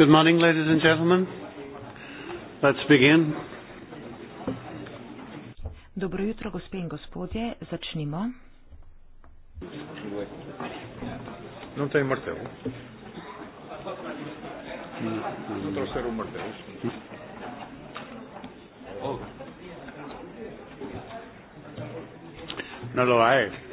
Good morning, ladies and gentlemen. Let's begin. Dobro jutro, gospe in gospodje, začnimo. No, to je mrtev. Zato se je umrtev. Not alive.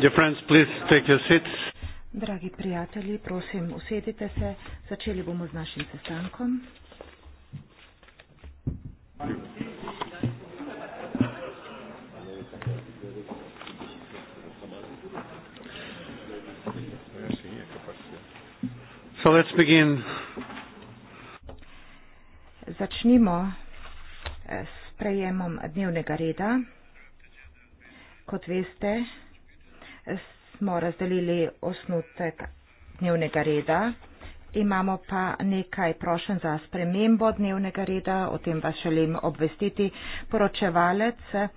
Dear friends, please take your seats. Dragi prijatelji, prosim, usedite se. Začeli bomo z našim sestankom. So let's begin. Začnimo eh, s prejemom dnevnega reda. Kot veste, smo razdelili osnutek dnevnega reda. Imamo pa nekaj prošen za spremembo dnevnega reda, o tem vas želim obvestiti. Poročevalec eh,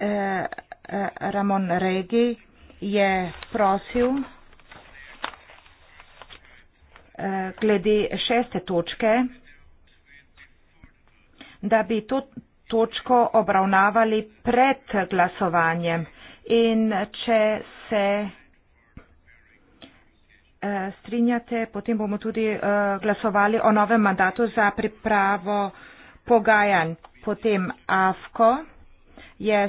eh, Ramon Regi je prosil eh, glede šeste točke, da bi to točko obravnavali pred glasovanjem in če se eh, strinjate, potem bomo tudi eh, glasovali o novem mandatu za pripravo pogajanj. Potem AFKO je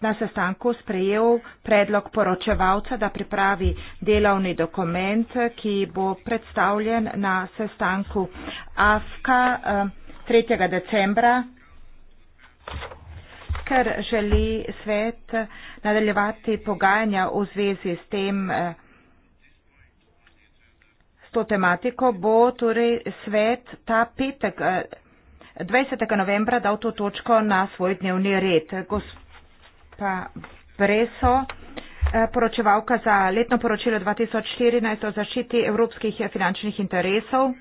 na sestanku sprejel predlog poročevalca, da pripravi delovni dokument, ki bo predstavljen na sestanku AFKA 3. Eh, decembra Ker želi svet nadaljevati pogajanja v zvezi s tem, eh, s to tematiko, bo torej svet ta petek 20. Eh, novembra dal to točko na svoj dnevni red. Gospa Breso, eh, poročevalka za letno poročilo 2014 o zaščiti evropskih finančnih interesov.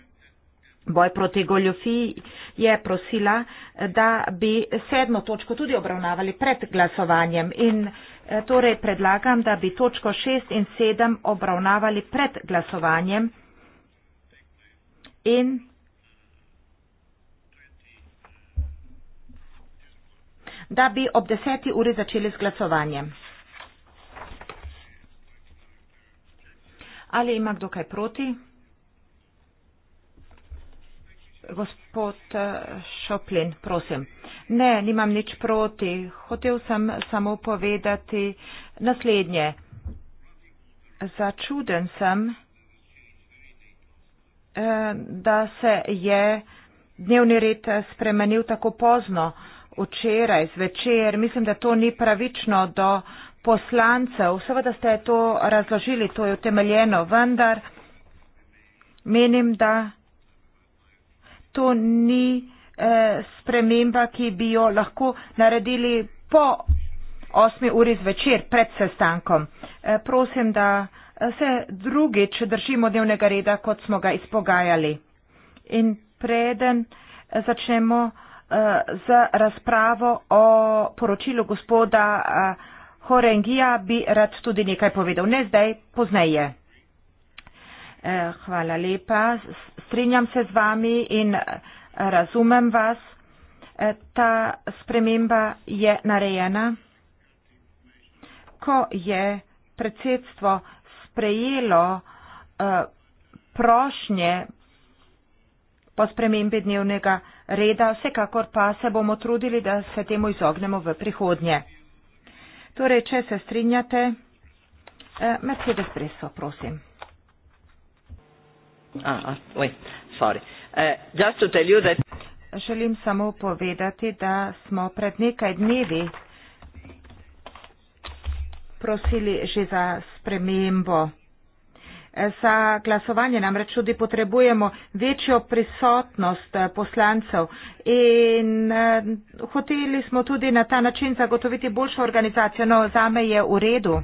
Boj proti goljofiji je prosila, da bi sedmo točko tudi obravnavali pred glasovanjem in eh, torej predlagam, da bi točko šest in sedem obravnavali pred glasovanjem in da bi ob deseti uri začeli z glasovanjem. Ali ima kdo kaj proti? Gospod eh, Šoplin, prosim. Ne, nimam nič proti. Hotev sem samo povedati naslednje. Začuden sem, eh, da se je dnevni red spremenil tako pozno, včeraj, zvečer. Mislim, da to ni pravično do poslancev. Seveda ste to razložili, to je utemeljeno, vendar menim, da to ni eh, sprememba, ki bi jo lahko naredili po 8. uri zvečer pred sestankom. Eh, prosim, da eh, se drugič držimo dnevnega reda, kot smo ga izpogajali. In preden eh, začnemo eh, z razpravo o poročilu gospoda eh, Horengija, bi rad tudi nekaj povedal. Ne zdaj, pozneje. Eh, hvala lepa. Strinjam se z vami in eh, razumem vas. Eh, ta sprememba je narejena. Ko je predsedstvo sprejelo prošnje po spremembi dnevnega reda, vsekakor pa se bomo trudili, da se temu izognemo v prihodnje. Torej, če se strinjate, Mercedes Preso, prosim. Ah, oj, sorry. Eh, just to tell you that... Želim samo povedati, da smo pred nekaj dnevi prosili že za spremembo. Eh, za glasovanje namreč tudi potrebujemo večjo prisotnost eh, poslancev in eh, hoteli smo tudi na ta način zagotoviti boljšo organizacijo, no zame je v redu.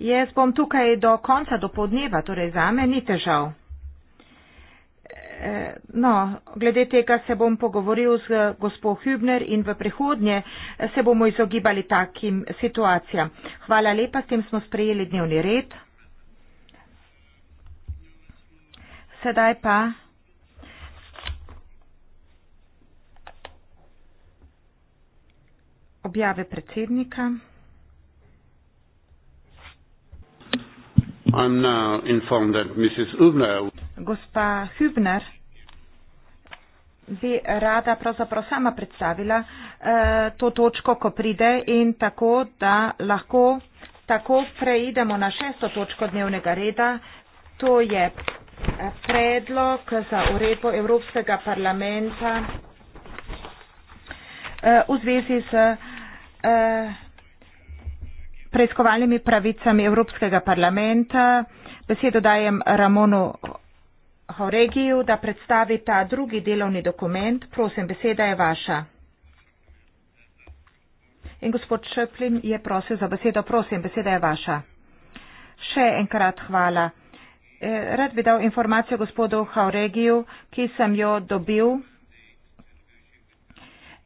Jaz bom tukaj do konca, do podneva, torej za me ni težav. Eh, no, glede tega se bom pogovoril z gospod Hübner in v prihodnje se bomo izogibali takim situacijam. Hvala lepa, s tem smo sprejeli dnevni red. Sedaj pa. Objave predsednika. Gospa Hübner bi rada pravzaprav sama predstavila eh, to točko, ko pride in tako, da lahko tako preidemo na šesto točko dnevnega reda. To je eh, predlog za uredbo Evropskega parlamenta eh, v zvezi z. Eh, preiskovalnimi pravicami Evropskega parlamenta. Besedo dajem Ramonu Horegiju, da predstavi ta drugi delovni dokument. Prosim, beseda je vaša. In gospod Šeplin je prosil za besedo. Prosim, beseda je vaša. Še enkrat hvala. Eh, rad bi dal informacijo gospodu Hauregiju, ki sem jo dobil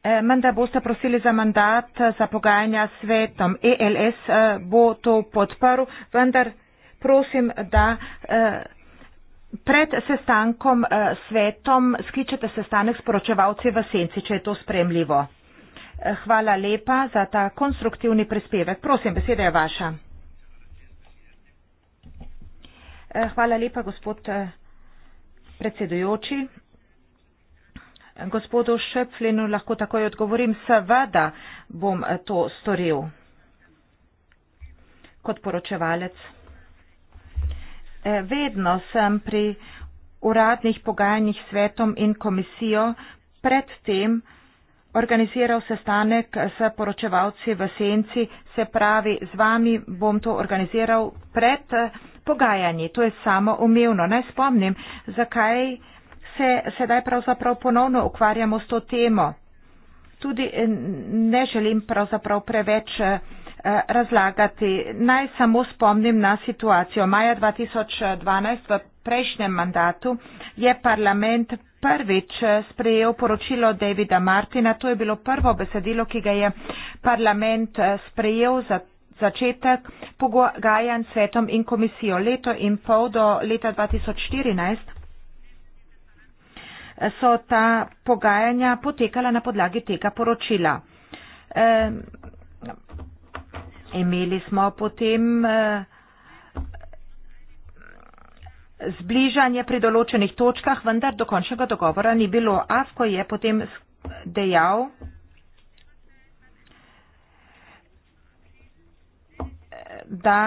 Eh, menda boste prosili za mandat eh, za pogajanja s svetom. ELS eh, bo to podprl, vendar prosim, da pred sestankom svetom skličete sestanek s poročevalci v senci, če je to spremljivo. Hvala lepa za ta konstruktivni prispevek. Prosim, beseda je vaša. Hvala lepa, gospod predsedujoči. Gospodu Šeplinu lahko takoj odgovorim, seveda bom eh, to storil kot poročevalec. Eh, vedno sem pri uradnih pogajanjih svetom in komisijo predtem organiziral sestanek s poročevalci v senci, se pravi, z vami bom to organiziral pred eh, pogajanji. To je samo umevno. Naj spomnim, zakaj se sedaj pravzaprav ponovno ukvarjamo s to temo. Tudi eh, ne želim pravzaprav preveč eh, razlagati. Naj samo spomnim na situacijo. Maja 2012 v prejšnjem mandatu je parlament prvič eh, sprejel poročilo Davida Martina. To je bilo prvo besedilo, ki ga je parlament sprejel za začetek pogajanj s svetom in komisijo. Leto in pol do leta 2014 so ta pogajanja potekala na podlagi tega poročila. E, imeli smo potem e, zbližanje pri določenih točkah, vendar do končnega dogovora ni bilo. Asko je potem dejal, da.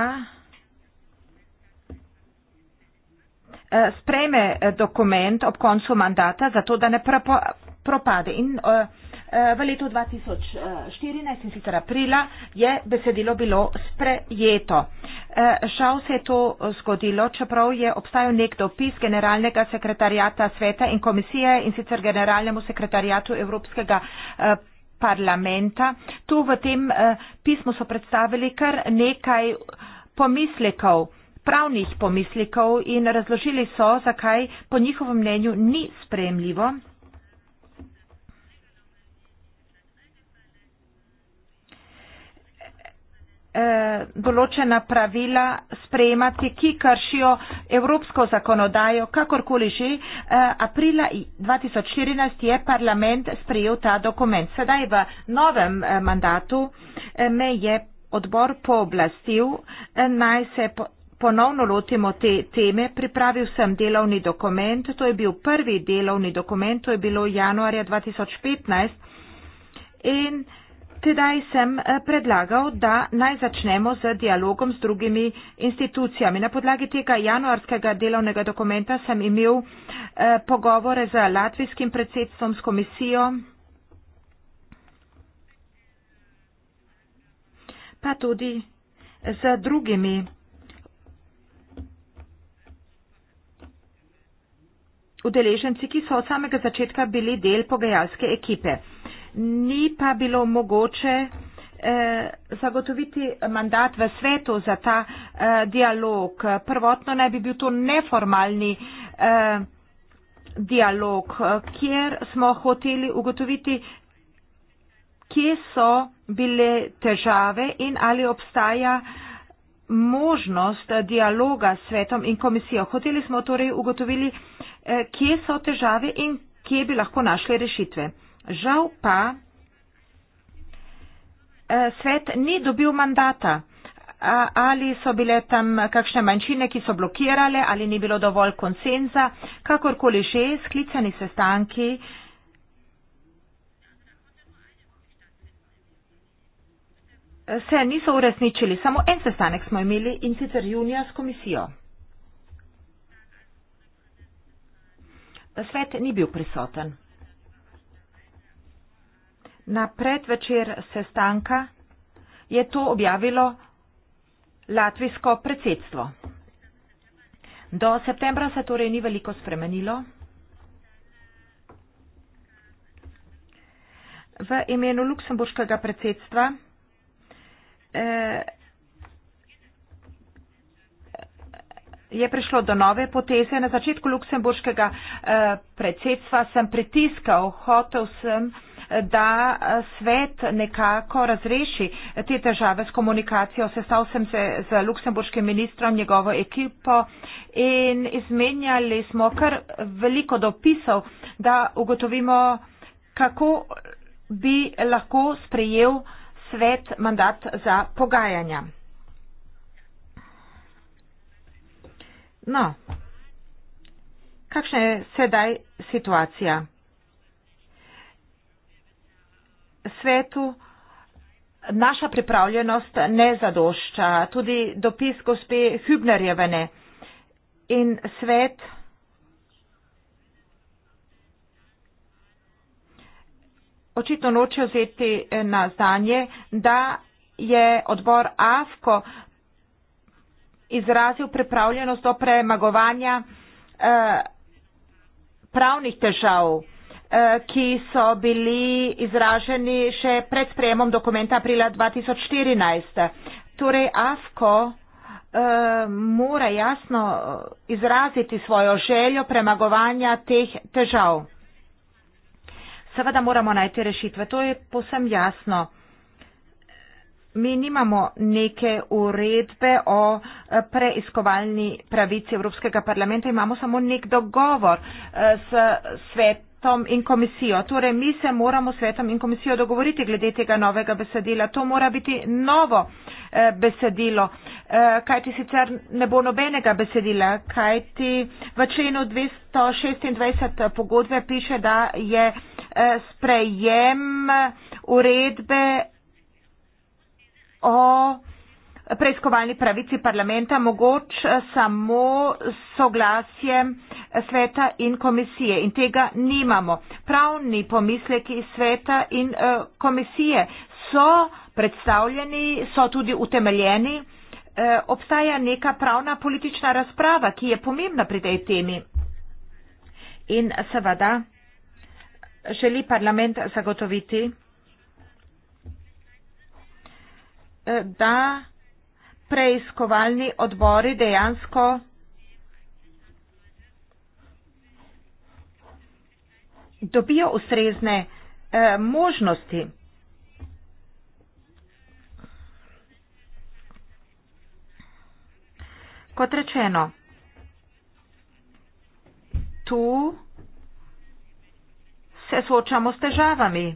Eh, spreme eh, dokument ob koncu mandata, zato da ne propade. In eh, v letu 2014, in sicer aprila, je besedilo bilo sprejeto. Žal se je to zgodilo, čeprav je obstajal nek dopis generalnega sekretarjata sveta in komisije in sicer generalnemu sekretarjatu Evropskega parlamenta. Tu v tem pismu so predstavili kar nekaj pomislekov pravnih pomislekov in razložili so, zakaj po njihovem mnenju ni sprejemljivo, e, določena pravila sprejemati, ki kršijo evropsko zakonodajo, kakorkoli že. E, aprila 2014 je parlament sprejel ta dokument. Sedaj v novem e, mandatu me je odbor pooblastil, naj se ponovno lotimo te teme, pripravil sem delovni dokument, to je bil prvi delovni dokument, to je bilo januarja 2015 in tedaj sem eh, predlagal, da naj začnemo z dialogom z drugimi institucijami. Na podlagi tega januarskega delovnega dokumenta sem imel eh, pogovore z latvijskim predsedstvom, s komisijo. pa tudi z drugimi udeleženci, ki so od samega začetka bili del pogajalske ekipe. Ni pa bilo mogoče eh, zagotoviti mandat v svetu za ta eh, dialog. Prvotno naj bi bil to neformalni eh, dialog, kjer smo hoteli ugotoviti, kje so bile težave in ali obstaja možnost dialoga s svetom in komisijo. Hoteli smo torej ugotoviti, Eh, kje so težave in kje bi lahko našli rešitve. Žal pa eh, svet ni dobil mandata. Ali so bile tam kakšne manjšine, ki so blokirale, ali ni bilo dovolj konsenza, kakorkoli že, sklicani sestanki. Eh, se niso uresničili, samo en sestanek smo imeli in sicer junija s komisijo. pa svet ni bil prisoten. Na predvečer sestanka je to objavilo latvijsko predsedstvo. Do septembra se torej ni veliko spremenilo. V imenu luksemburškega predsedstva eh, je prišlo do nove poteze. Na začetku luksemburškega eh, predsedstva sem pritiskal, hotel sem eh, da eh, svet nekako razreši te težave s komunikacijo. Sestal sem se z luksemburškim ministrom, njegovo ekipo in izmenjali smo kar veliko dopisov, da ugotovimo, kako bi lahko sprejel svet mandat za pogajanja. No, kakšna je sedaj situacija? Svetu naša pripravljenost ne zadošča. Tudi dopis gospe Hübnerjevene in svet. Očitno noče vzeti eh, na znanje, da je odbor AFKO izrazil pripravljenost do premagovanja eh, pravnih težav, eh, ki so bili izraženi še pred sprejemom dokumenta aprila 2014. Torej, AFKO eh, mora jasno izraziti svojo željo premagovanja teh težav. Seveda moramo najti rešitve, to je posem jasno. Mi nimamo neke uredbe o eh, preiskovalni pravici Evropskega parlamenta, imamo samo nek dogovor eh, s svetom in komisijo. Torej, mi se moramo s svetom in komisijo dogovoriti glede tega novega besedila. To mora biti novo eh, besedilo, kajti sicer ne bo nobenega besedila, kajti v členu 226 pogodbe piše, da je sprejem uredbe o preiskovalni pravici parlamenta, mogoč eh, samo soglasje sveta in komisije. In tega nimamo. Pravni pomisleki sveta in eh, komisije so predstavljeni, so tudi utemeljeni. Eh, obstaja neka pravna politična razprava, ki je pomembna pri tej temi. In seveda želi parlament zagotoviti, Eh, da preiskovalni odbori dejansko dobijo ustrezne eh, možnosti. Kot rečeno, tu se soočamo s težavami.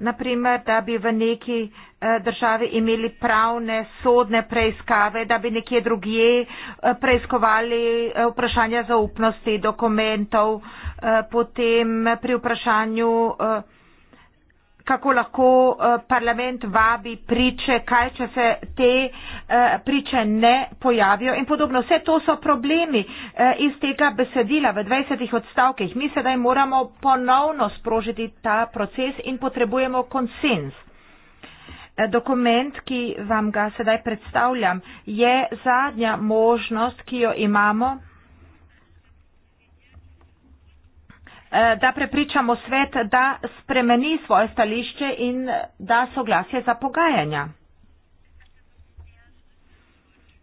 naprimer, da bi v neki eh, državi imeli pravne sodne preiskave, da bi nekje drugje eh, preiskovali eh, vprašanja zaupnosti dokumentov, potem pri vprašanju kako lahko eh, parlament vabi priče, kaj če se te eh, priče ne pojavijo in podobno. Vse to so problemi eh, iz tega besedila v 20 odstavkih. Mi sedaj moramo ponovno sprožiti ta proces in potrebujemo konsens. Dokument, ki vam ga sedaj predstavljam, je zadnja možnost, ki jo imamo. Eh, da prepričamo svet, da spremeni svoje stališče in da soglasje za pogajanja.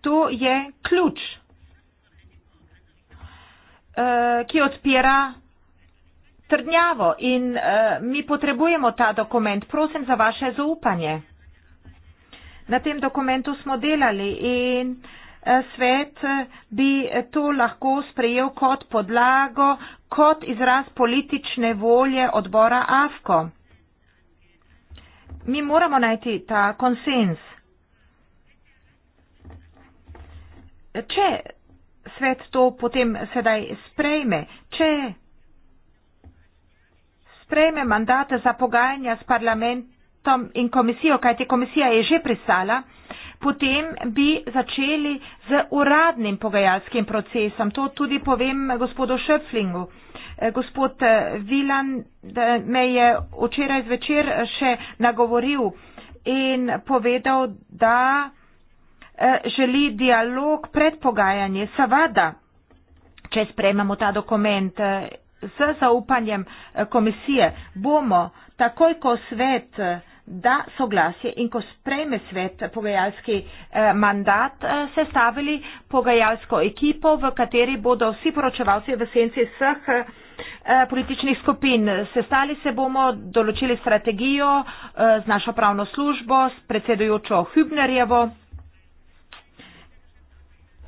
To je ključ, eh, ki odpira trdnjavo in eh, mi potrebujemo ta dokument. Prosim za vaše zaupanje. Na tem dokumentu smo delali in uh, svet bi to lahko sprejel kot podlago, kot izraz politične volje odbora AFKO. Mi moramo najti ta konsens. Če svet to potem sedaj sprejme, če sprejme mandat za pogajanja s parlamentom in komisijo, kajti komisija je že pristala, potem bi začeli z uradnim pogajalskim procesom. To tudi povem gospodu Šeflingu. Eh, gospod eh, Vilan eh, me je včeraj zvečer še nagovoril in povedal, da želi dialog pred pogajanje. Savada, če sprejmemo ta dokument z zaupanjem komisije, bomo takoj, ko svet da soglasje in ko sprejme svet pogajalski eh, mandat, eh, se stavili pogajalsko ekipo, v kateri bodo vsi poročevalci v senci vseh eh, političnih skupin. Sestali se bomo, določili strategijo eh, z našo pravno službo, s predsedujočo Hübnerjevo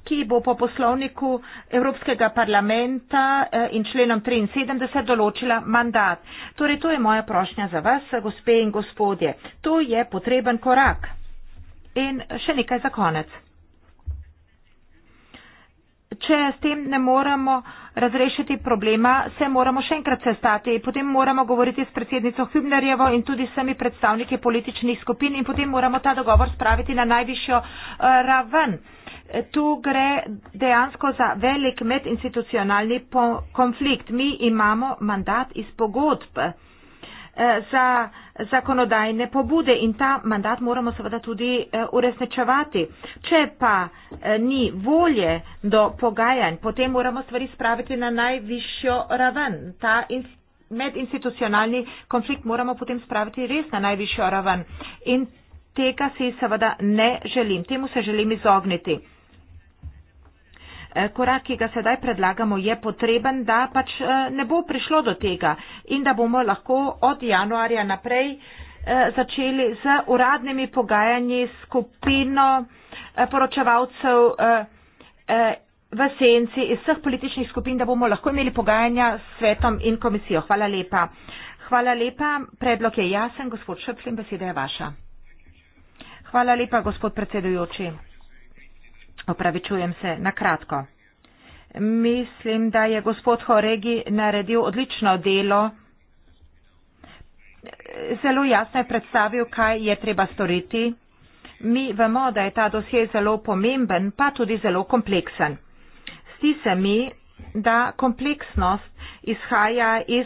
ki bo po poslovniku Evropskega parlamenta eh, in členom 73 določila mandat. Torej, to je moja prošnja za vas, gospe in gospodje. To je potreben korak. In še nekaj za konec. Če s tem ne moremo razrešiti problema, se moramo še enkrat sestati. Potem moramo govoriti s predsednico Hübnerjevo in tudi s vsemi predstavniki političnih skupin in potem moramo ta dogovor spraviti na najvišjo eh, raven tu gre dejansko za velik medinstitucionalni konflikt. Mi imamo mandat iz pogodb eh, za zakonodajne pobude in ta mandat moramo seveda tudi eh, uresničevati. Če pa eh, ni volje do pogajanj, potem moramo stvari spraviti na najvišjo raven. Ta medinstitucionalni konflikt moramo potem spraviti res na najvišjo raven. In tega si seveda ne želim. Temu se želim izogniti. Eh, korak, ki ga sedaj predlagamo, je potreben, da pač eh, ne bo prišlo do tega in da bomo lahko od januarja naprej eh, začeli z uradnimi pogajanji skupino poročevalcev v senci iz vseh političnih skupin, da bomo lahko imeli pogajanja s svetom in komisijo. Hvala lepa. Hvala lepa. Predlog je jasen, gospod Šeplin, beseda je vaša. Hvala lepa, gospod predsedujoči. Opravičujem se na kratko. Mislim, da je gospod Horegi naredil odlično delo. Zelo jasno je predstavil, kaj je treba storiti. Mi vemo, da je ta dosje zelo pomemben, pa tudi zelo kompleksen. Sti se mi, da kompleksnost izhaja iz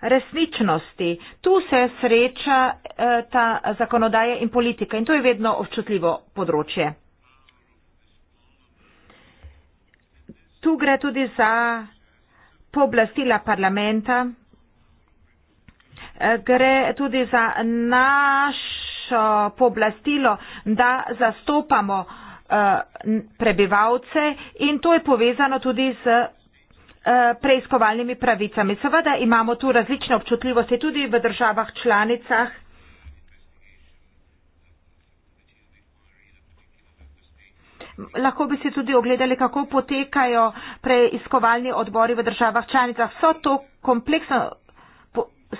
resničnosti. Tu se sreča eh, ta zakonodaja in politika in to je vedno občutljivo področje. Tu gre tudi za pooblastila parlamenta, eh, gre tudi za našo pooblastilo, da zastopamo eh, prebivalce in to je povezano tudi z eh, preiskovalnimi pravicami. Seveda imamo tu različne občutljivosti tudi v državah članicah, Lahko bi si tudi ogledali, kako potekajo preiskovalni odbori v državah članicah. Vso to kompleksno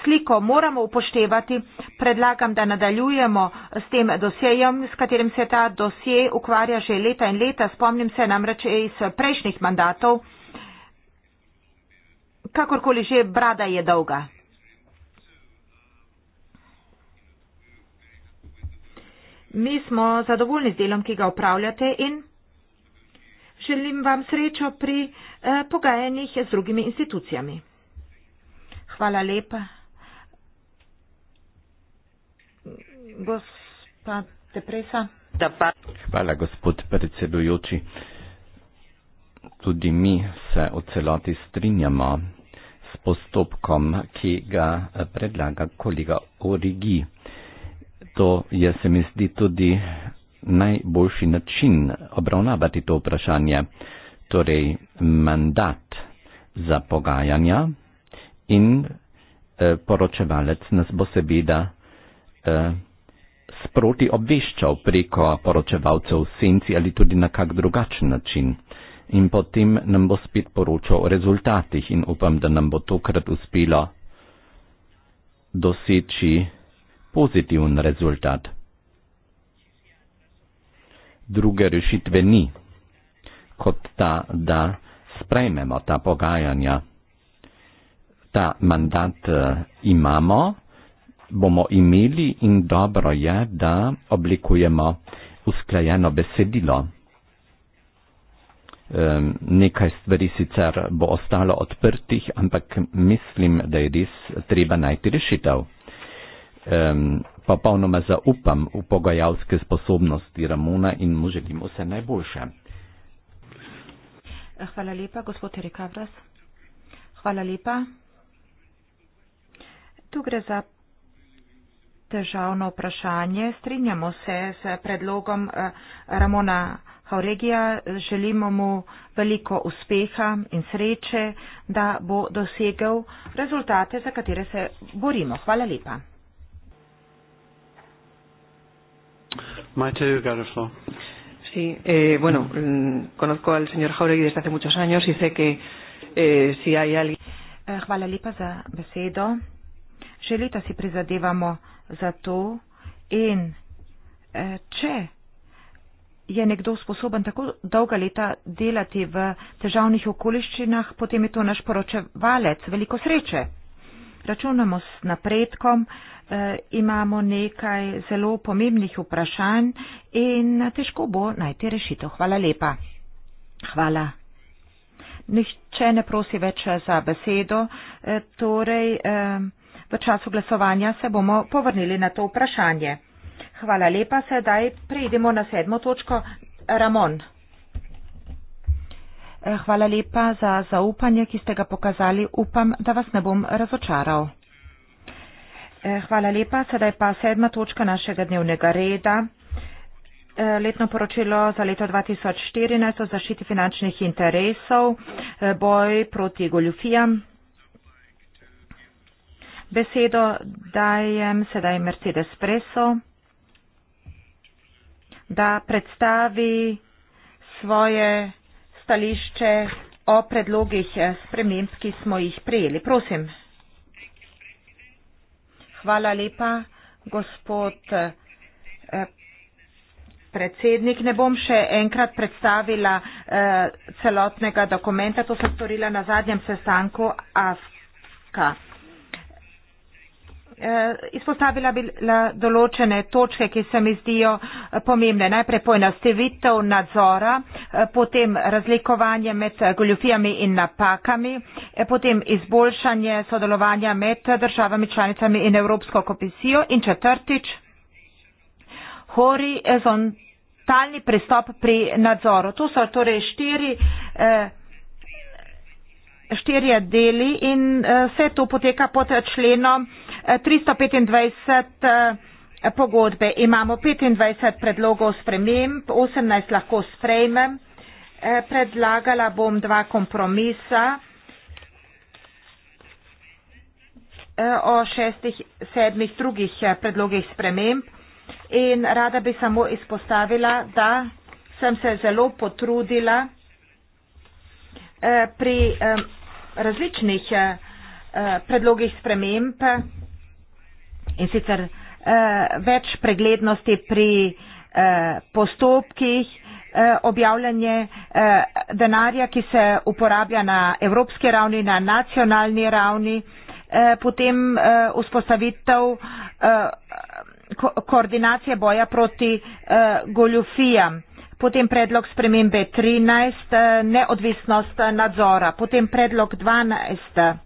sliko moramo upoštevati. Predlagam, da nadaljujemo s tem dosjejem, s katerim se ta dosje ukvarja že leta in leta. Spomnim se namreč iz prejšnjih mandatov. Kakorkoli že, brada je dolga. Mi smo zadovoljni z delom, ki ga upravljate in želim vam srečo pri eh, pogajanjih z drugimi institucijami. Hvala lepa. Hvala, gospod predsedujoči. Tudi mi se v celoti strinjamo s postopkom, ki ga eh, predlaga kolega Origi. Eh, to je, se mi zdi, tudi najboljši način obravnavati to vprašanje, torej mandat za pogajanja in eh, poročevalec nas bo seveda eh, sproti obveščal preko poročevalcev v senci ali tudi na kak drugačen način. In potem nam bo spet poročal o rezultatih in upam, da nam bo tokrat uspelo doseči pozitivn rezultat. Druge rešitve ni, kot ta, da sprejmemo ta pogajanja. Ta mandat eh, imamo, bomo imeli in dobro je, da oblikujemo usklajeno besedilo. Nekaj stvari sicer bo ostalo odprtih, ampak mislim, da je res treba najti rešitev um, pa polnoma zaupam v pogajalske sposobnosti Ramona in mu želim vse najboljše. Hvala lepa, gospod Rekavras. Hvala lepa. Tu gre za težavno vprašanje. Strinjamo se s predlogom eh, Ramona Hauregija. Želimo mu veliko uspeha in sreče, da bo dosegel rezultate, za katere se borimo. Hvala lepa. My too, Gareth Law. Sí, eh, bueno, mm, conozco al señor Jauregui desde hace muchos años y sé que eh, si hay alguien. Eh, hvala lepa za besedo. Že leta si prizadevamo za to in eh, če je nekdo sposoben tako dolga leta delati v težavnih okoliščinah, potem je to naš poročevalec. Veliko sreče računamo s napredkom, eh, imamo nekaj zelo pomembnih vprašanj in težko bo najti rešitev. Hvala lepa. Hvala. Nihče ne prosi več za besedo, eh, torej eh, v času glasovanja se bomo povrnili na to vprašanje. Hvala lepa, sedaj prejdemo na sedmo točko. Ramon. Hvala lepa za zaupanje, ki ste ga pokazali. Upam, da vas ne bom razočaral. Eh, hvala lepa. Sedaj pa sedma točka našega dnevnega reda. Eh, letno poročilo za leto 2014 o zaščiti finančnih interesov, eh, boj proti goljufijam. Besedo dajem sedaj Mercedes Preso, da predstavi svoje stališče o predlogih eh, sprememb, ki smo jih prejeli. Prosim. Hvala lepa, gospod eh, predsednik. Ne bom še enkrat predstavila eh, celotnega dokumenta, to sem storila na zadnjem sestanku AFKA. Eh, izpostavila bi določene točke, ki se mi zdijo eh, pomembne. Najprej poenostavitev nadzora, eh, potem razlikovanje med goljufijami in napakami, potem izboljšanje sodelovanja med državami članicami in Evropsko komisijo in četrtič horizontalni pristop pri nadzoru. To so torej štiri. Štirje deli in vse to poteka pod členom 325 eh, pogodbe. Imamo 25 predlogov sprememb, 18 lahko sprejmem. Eh, predlagala bom dva kompromisa. Eh, o šestih, sedmih drugih predlogih sprememb in rada bi samo izpostavila, da sem se zelo potrudila pri različnih predlogih sprememb in sicer eh, več preglednosti pri eh, postopkih, eh, objavljanje eh, denarja, ki se uporablja na evropski ravni, na nacionalni ravni, eh, potem eh, vzpostavitev eh, ko koordinacije boja proti eh, goljufijam. Potem predlog spremembe 13, eh, neodvisnost eh, nadzora. Potem predlog 12,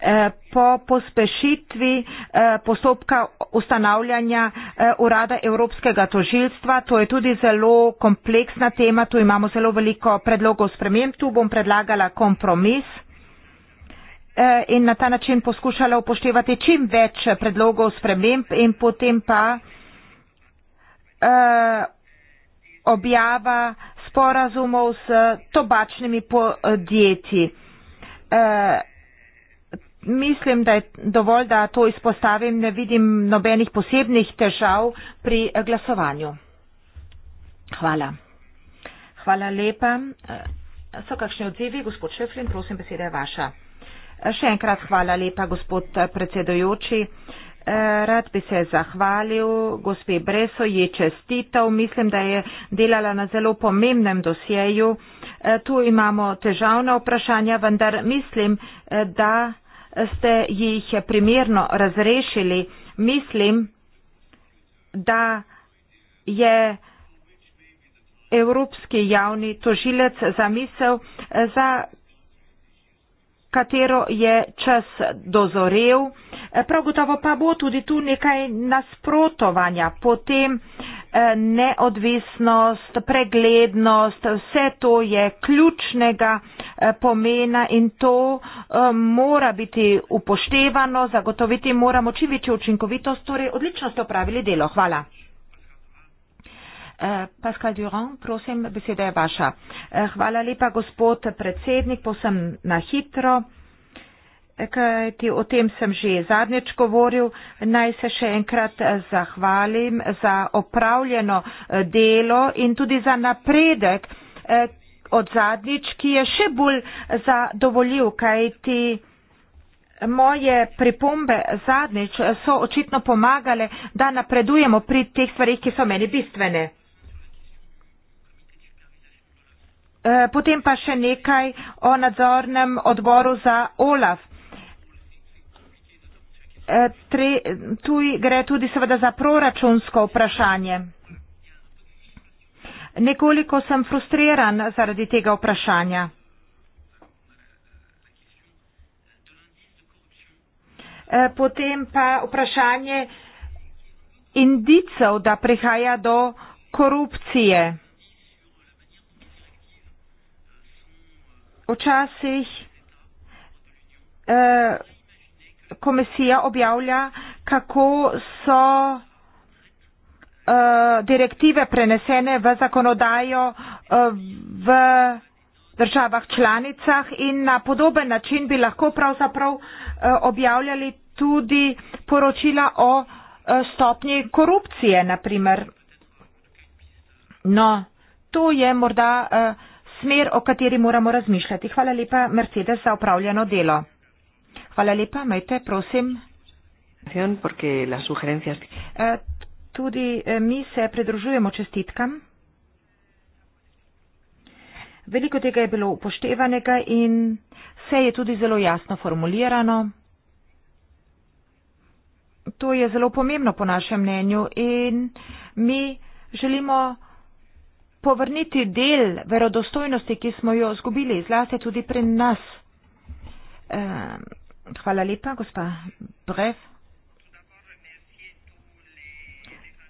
Eh, po pospešitvi eh, postopka ustanavljanja eh, urada Evropskega tožilstva. To je tudi zelo kompleksna tema, tu imamo zelo veliko predlogov sprememb, tu bom predlagala kompromis in na ta način poskušala upoštevati čim več predlogov sprememb in potem pa objava sporazumov s tobačnimi podjetji. Mislim, da je dovolj, da to izpostavim. Ne vidim nobenih posebnih težav pri glasovanju. Hvala. Hvala lepa. So kakšni odzivi? Gospod Šefrin, prosim, beseda je vaša. Še enkrat hvala lepa, gospod predsedojoči. Rad bi se zahvalil gospe Breso, je čestitev. Mislim, da je delala na zelo pomembnem dosjeju. Tu imamo težavna vprašanja, vendar mislim, da ste jih primerno razrešili. Mislim, da je Evropski javni tožilec zamisel, za katero je čas dozorev. Prav gotovo pa bo tudi tu nekaj nasprotovanja. Potem eh, Eh, neodvisnost, preglednost, vse to je ključnega eh, pomena in to eh, mora biti upoštevano, zagotoviti moramo čim večjo učinkovitost, torej odlično ste opravili delo. Hvala. Pascal Durand, prosim, beseda je vaša. Hvala lepa, gospod predsednik, posem na hitro kajti o tem sem že zadnjič govoril. Naj se še enkrat eh, zahvalim za opravljeno eh, delo in tudi za napredek eh, od zadnjič, ki je še bolj zadovoljiv, kajti moje pripombe zadnjič so očitno pomagale, da napredujemo pri teh stvarih, ki so meni bistvene. Potem pa še nekaj o nadzornem odboru za OLAF. Eh, tre, tu gre tudi seveda za proračunsko vprašanje. Nekoliko sem frustriran zaradi tega vprašanja. Eh, potem pa vprašanje indicov, da prihaja do korupcije. Včasih eh, komisija objavlja, kako so uh, direktive prenesene v zakonodajo uh, v državah članicah in na podoben način bi lahko pravzaprav uh, objavljali tudi poročila o uh, stopnji korupcije, naprimer. No, to je morda uh, smer, o kateri moramo razmišljati. Hvala lepa, Mercedes, za upravljeno delo. Hvala lepa, majte, prosim. Sugerencias... Uh, tudi e, mi se pridružujemo čestitkam. Veliko tega je bilo upoštevanega in vse je tudi zelo jasno formulirano. To je zelo pomembno po našem mnenju in mi želimo povrniti del verodostojnosti, ki smo jo zgubili, zlasti tudi pri nas. Uh, Hvala lepa, gospa Brev.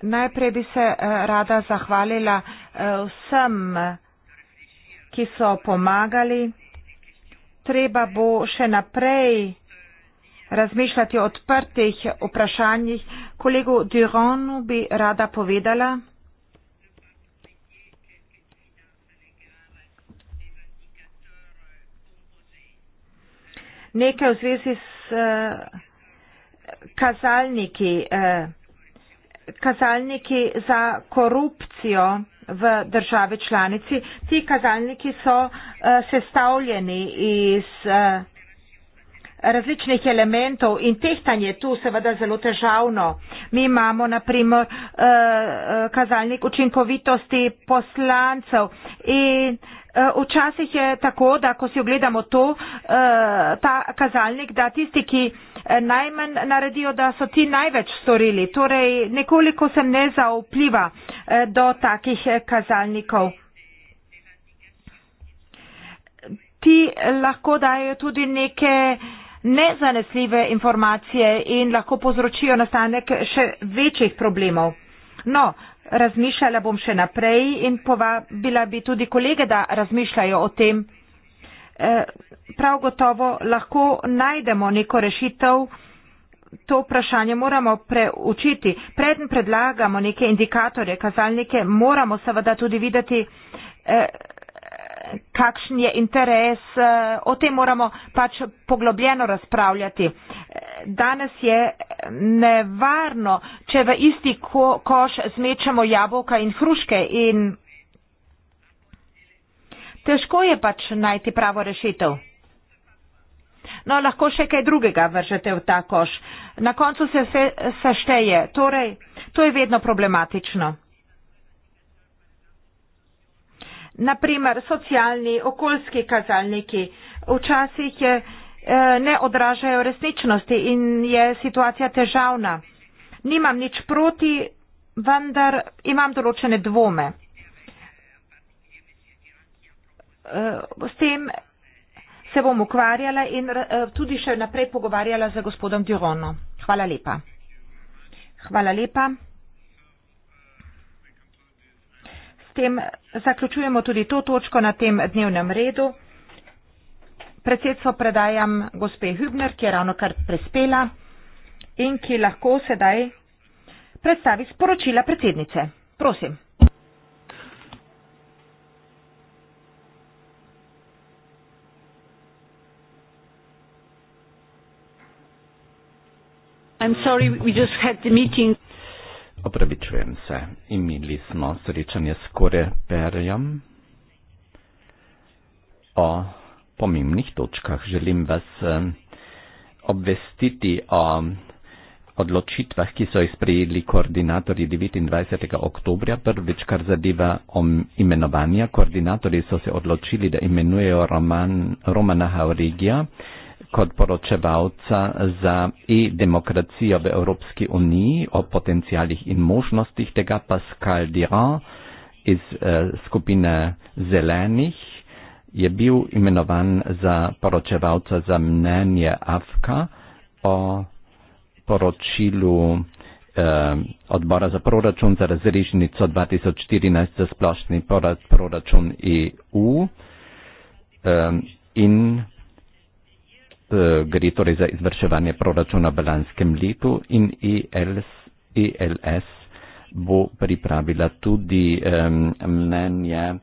Najprej bi se eh, rada zahvalila eh, vsem, ki so pomagali. Treba bo še naprej razmišljati o odprtih vprašanjih. Kolegu Duronu bi rada povedala. nekaj v zvezi s eh, kazalniki, eh, kazalniki za korupcijo v državi članici. Ti kazalniki so eh, sestavljeni iz različnih elementov in tehtanje je tu seveda zelo težavno. Mi imamo naprimer kazalnik učinkovitosti poslancev in Eh, včasih je tako, da ko si ogledamo to, eh, ta kazalnik, da tisti, ki eh, najmanj naredijo, da so ti največ storili. Torej, nekoliko se ne zaupliva do takih kazalnikov. Ti lahko dajo tudi neke nezanesljive informacije in lahko povzročijo nastanek še večjih problemov. No, uh, razmišljala bom še naprej in povabila bi tudi kolege, da razmišljajo o tem. Eh, prav gotovo lahko najdemo neko rešitev, to vprašanje moramo preučiti. Preden predlagamo neke indikatorje, kazalnike, moramo seveda tudi videti, eh, kakšen je interes, eh, o tem moramo pač poglobljeno razpravljati. Eh, danes je nevarno, če v isti ko koš zmečamo jabolka in hruške in težko je pač najti pravo rešitev. No, lahko še kaj drugega vržete v ta koš. Na koncu se vse sešteje, torej to je vedno problematično. naprimer socialni, okoljski kazalniki. Včasih je, eh, ne odražajo resničnosti in je situacija težavna. Nimam nič proti, vendar imam določene dvome. Eh, s tem se bom ukvarjala in eh, tudi še naprej pogovarjala z gospodom Dironom. Hvala lepa. Hvala lepa. tem zaključujemo tudi to točko na tem dnevnem redu. Predsedstvo predajam gospe Hübner, ki je ravno kar prespela in ki lahko sedaj predstavi sporočila predsednice. Prosim. I'm sorry, we just had the meeting. Opravičujem se. Imeli smo srečanje s Koreperjem o pomembnih točkah. Želim vas eh, obvestiti o odločitvah, ki so jih sprejeli koordinatorji 29. oktobra. Prvič, kar zadeva o imenovanja, koordinatorji so se odločili, da imenujejo Roman, Romana Haurigija kot poročevalca za e-demokracijo v Evropski uniji o potencijalih in možnostih tega Pascal Diran iz uh, skupine zelenih je bil imenovan za poročevalca za mnenje Afka o poročilu eh, odbora za proračun za razrešnico 2014 za splošni proračun EU eh, in Eh, gre torej za izvrševanje proračuna v lanskem letu in ELS, ELS bo pripravila tudi um, mnenje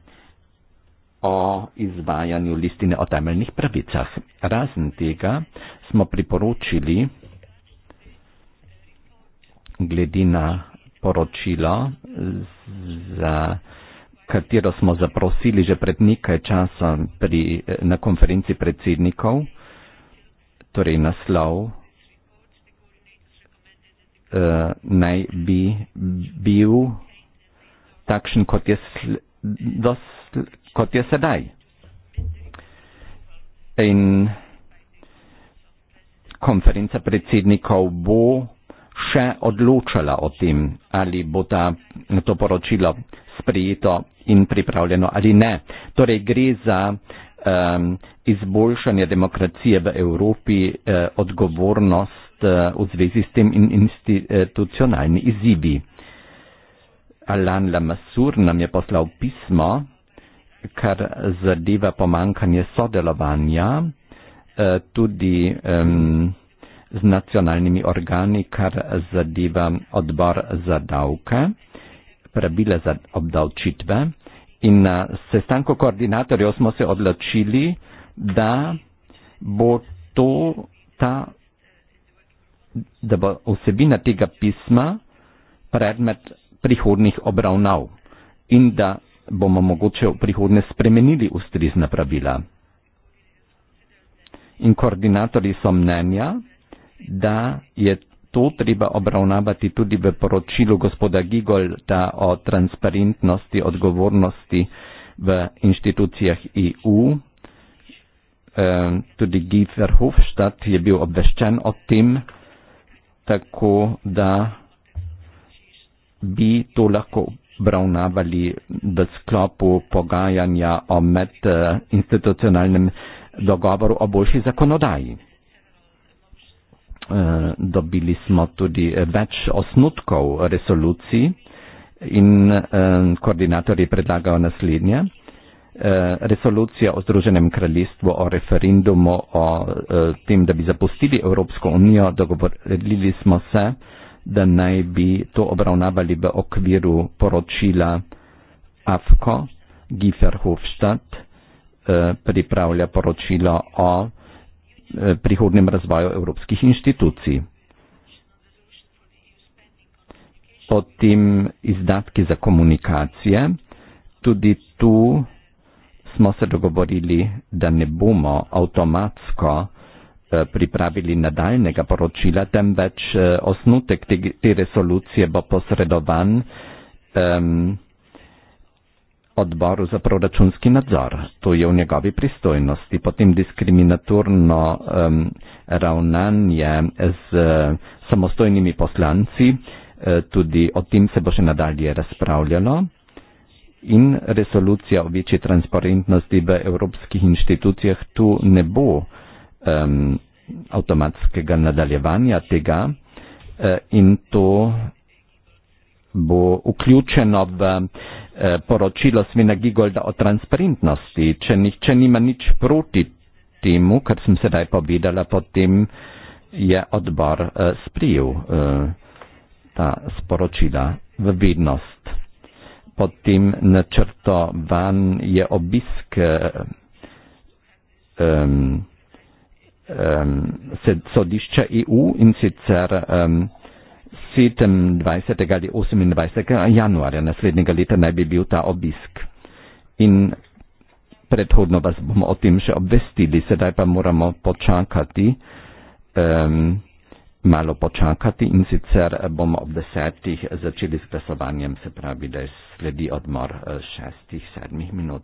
o izvajanju listine o temeljnih pravicah. Razen tega smo priporočili glede na poročilo, za katero smo zaprosili že pred nekaj časa pri, eh, na konferenci predsednikov, torej naslov, uh, naj bi bil takšen, kot je, sl, dos, kot je sedaj. In konferenca predsednikov bo še odločala o tem, ali bo ta, to poročilo sprejeto in pripravljeno ali ne. Torej gre za Um, izboljšanje demokracije v Evropi, uh, odgovornost uh, v zvezi s tem in institucionalni izzivi. Alan Lamassur nam je poslal pismo, kar zadeva pomankanje sodelovanja uh, tudi um, z nacionalnimi organi, kar zadeva odbor za davke, pravile za obdavčitve. In na sestanku koordinatorjev smo se odločili, da bo to ta, da bo vsebina tega pisma predmet prihodnih obravnav in da bomo mogoče v prihodnje spremenili ustrizna pravila. In koordinatorji so mnenja, da je to treba obravnavati tudi v poročilu gospoda Gigolta o transparentnosti, odgovornosti v inštitucijah EU. Tudi Guy Verhofstadt je bil obveščen o tem, tako da bi to lahko obravnavali v sklopu pogajanja o medinstitucionalnem dogovoru o boljši zakonodaji. Eh, dobili smo tudi eh, več osnutkov resolucij in eh, koordinatorji predlagajo naslednje. Resolucija o Združenem kraljestvu, o referendumu, o tem, da bi zapustili Evropsko unijo, dogovorili smo se, da naj bi to obravnavali v okviru poročila AFKO, Giferhofstadt pripravlja poročilo o Eh, prihodnem razvoju evropskih inštitucij. Potem izdatki za komunikacije. Tudi tu smo se dogovorili, da ne bomo avtomatsko eh, pripravili nadaljnega poročila, temveč eh, osnutek te, te resolucije bo posredovan. Um, odbor za proračunski nadzor. To je v njegovi pristojnosti. Potem diskriminatorno um, ravnanje z uh, samostojnimi poslanci, uh, tudi o tem se bo še nadalje razpravljalo. In resolucija o večji transparentnosti v evropskih inštitucijah tu ne bo um, avtomatskega nadaljevanja tega uh, in to bo vključeno v. Eh, poročilo Svina Gigolda o transparentnosti. Če nihče nima nič proti temu, kar sem sedaj povedala, potem je odbor uh, eh, sprijel uh, eh, ta sporočila v vednost. Potem načrtovan je obisk uh, um, um, sodišča EU in sicer um, 27. ali 28. januarja naslednjega leta naj bi bil ta obisk. In predhodno vas bomo o tem še obvestili, sedaj pa moramo počakati, um, malo počakati in sicer bomo ob desetih začeli s glasovanjem, se pravi, da sledi odmor eh, šestih, sedmih minut.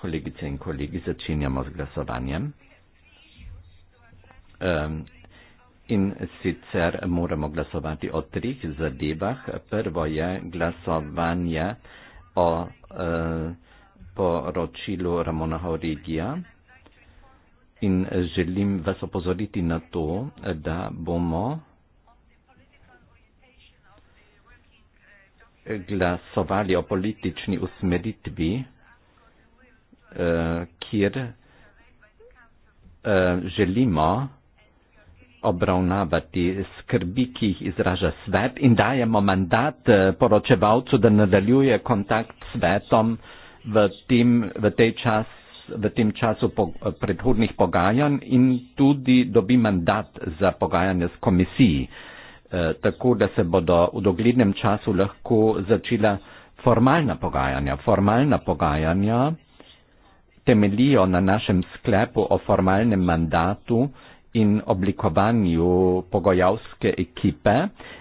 Kolegice in kolegi, začenjamo z glasovanjem. Um, in sicer moramo glasovati o trih zadevah. Prvo je glasovanje o uh, poročilu Ramona Horigija. In želim vas opozoriti na to, da bomo glasovali o politični usmeritvi, eh, kjer eh, želimo obravnavati skrbi, ki jih izraža svet in dajemo mandat eh, poročevalcu, da nadaljuje kontakt s svetom v tem, v tej čas, v tem času po, predhodnih pogajanj in tudi dobi mandat za pogajanje s komisijo. Eh, tako da se bodo v doglednem času lahko začela formalna pogajanja. Formalna pogajanja temelijo na našem sklepu o formalnem mandatu in oblikovanju pogojavske ekipe,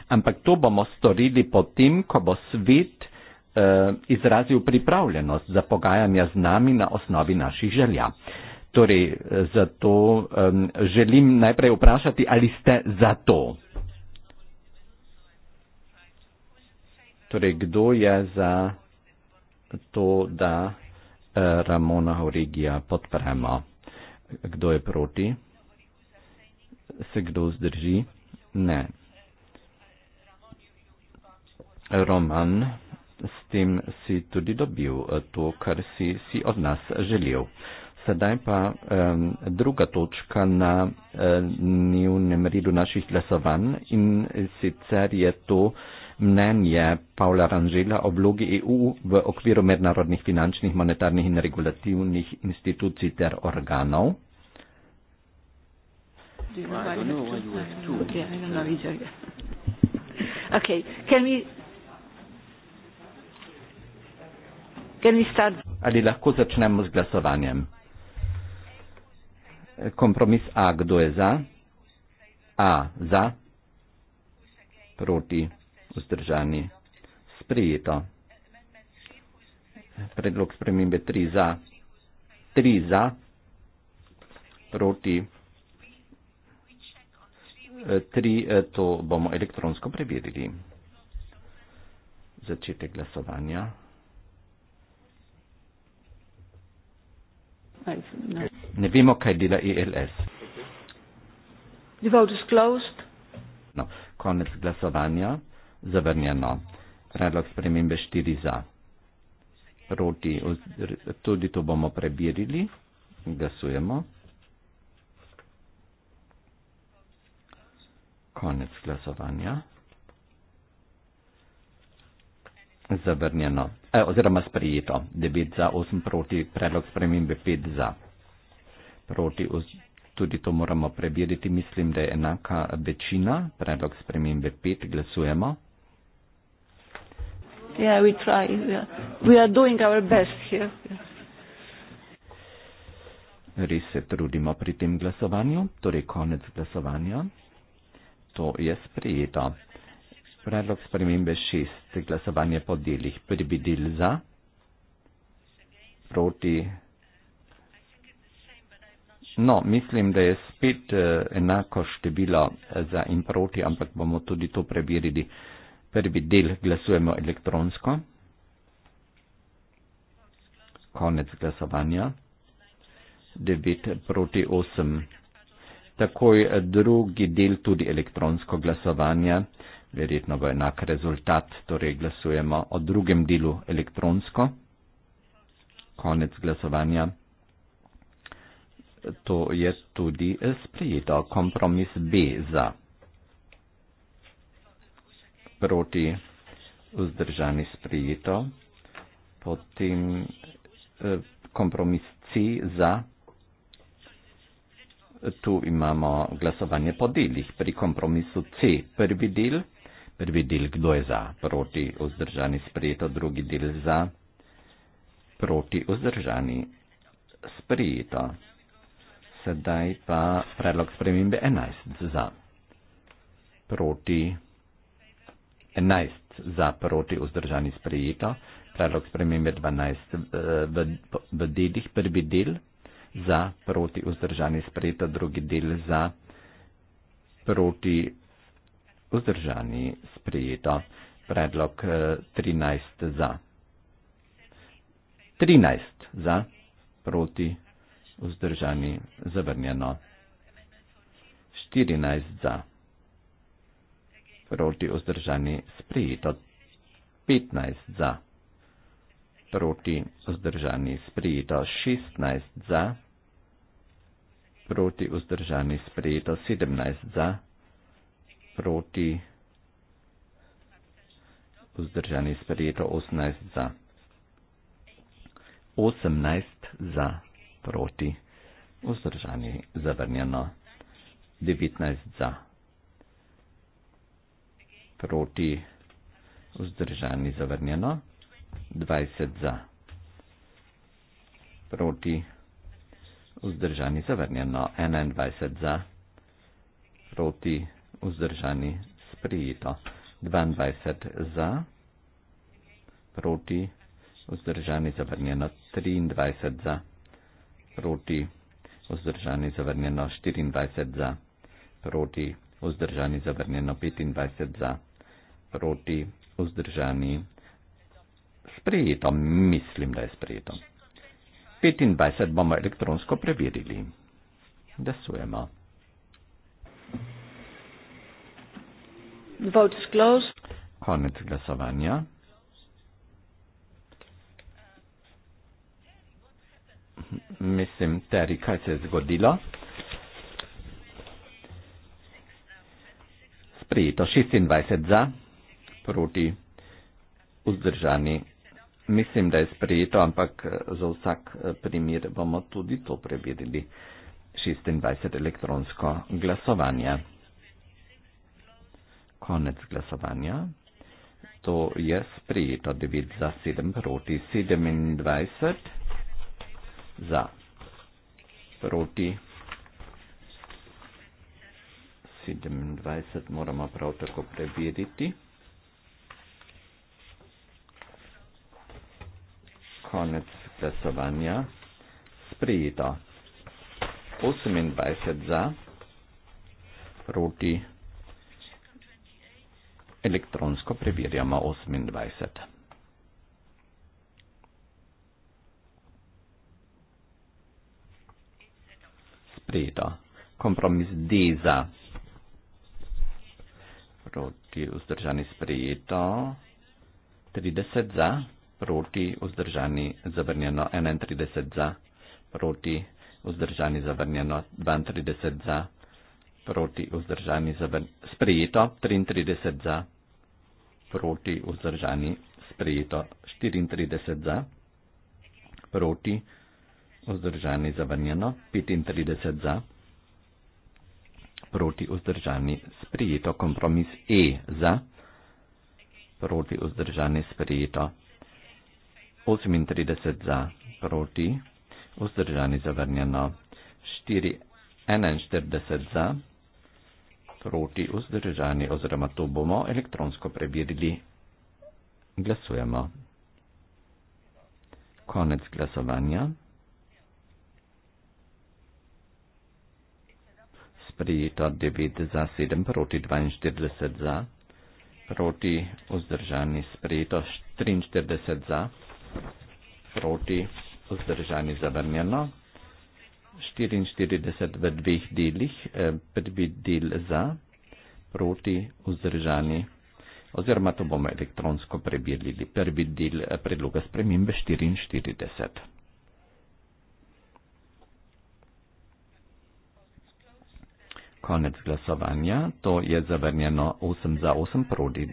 ampak to bomo storili potem, ko bo svet eh, izrazil pripravljenost za pogajanja z nami na osnovi naših želja. Torej, eh, zato um, želim najprej vprašati, ali ste za to. Torej, kdo je za to, da eh, Ramona Horigija podpremo? Kdo je proti? Se kdo zdrži? Ne. Roman, s tem si tudi dobil eh, to, kar si, si od nas želel. Sedaj pa um, druga točka na um, eh, njunem redu naših glasovanj in sicer je to uh, mnenje Paula Rangela o vlogi EU v okviru mednarodnih finančnih, monetarnih in regulativnih institucij ter organov. Ali lahko začnemo z glasovanjem? Kompromis A, kdo je za? A, za? Proti vzdržani. Sprijeto. Predlog spremembe 3 za. 3 za. Proti. 3 eh, to bomo elektronsko preverili. Začetek glasovanja. Ne vemo, kaj dela ELS. The vote is closed. No, konec glasovanja zavrnjeno. Predlog spremembe 4 za. Proti, tudi to bomo prebirili. Glasujemo. Konec glasovanja. Zavrnjeno. E, oziroma sprejeto. 9 za, 8 proti, predlog spremembe 5 za. Proti, tudi to moramo prebiriti. Mislim, da je enaka večina. Predlog spremembe 5 glasujemo. Yeah, we try. Yeah. We are doing our best here. Res se trudimo pri tem glasovanju, torej konec glasovanja. To je sprejeto. Predlog spremembe šest, glasovanje po delih. Prvi del za, proti. No, mislim, da je spet eh, enako število eh, za in proti, ampak bomo tudi to preverili. Prvi del glasujemo elektronsko. Konec glasovanja. 9 proti 8. Takoj drugi del tudi elektronsko glasovanje. Verjetno bo enak rezultat, torej glasujemo o drugem delu elektronsko. Konec glasovanja. To je tudi sprejeto. Kompromis B za proti vzdržani sprijeto, potem eh, kompromis C za. Tu imamo glasovanje po delih. Pri kompromisu C prvi del, prvi del kdo je za, proti vzdržani sprijeto, drugi del za, proti vzdržani sprijeto. Sedaj pa predlog spremembe 11 za, proti vzdržani sprijeto. 11 za proti vzdržani sprejeto, predlog spremembe 12 eh, v, v delih prvi del za proti vzdržani sprejeto, drugi del za proti vzdržani sprejeto, predlog 13 eh, za. 13 za proti vzdržani zavrnjeno. 14 za. Proti vzdržani sprijeto. 15 za. Proti vzdržani sprijeto 16 za. Proti vzdržani sprijeto 17 za. Proti vzdržani sprijeto 18 za. 18 za. Proti vzdržani zavrnjeno 19 za proti vzdržani zavrnjeno, 20 za proti vzdržani zavrnjeno, 21 za proti vzdržani sprijeto, 22 za proti vzdržani zavrnjeno, 23 za proti vzdržani zavrnjeno, 24 za proti vzdržani zavrnjeno, 25 za proti proti vzdržani. Sprejeto, mislim, da je sprejeto. 25 bomo elektronsko preverili. Glasujemo. Konec glasovanja. Mislim, Terry, kaj se je zgodilo? Sprejeto 26 za proti vzdržani. Mislim, da je sprejeto, ampak eh, za vsak eh, primer bomo tudi to prebedili. 26 elektronsko glasovanje. Konec glasovanja. To je sprejeto 9 za 7 proti 27 za proti 27 moramo prav tako preveriti. konec glasovanja sprejeto. 28 za, proti elektronsko preverjamo 28. Sprejeto. Kompromis D za, proti vzdržani sprejeto. 30 za proti, vzdržani, zavrnjeno 31 za, proti, vzdržani, zavrnjeno 32 za, proti, vzdržani, zavrnjeno, sprejeto 33 za, proti, vzdržani, sprejeto 34 za, proti, vzdržani, zavrnjeno 35 za, proti, vzdržani, sprejeto kompromis E za, proti, vzdržani, sprejeto 38 za, proti, vzdržani zavrnjeno, 4, 41 za, proti, vzdržani, oziroma to bomo elektronsko preverili, glasujemo. Konec glasovanja. Sprijeto 9 za 7 proti 42 za, proti vzdržani sprijeto 43 za proti vzdržani zavrnjeno. 44 v dveh delih, eh, prvi del za, proti vzdržani, oziroma to bomo elektronsko prebirili, prvi del eh, predloga spremembe 44. Konec glasovanja, to je zavrnjeno 8 za 8, proti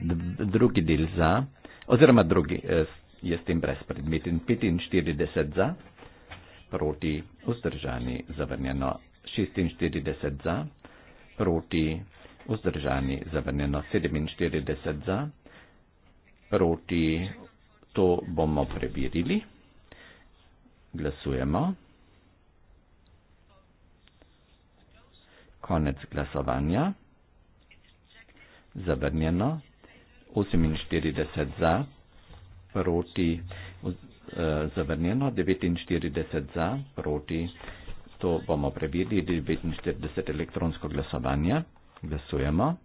drugi del za, oziroma drugi. Eh, je s tem brezpredmeten 45 za, proti vzdržani zavrnjeno 46 za, proti vzdržani zavrnjeno 47 za, proti to bomo preverili. Glasujemo. Konec glasovanja. Zavrnjeno. 48 za, proti eh, zavrnjeno, 49 za, proti, to bomo prebili, 49 elektronsko glasovanje. Glasujemo.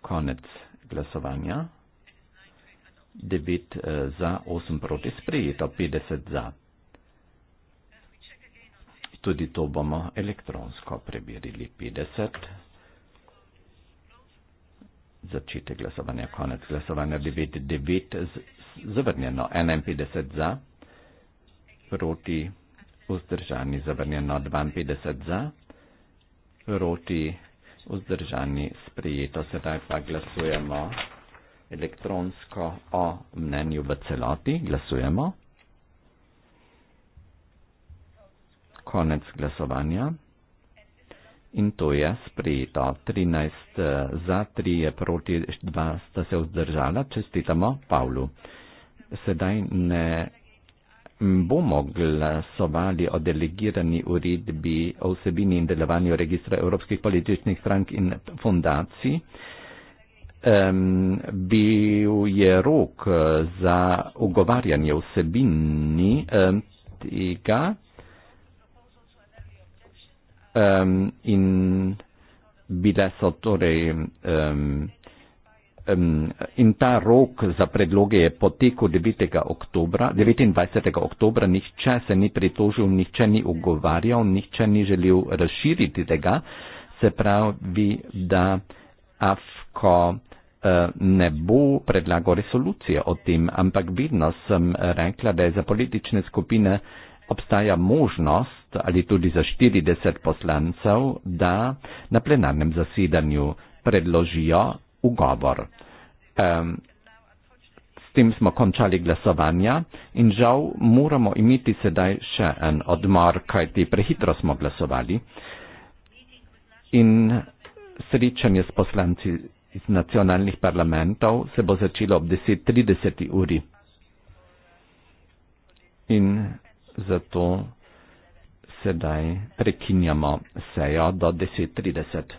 Konec glasovanja. 9 eh, za, 8 proti, sprejeto, 50 za. Tudi to bomo elektronsko preverili. 50 za začetek glasovanja, konec glasovanja 99 zavrnjeno, 51 za, proti vzdržani zavrnjeno 52 za, proti vzdržani sprijeto. Sedaj pa glasujemo elektronsko o mnenju v celoti. Glasujemo. Konec glasovanja in to je sprejeto. 13 eh, za, 3 proti, 2 sta se vzdržala. Čestitamo Pavlu. Sedaj ne bomo glasovali o delegirani uredbi o vsebini in delovanju registra evropskih političnih strank in fundacij. Um, bil je rok eh, za ugovarjanje vsebini um, tega um, in bile so torej um, um, in ta rok za predloge je potekel 9. oktobra, 29. oktobra, nihče se ni pritožil, nihče ni ugovarjal, nihče ni želel razširiti tega, se pravi, da AFKO eh, ne bo predlago resolucije o tem, ampak vidno sem rekla, da je za politične skupine obstaja možnost, ali tudi za 40 poslancev, da na plenarnem zasedanju predložijo ugovor. Um, s tem smo končali glasovanja in žal moramo imeti sedaj še en odmor, kajti prehitro smo glasovali. In srečanje s poslanci iz nacionalnih parlamentov se bo začelo ob 10.30 uri. In zato sedaj prekinjamo sejo do 10.30.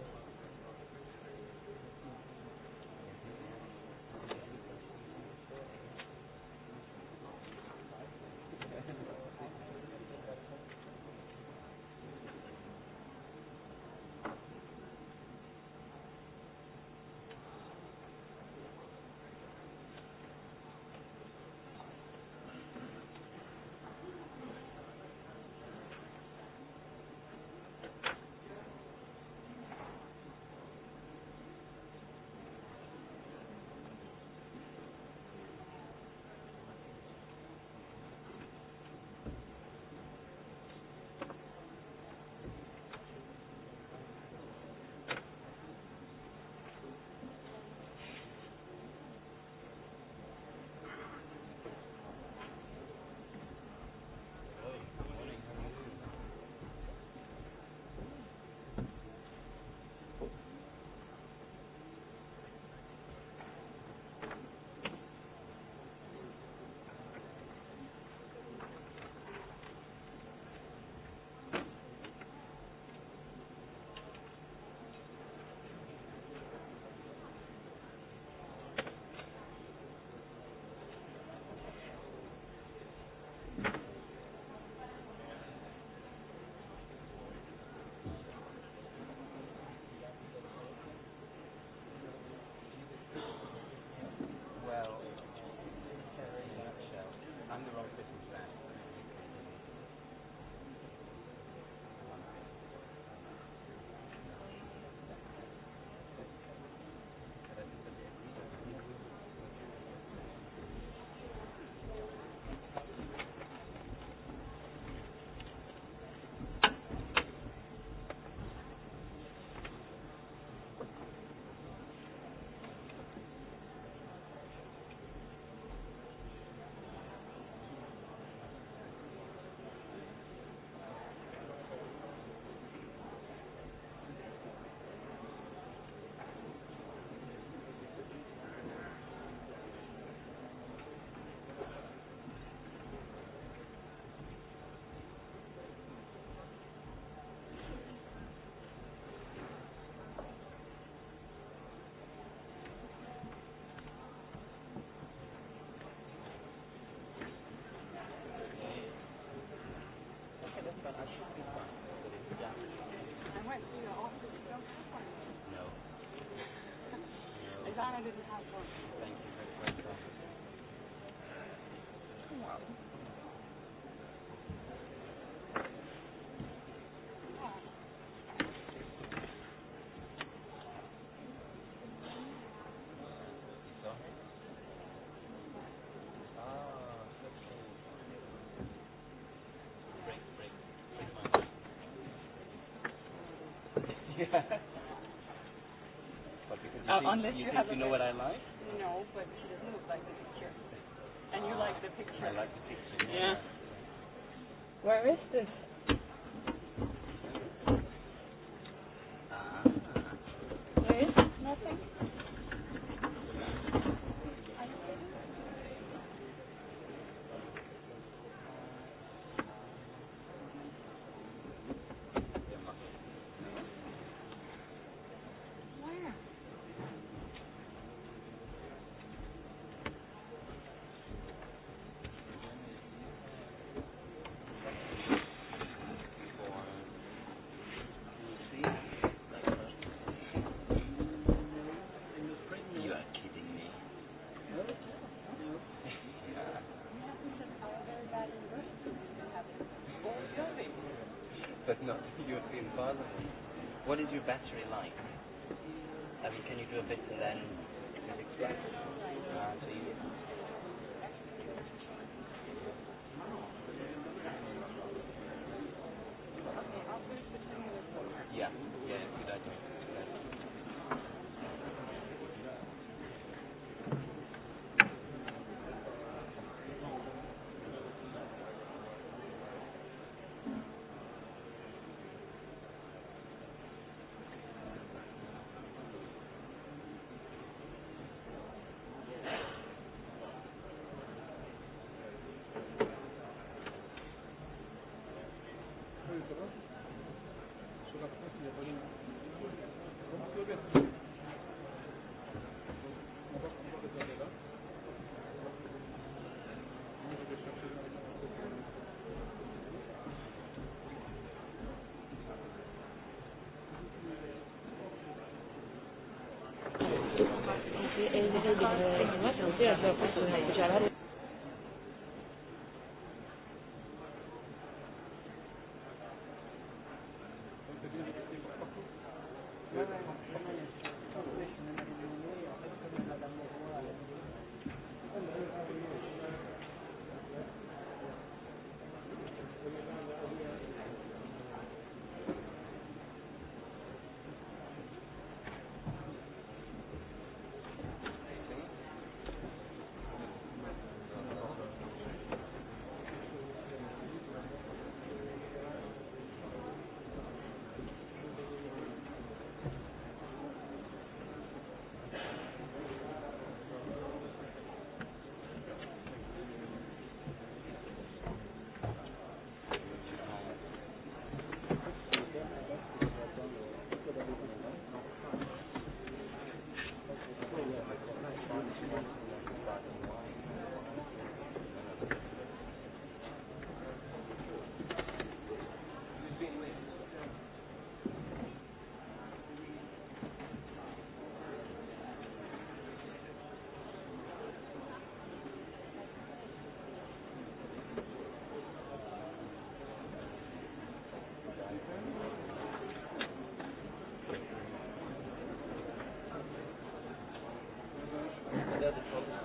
is that a good time for Thank you. Yeah you uh, think, unless you, you think have you know what I like? No, but she doesn't look like the picture. And uh, you ah. like the picture. I like the picture. Yeah. Where is this? What is your battery like? I mean, can you do a bit Gracias.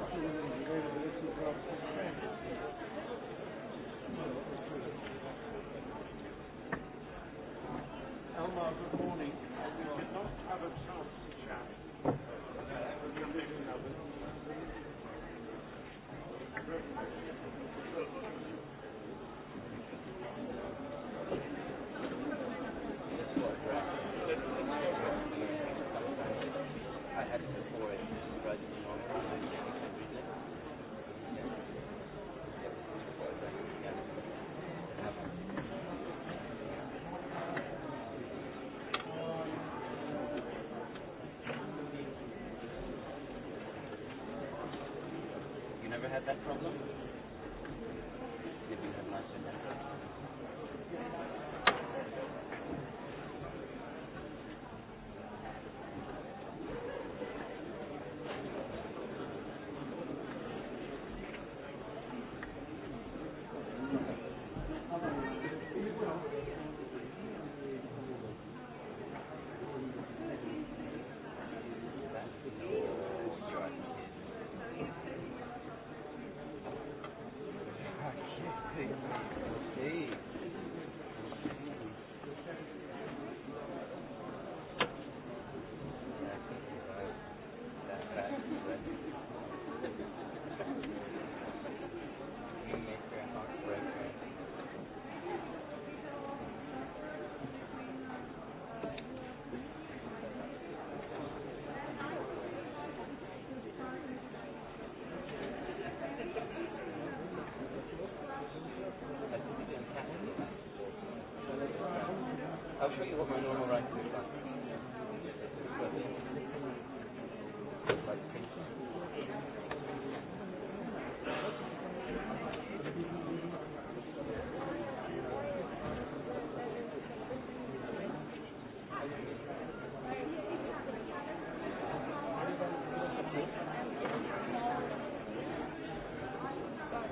Thank you. that problem. I'll show you what my normal rank is like.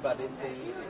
But it's a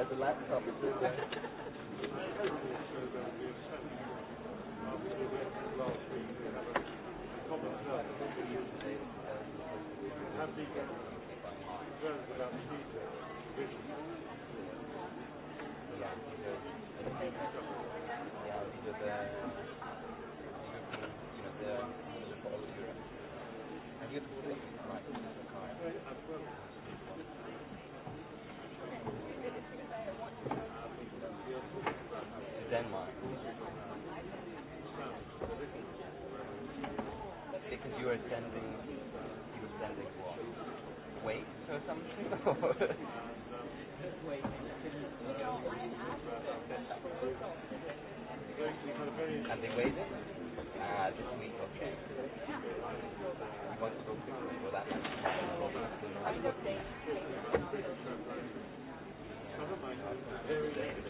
uh, the last topic. Thank you. were ascending, you were ascending what? Weight or something? and they weighed it? Ah, uh, this week, okay. You want to go quickly, well, that might be a problem. I'm okay. Yeah. Yeah.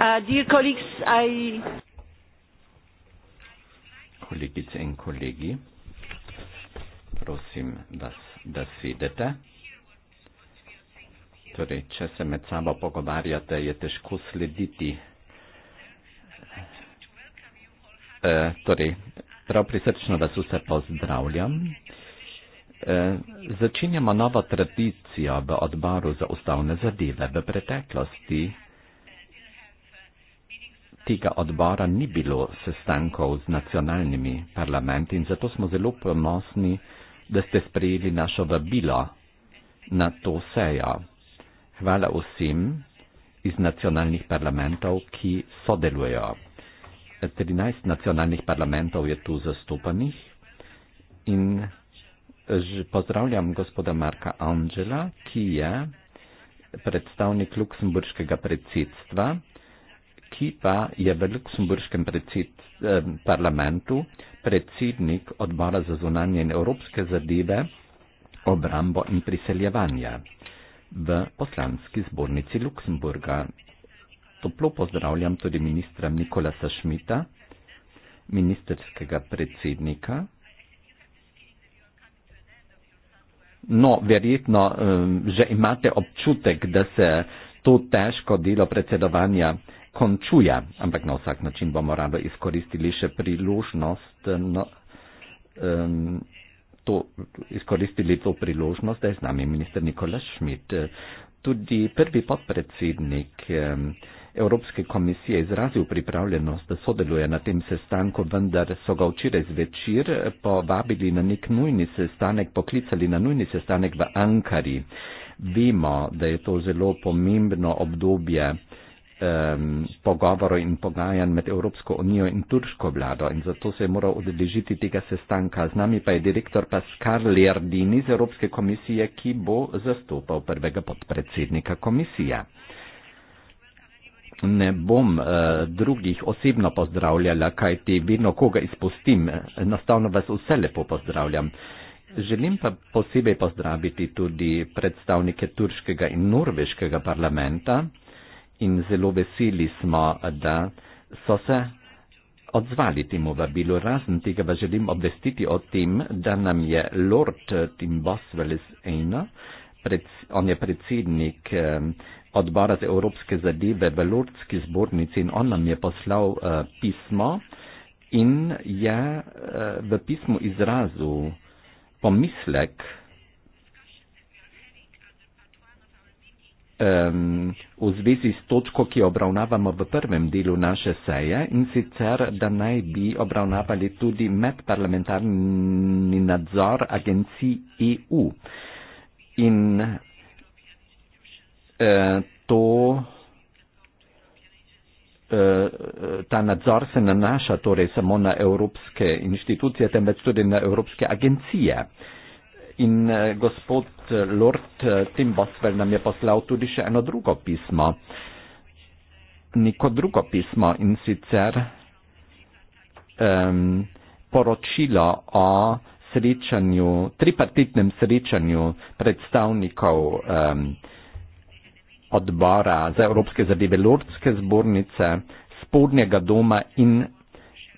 Uh, dear colleagues, I. Kolegice in kolegi, prosim vas, da sedete. Torej, če se med sabo pogovarjate, je težko slediti. E, torej, prav prisrčno vas vse pozdravljam. E, začenjamo novo tradicijo v odboru za ustavne zadeve. V preteklosti tega odbora ni bilo sestankov z nacionalnimi parlamenti in zato smo zelo ponosni, da ste sprejeli našo vabilo na to sejo. Hvala vsem iz nacionalnih parlamentov, ki sodelujejo. 13 nacionalnih parlamentov je tu zastopanih in pozdravljam gospoda Marka Angela, ki je predstavnik luksemburškega predsedstva ki pa je v Luksemburškem predsed, eh, parlamentu predsednik odbora za zunanje in evropske zadeve, obrambo in priseljevanje v poslanski zbornici Luksemburga. Toplo pozdravljam tudi ministra Nikolasa Šmita, ministerskega predsednika. No, verjetno eh, že imate občutek, da se to težko delo predsedovanja eh, končuje, ampak na vsak način bomo rado izkoristili še priložnost, no, um, to, izkoristili to priložnost, da je z nami minister Nikola Šmit. Tudi prvi podpredsednik um, Evropske komisije izrazil pripravljenost, da sodeluje na tem sestanku, vendar so ga včeraj zvečer povabili na nek nujni sestanek, poklicali na nujni sestanek v Ankari. Vemo, da je to zelo pomembno obdobje um, pogovorov in pogajanj med Evropsko unijo in turško vlado in zato se je moral odeležiti tega sestanka. Z nami pa je direktor Pascal Lerdini iz Evropske komisije, ki bo zastopal prvega podpredsednika komisije. Ne bom uh, drugih osebno pozdravljala, kajti vedno koga izpustim. Enostavno vas vse lepo pozdravljam. Želim pa posebej pozdraviti tudi predstavnike turškega in norveškega parlamenta, uh, in zelo veseli smo, da so se odzvali temu vabilu. Razen tega pa želim obvestiti o tem, da nam je Lord Tim Boswell iz Eina, pred, on je predsednik eh, odbora za evropske zadeve v Lordski zbornici in on nam je poslal uh, pismo in je uh, v pismu izrazil pomislek, uh, um, v zvezi s točko, ki jo obravnavamo v prvem delu naše seje in sicer, da naj bi obravnavali tudi medparlamentarni nadzor agencij EU. In uh, to, uh, ta nadzor se nanaša torej samo na evropske inštitucije, temveč tudi na evropske agencije. Uh, In eh, gospod eh, Lord eh, Tim Boswell nam je poslal tudi še eno drugo pismo. Niko drugo pismo in sicer um, poročilo o srečanju, tripartitnem srečanju predstavnikov um, odbora za Evropske zadeve Lordske zbornice, spodnjega doma in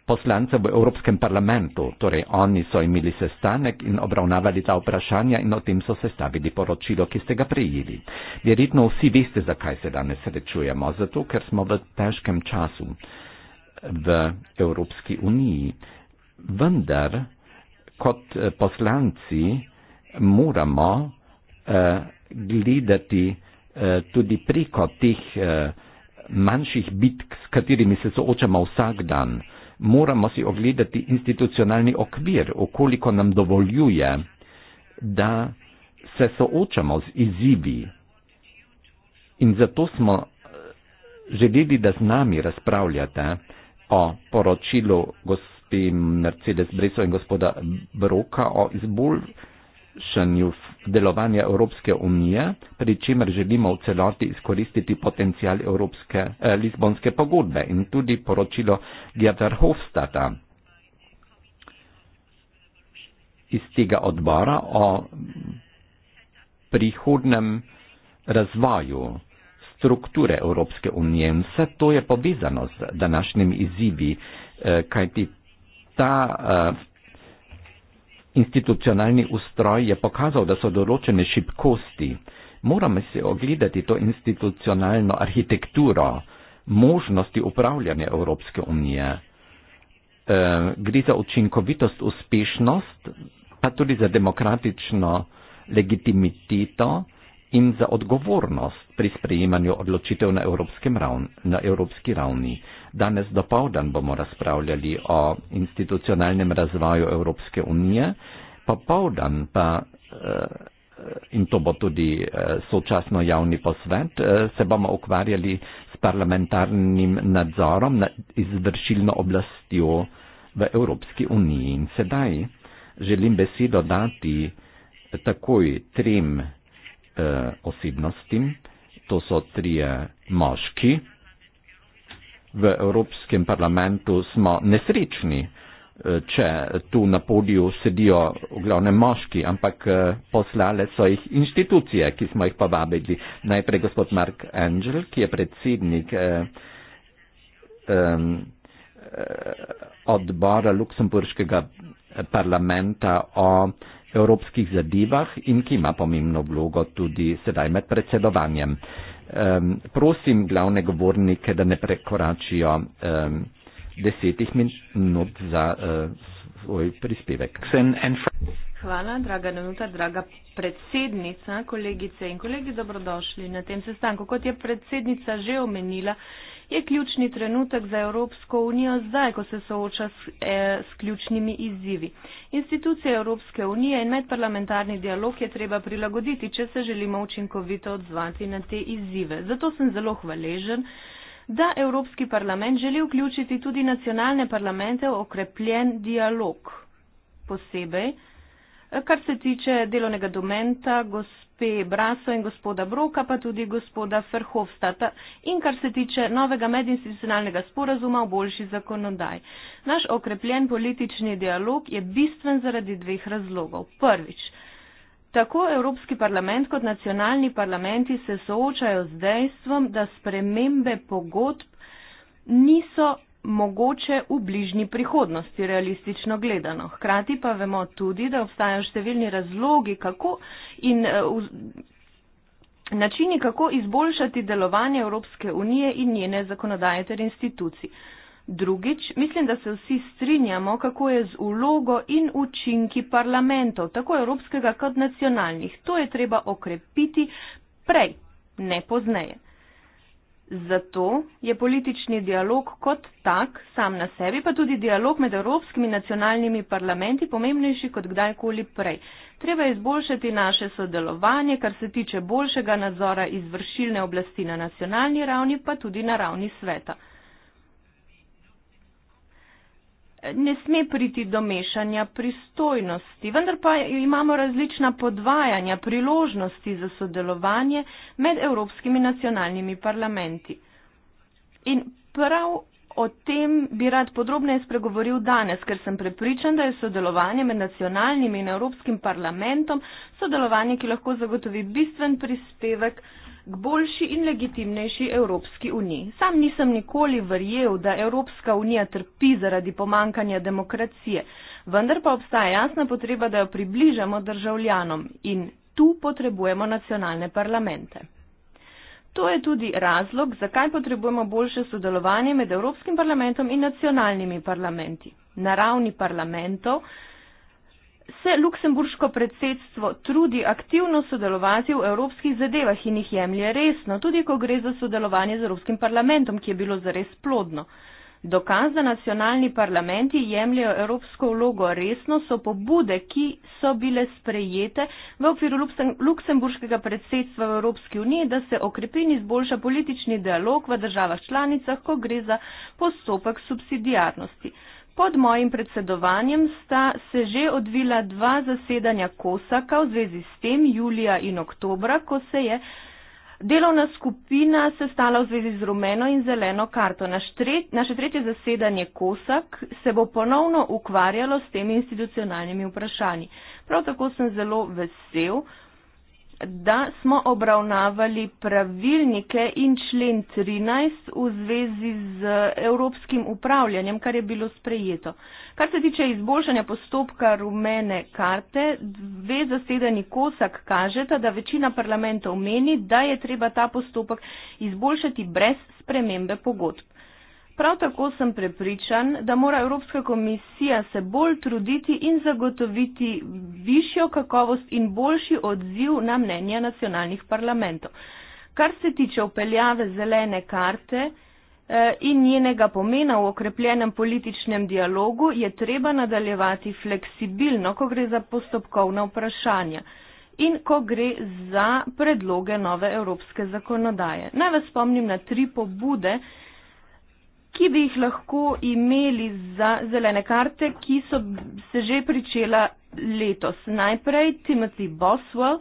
poslancev v Evropskem parlamentu, torej oni so imeli sestanek in obravnavali ta vprašanja in o tem so sestavili poročilo, ki ste ga prejeli. Verjetno vsi veste, zakaj se danes srečujemo, zato ker smo v težkem času v Evropski uniji. Vendar kot eh, poslanci moramo eh, gledati eh, tudi preko teh eh, manjših bitk, s katerimi se soočamo vsak dan moramo si ogledati institucionalni okvir, okoliko nam dovoljuje, da se soočamo z izzivi. In zato smo eh, želeli, da z nami razpravljate o poročilu gospe Mercedes Breso in gospoda Broka o izboljšanju izboljšanju delovanja Evropske unije, pri čemer želimo v celoti izkoristiti potencijal Evropske eh, Lizbonske pogodbe in tudi poročilo Gjadar Hofstata iz tega odbora o prihodnem razvoju strukture Evropske unije. Vse to je povezano z današnjimi izzivi, eh, kajti ta eh, institucionalni ustroj je pokazal, da so določene šibkosti. Moramo si ogledati to institucionalno arhitekturo, možnosti upravljanja Evropske unije. E, gre za učinkovitost, uspešnost, pa tudi za demokratično legitimiteto in za odgovornost pri sprejemanju odločitev na, ravni, na evropski ravni. Danes do povdan bomo razpravljali o institucionalnem razvoju Evropske unije, pa povdan eh, pa, in to bo tudi eh, sočasno javni posvet, eh, se bomo ukvarjali s parlamentarnim nadzorom nad izvršilno oblastjo v Evropski uniji. In sedaj želim besedo dati takoj trem osebnostim, to so trije moški, V Evropskem parlamentu smo nesrečni, eh, če tu na podiju sedijo v glavnem moški, ampak eh, poslale so jih inštitucije, ki smo jih povabili. Najprej gospod Mark Angel, ki je predsednik eh, odbora Luksemburškega parlamenta o evropskih zadevah in ki ima pomembno vlogo tudi sedaj med predsedovanjem um, prosim glavne govornike, da ne prekoračijo um, desetih minut za uh, svoj prispevek. Hvala, draga Danuta, draga predsednica, kolegice in kolegi, dobrodošli na tem sestanku. Kot je predsednica že omenila, je ključni trenutek za Evropsko unijo zdaj, ko se sooča s, e, s ključnimi izzivi. Institucije Evropske unije in medparlamentarni dialog je treba prilagoditi, če se želimo učinkovito odzvati na te izzive. Zato sem zelo hvaležen, da Evropski parlament želi vključiti tudi nacionalne parlamente v okrepljen dialog. Posebej, kar se tiče delovnega domenta gospodarstva gospe Braso in gospoda Broka, pa tudi gospoda Ferhofstata in kar se tiče novega medinstitucionalnega sporazuma o boljši zakonodaj. Naš okrepljen politični dialog je bistven zaradi dveh razlogov. Prvič, tako Evropski parlament kot nacionalni parlamenti se soočajo z dejstvom, da spremembe pogodb niso mogoče v bližnji prihodnosti, realistično gledano. Hkrati pa vemo tudi, da obstajajo številni razlogi, kako in eh, načini, kako izboljšati delovanje Evropske unije in njene zakonodaje ter institucij. Drugič, mislim, da se vsi strinjamo, kako je z ulogo in učinki parlamentov, tako evropskega kot nacionalnih. To je treba okrepiti prej, ne pozneje. Zato je politični dialog kot tak, sam na sebi, pa tudi dialog med evropskimi nacionalnimi parlamenti pomembnejši kot kdajkoli prej. Treba izboljšati naše sodelovanje, kar se tiče boljšega nadzora izvršilne oblasti na nacionalni ravni, pa tudi na ravni sveta. ne sme priti do mešanja pristojnosti, vendar pa imamo različna podvajanja priložnosti za sodelovanje med evropskimi nacionalnimi parlamenti. In prav o tem bi rad podrobneje spregovoril danes, ker sem prepričan, da je sodelovanje med nacionalnim in evropskim parlamentom sodelovanje, ki lahko zagotovi bistven prispevek k boljši in legitimnejši Evropski uniji. Sam nisem nikoli verjel, da Evropska unija trpi zaradi pomankanja demokracije, vendar pa obstaja jasna potreba, da jo približamo državljanom in tu potrebujemo nacionalne parlamente. To je tudi razlog, zakaj potrebujemo boljše sodelovanje med Evropskim parlamentom in nacionalnimi parlamenti. Na ravni parlamentov se luksemburško predsedstvo trudi aktivno sodelovati v evropskih zadevah in jih jemlje resno, tudi ko gre za sodelovanje z Evropskim parlamentom, ki je bilo zares plodno. Dokaz, da nacionalni parlamenti jemljajo evropsko vlogo resno, so pobude, ki so bile sprejete v okviru luksemburškega predsedstva v Evropski uniji, da se okrepi in izboljša politični dialog v državah članicah, ko gre za postopek subsidijarnosti. Pod mojim predsedovanjem sta se že odvila dva zasedanja Kosaka v zvezi s tem, julija in oktobra, ko se je delovna skupina sestala v zvezi z rumeno in zeleno karto. Naše tretje zasedanje Kosak se bo ponovno ukvarjalo s temi institucionalnimi vprašanji. Prav tako sem zelo vesel, da smo obravnavali pravilnike in člen 13 v zvezi z evropskim upravljanjem, kar je bilo sprejeto. Kar se tiče izboljšanja postopka rumene karte, dve zasedani kosak kažeta, da večina parlamentov meni, da je treba ta postopek izboljšati brez spremembe pogodb. Prav tako sem prepričan, da mora Evropska komisija se bolj truditi in zagotoviti višjo kakovost in boljši odziv na mnenja nacionalnih parlamentov. Kar se tiče upeljave zelene karte eh, in njenega pomena v okrepljenem političnem dialogu, je treba nadaljevati fleksibilno, ko gre za postopkovna vprašanja in ko gre za predloge nove evropske zakonodaje. Naj vas spomnim na tri pobude, ki bi jih lahko imeli za zelene karte, ki so se že pričela letos. Najprej Timothy Boswell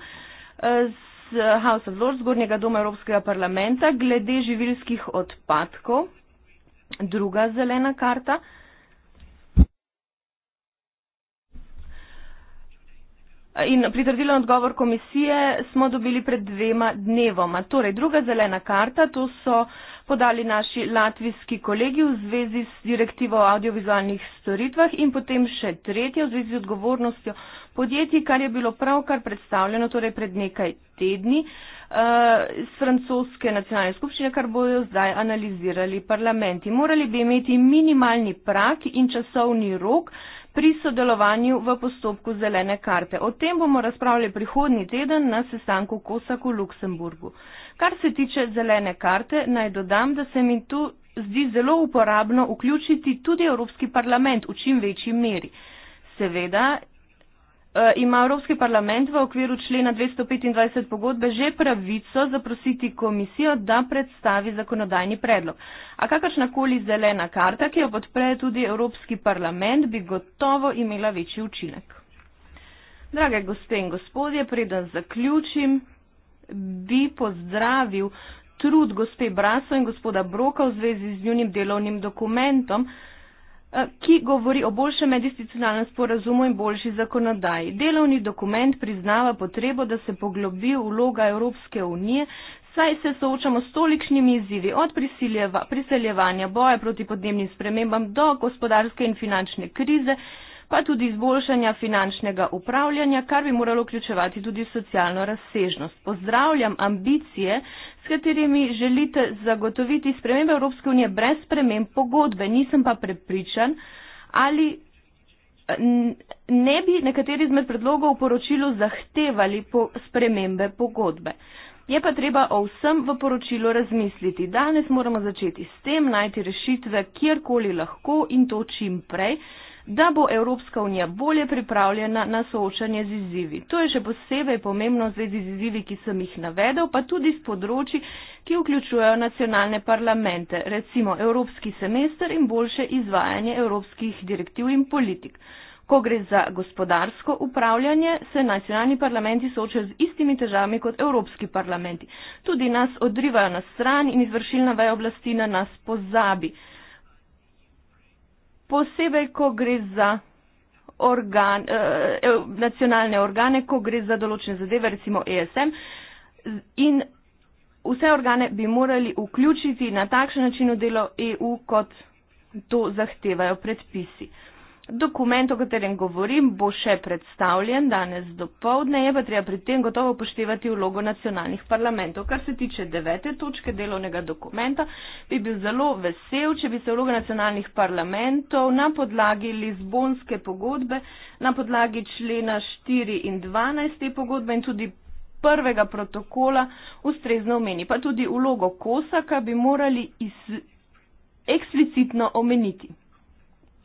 eh, z House of Lords, zgornjega doma Evropskega parlamenta, glede živilskih odpadkov. Druga zelena karta. In pritrdilen odgovor komisije smo dobili pred dvema dnevoma. Torej, druga zelena karta, to so uh, podali naši latvijski kolegi v zvezi s direktivo o audiovizualnih storitvah in potem še tretje v zvezi z odgovornostjo podjetij, kar je bilo pravkar predstavljeno torej pred nekaj tedni iz eh, francoske nacionalne skupščine, kar bojo zdaj analizirali parlamenti. Morali bi imeti minimalni prak in časovni rok pri sodelovanju v postopku zelene karte. O tem bomo razpravljali prihodni teden na sestanku Kosak v Luksemburgu. Kar se tiče zelene karte, naj dodam, da se mi tu zdi zelo uporabno vključiti tudi Evropski parlament v čim večji meri. Seveda eh, ima Evropski parlament v okviru člena 225 pogodbe že pravico zaprositi komisijo, da predstavi zakonodajni predlog. A kakršnakoli zelena karta, ki jo podpre tudi Evropski parlament, bi gotovo imela večji učinek. Drage gospe in gospodje, preden zaključim bi pozdravil trud gospe Braso in gospoda Broka v zvezi z njunim delovnim dokumentom, eh, ki govori o boljšem medinstitucionalnem sporazumu in boljši zakonodaji. Delovni dokument priznava potrebo, da se poglobi vloga Evropske unije, saj se soočamo s tolikšnimi izzivi od priseljeva, priseljevanja boja proti podnebnim spremembam do gospodarske in finančne krize pa tudi izboljšanja finančnega upravljanja, kar bi moralo vključevati tudi socialno razsežnost. Pozdravljam ambicije, s katerimi želite zagotoviti spremembe Evropske unije brez sprememb pogodbe. Nisem pa prepričan, ali eh, ne bi nekateri izmed predlogov v poročilu zahtevali po spremembe pogodbe. Je pa treba o vsem v poročilu razmisliti. Danes moramo začeti s tem, najti rešitve kjerkoli lahko in to čim prej da bo Evropska unija bolje pripravljena na soočanje z izzivi. To je še posebej pomembno v zvezi z izzivi, ki sem jih navedel, pa tudi s področji, ki vključujejo nacionalne parlamente, recimo Evropski semester in boljše izvajanje evropskih direktiv in politik. Ko gre za gospodarsko upravljanje, se nacionalni parlamenti soočajo z istimi težavami kot evropski parlamenti. Tudi nas odrivajo na stran in izvršilna veja oblasti na nas pozabi posebej, ko gre za organ, eh, eh, nacionalne organe, ko gre za določene zadeve, recimo ESM. In vse organe bi morali vključiti na takšen način v delo EU, kot to zahtevajo predpisi. Eh, Dokument, o katerem govorim, bo še predstavljen danes do povdne, je pa treba pri tem gotovo upoštevati vlogo nacionalnih parlamentov. Kar se tiče devete točke delovnega dokumenta, bi bil zelo vesel, če bi se vloga nacionalnih parlamentov na podlagi Lizbonske pogodbe, na podlagi člena 4 in 12 te pogodbe in tudi prvega protokola ustrezno omeni. Pa tudi vlogo Kosaka bi morali iz, eksplicitno omeniti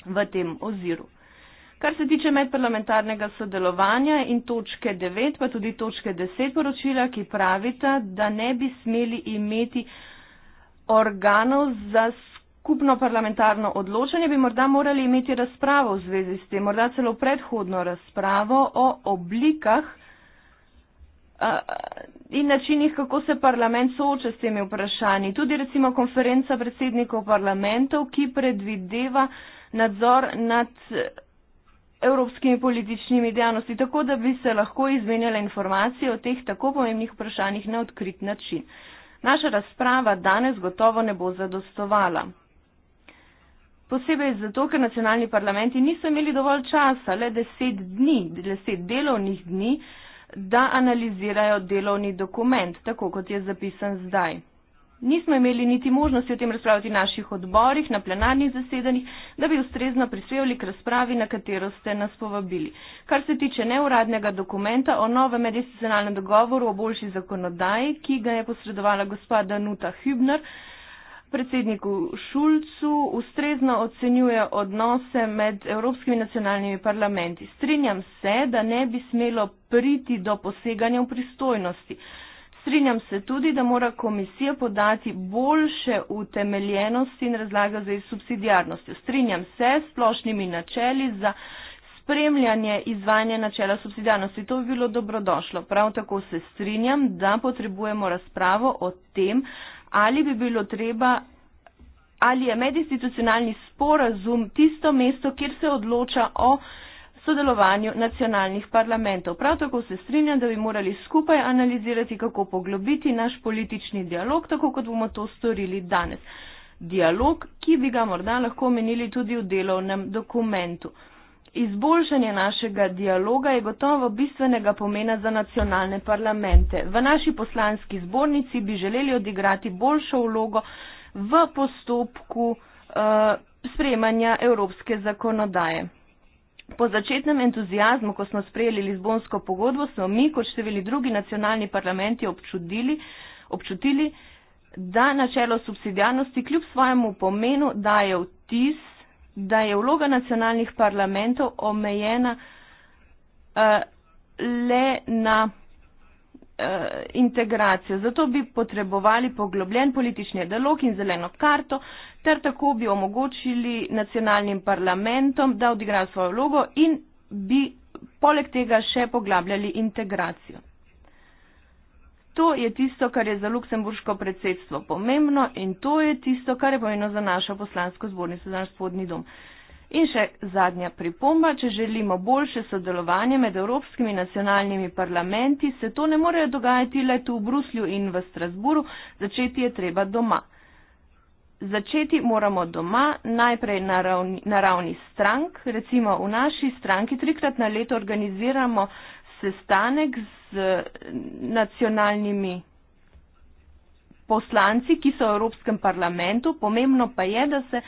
v tem oziru. Kar se tiče medparlamentarnega sodelovanja in točke 9, pa tudi točke 10 poročila, ki pravita, da ne bi smeli imeti organov za skupno parlamentarno odločanje, bi morda morali imeti razpravo v zvezi s tem, morda celo predhodno razpravo o oblikah in načinih, kako se parlament sooča s temi vprašanji. Tudi recimo konferenca predsednikov parlamentov, ki predvideva, nadzor nad evropskimi političnimi dejavnosti, tako da bi se lahko izmenjala informacije o teh tako pomembnih vprašanjih na odkrit način. Naša razprava danes gotovo ne bo zadostovala. Posebej zato, ker nacionalni parlamenti niso imeli dovolj časa, le deset dni, deset delovnih dni, da analizirajo delovni dokument, tako kot je zapisan zdaj. Nismo imeli niti možnosti o tem razpravljati v naših odborih, na plenarnih zasedanjih, da bi ustrezno prispevali k razpravi, na katero ste nas povabili. Kar se tiče neuradnega dokumenta o novem medinstitucionalnem dogovoru o boljši zakonodaji, ki ga je posredovala gospa Danuta Hübner, predsedniku Šulcu, ustrezno ocenjuje odnose med evropskimi nacionalnimi parlamenti. Strinjam se, da ne bi smelo priti do poseganja v pristojnosti. Strinjam se tudi, da mora komisija podati boljše utemeljenosti in razlaga za subsidijarnostjo. Strinjam se s splošnimi načeli za spremljanje izvajanja načela subsidijarnosti. To bi bilo dobrodošlo. Prav tako se strinjam, da potrebujemo razpravo o tem, ali bi bilo treba. Ali je medinstitucionalni sporazum tisto mesto, kjer se odloča o sodelovanju nacionalnih parlamentov. Prav tako se strinjam, da bi morali skupaj analizirati, kako poglobiti naš politični dialog, tako kot bomo to storili danes. Dialog, ki bi ga morda lahko menili tudi v delovnem dokumentu. Izboljšanje našega dialoga je gotovo bistvenega pomena za nacionalne parlamente. V naši poslanski zbornici bi želeli odigrati boljšo vlogo v postopku uh, sprejemanja evropske zakonodaje. Po začetnem entuzijazmu, ko smo sprejeli Lizbonsko pogodbo, smo mi, kot številni drugi nacionalni parlamenti, občudili, občutili, da načelo subsidijarnosti kljub svojemu pomenu daje vtis, da je vloga nacionalnih parlamentov omejena uh, le na eh, integracijo. Zato bi potrebovali poglobljen politični dialog in zeleno karto, ter tako bi omogočili nacionalnim parlamentom, da odigrajo svojo vlogo in bi poleg tega še poglabljali integracijo. To je tisto, kar je za luksemburško predsedstvo pomembno in to je tisto, kar je pomembno za našo poslansko zbornico, za naš spodnji dom. In še zadnja pripomba, če želimo boljše sodelovanje med evropskimi nacionalnimi parlamenti, se to ne more dogajati le tu v Bruslju in v Strasburu, začeti je treba doma. Začeti moramo doma, najprej na ravni, na ravni strank. Recimo v naši stranki trikrat na leto organiziramo sestanek z nacionalnimi poslanci, ki so v Evropskem parlamentu. Pomembno pa je, da se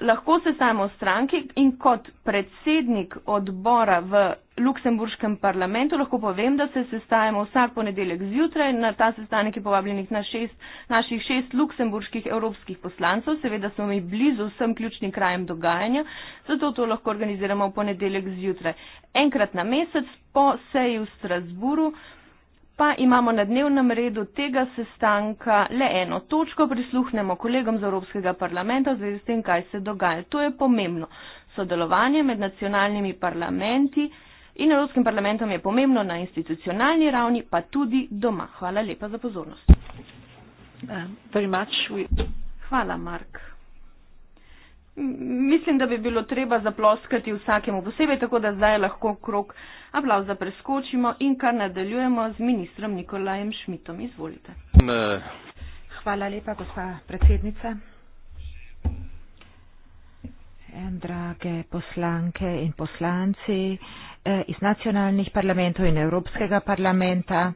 lahko se samo stranki in kot predsednik odbora v Luksemburškem parlamentu lahko povem, da se sestajamo vsak ponedeljek zjutraj. Na ta sestanek je povabljenih na šest, naših šest luksemburških evropskih poslancev. Seveda smo mi blizu vsem ključnim krajem dogajanja, zato to lahko organiziramo v ponedeljek zjutraj. Enkrat na mesec po seji v Strasburu pa imamo na dnevnem redu tega sestanka le eno točko, prisluhnemo kolegom z Evropskega parlamenta z tem, kaj se dogaja. To je pomembno. Sodelovanje med nacionalnimi parlamenti in Evropskim parlamentom je pomembno na institucionalni ravni, pa tudi doma. Hvala lepa za pozornost. Uh, Hvala, Mark mislim, da bi bilo treba zaploskati vsakemu posebej, tako da zdaj lahko krok aplauza preskočimo in kar nadaljujemo z ministrom Nikolajem Šmitom. Izvolite. Ne. Eh. Hvala lepa, gospa predsednica. Drage poslanke in poslanci eh, iz nacionalnih parlamentov in Evropskega parlamenta.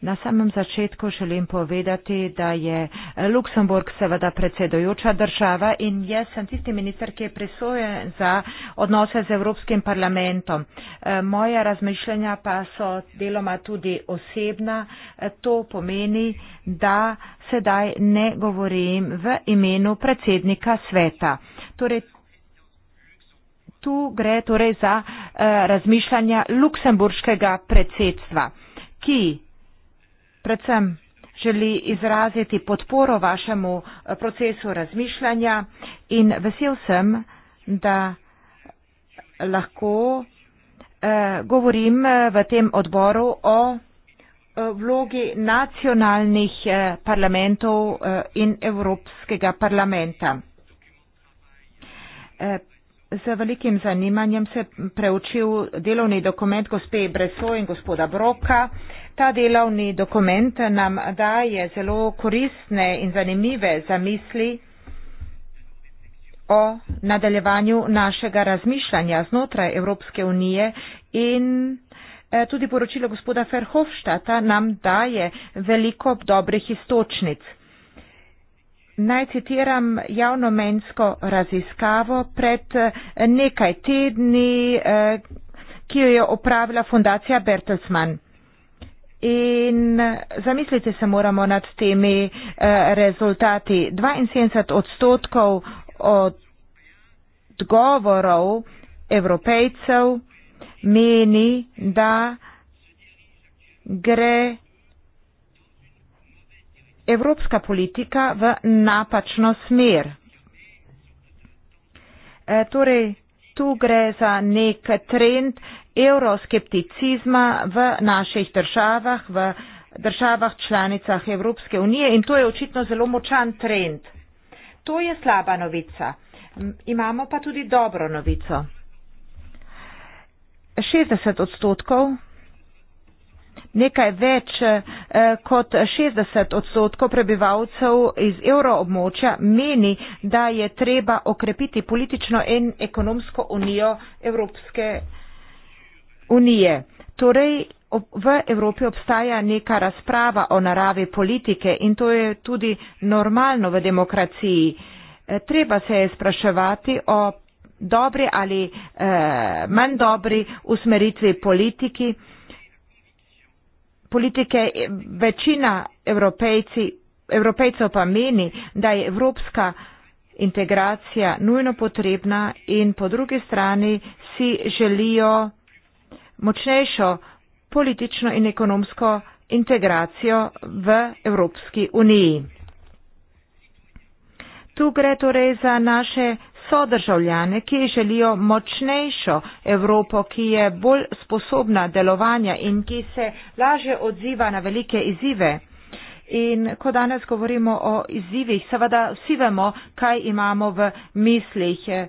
Na samem začetku želim povedati, da je Luksemburg seveda predsedojoča država in jaz sem tisti minister, ki je prisojen za odnose z Evropskim parlamentom. E, moja razmišljanja pa so deloma tudi osebna. E, to pomeni, da sedaj ne govorim v imenu predsednika sveta. Torej, tu gre torej za e, razmišljanja luksemburškega predsedstva, ki predvsem želi izraziti podporo vašemu eh, procesu razmišljanja in vesel sem, da lahko eh, govorim eh, v tem odboru o vlogi nacionalnih parlamentov in Evropskega parlamenta. Z velikim zanimanjem se preučil delovni dokument gospe Breso in gospoda Broka, ta delovni dokument nam daje zelo koristne in zanimive zamisli o nadaljevanju našega razmišljanja znotraj Evropske unije in eh, tudi poročilo gospoda Ferhofštata nam daje veliko dobrih istočnic. Naj citiram javnomensko raziskavo pred eh, nekaj tedni, eh, ki jo je opravila fundacija Bertelsmann. In zamislite se moramo nad temi uh, rezultati. 72 odstotkov odgovorov evropejcev meni, da gre evropska politika v napačno smer. E, torej, tu gre za nek trend euroskepticizma v naših državah, v državah članicah Evropske unije in to je očitno zelo močan trend. To je slaba novica. Imamo pa tudi dobro novico. 60 odstotkov, nekaj več eh, kot 60 odstotkov prebivalcev iz euroobmočja meni, da je treba okrepiti politično in ekonomsko unijo Evropske unije unije. Torej, ob, v Evropi obstaja neka razprava o naravi politike in to je tudi normalno v demokraciji. E, treba se je spraševati o dobri ali eh, manj dobri usmeritvi politiki. politike. E, večina evropejcev pa meni, da je evropska integracija nujno potrebna in po drugi strani si želijo močnejšo politično in ekonomsko integracijo v Evropski uniji. Tu gre torej za naše sodržavljane, ki želijo močnejšo Evropo, ki je bolj sposobna delovanja in ki se laže odziva na velike izzive. In ko danes govorimo o izzivih, seveda vsi vemo, kaj imamo v mislih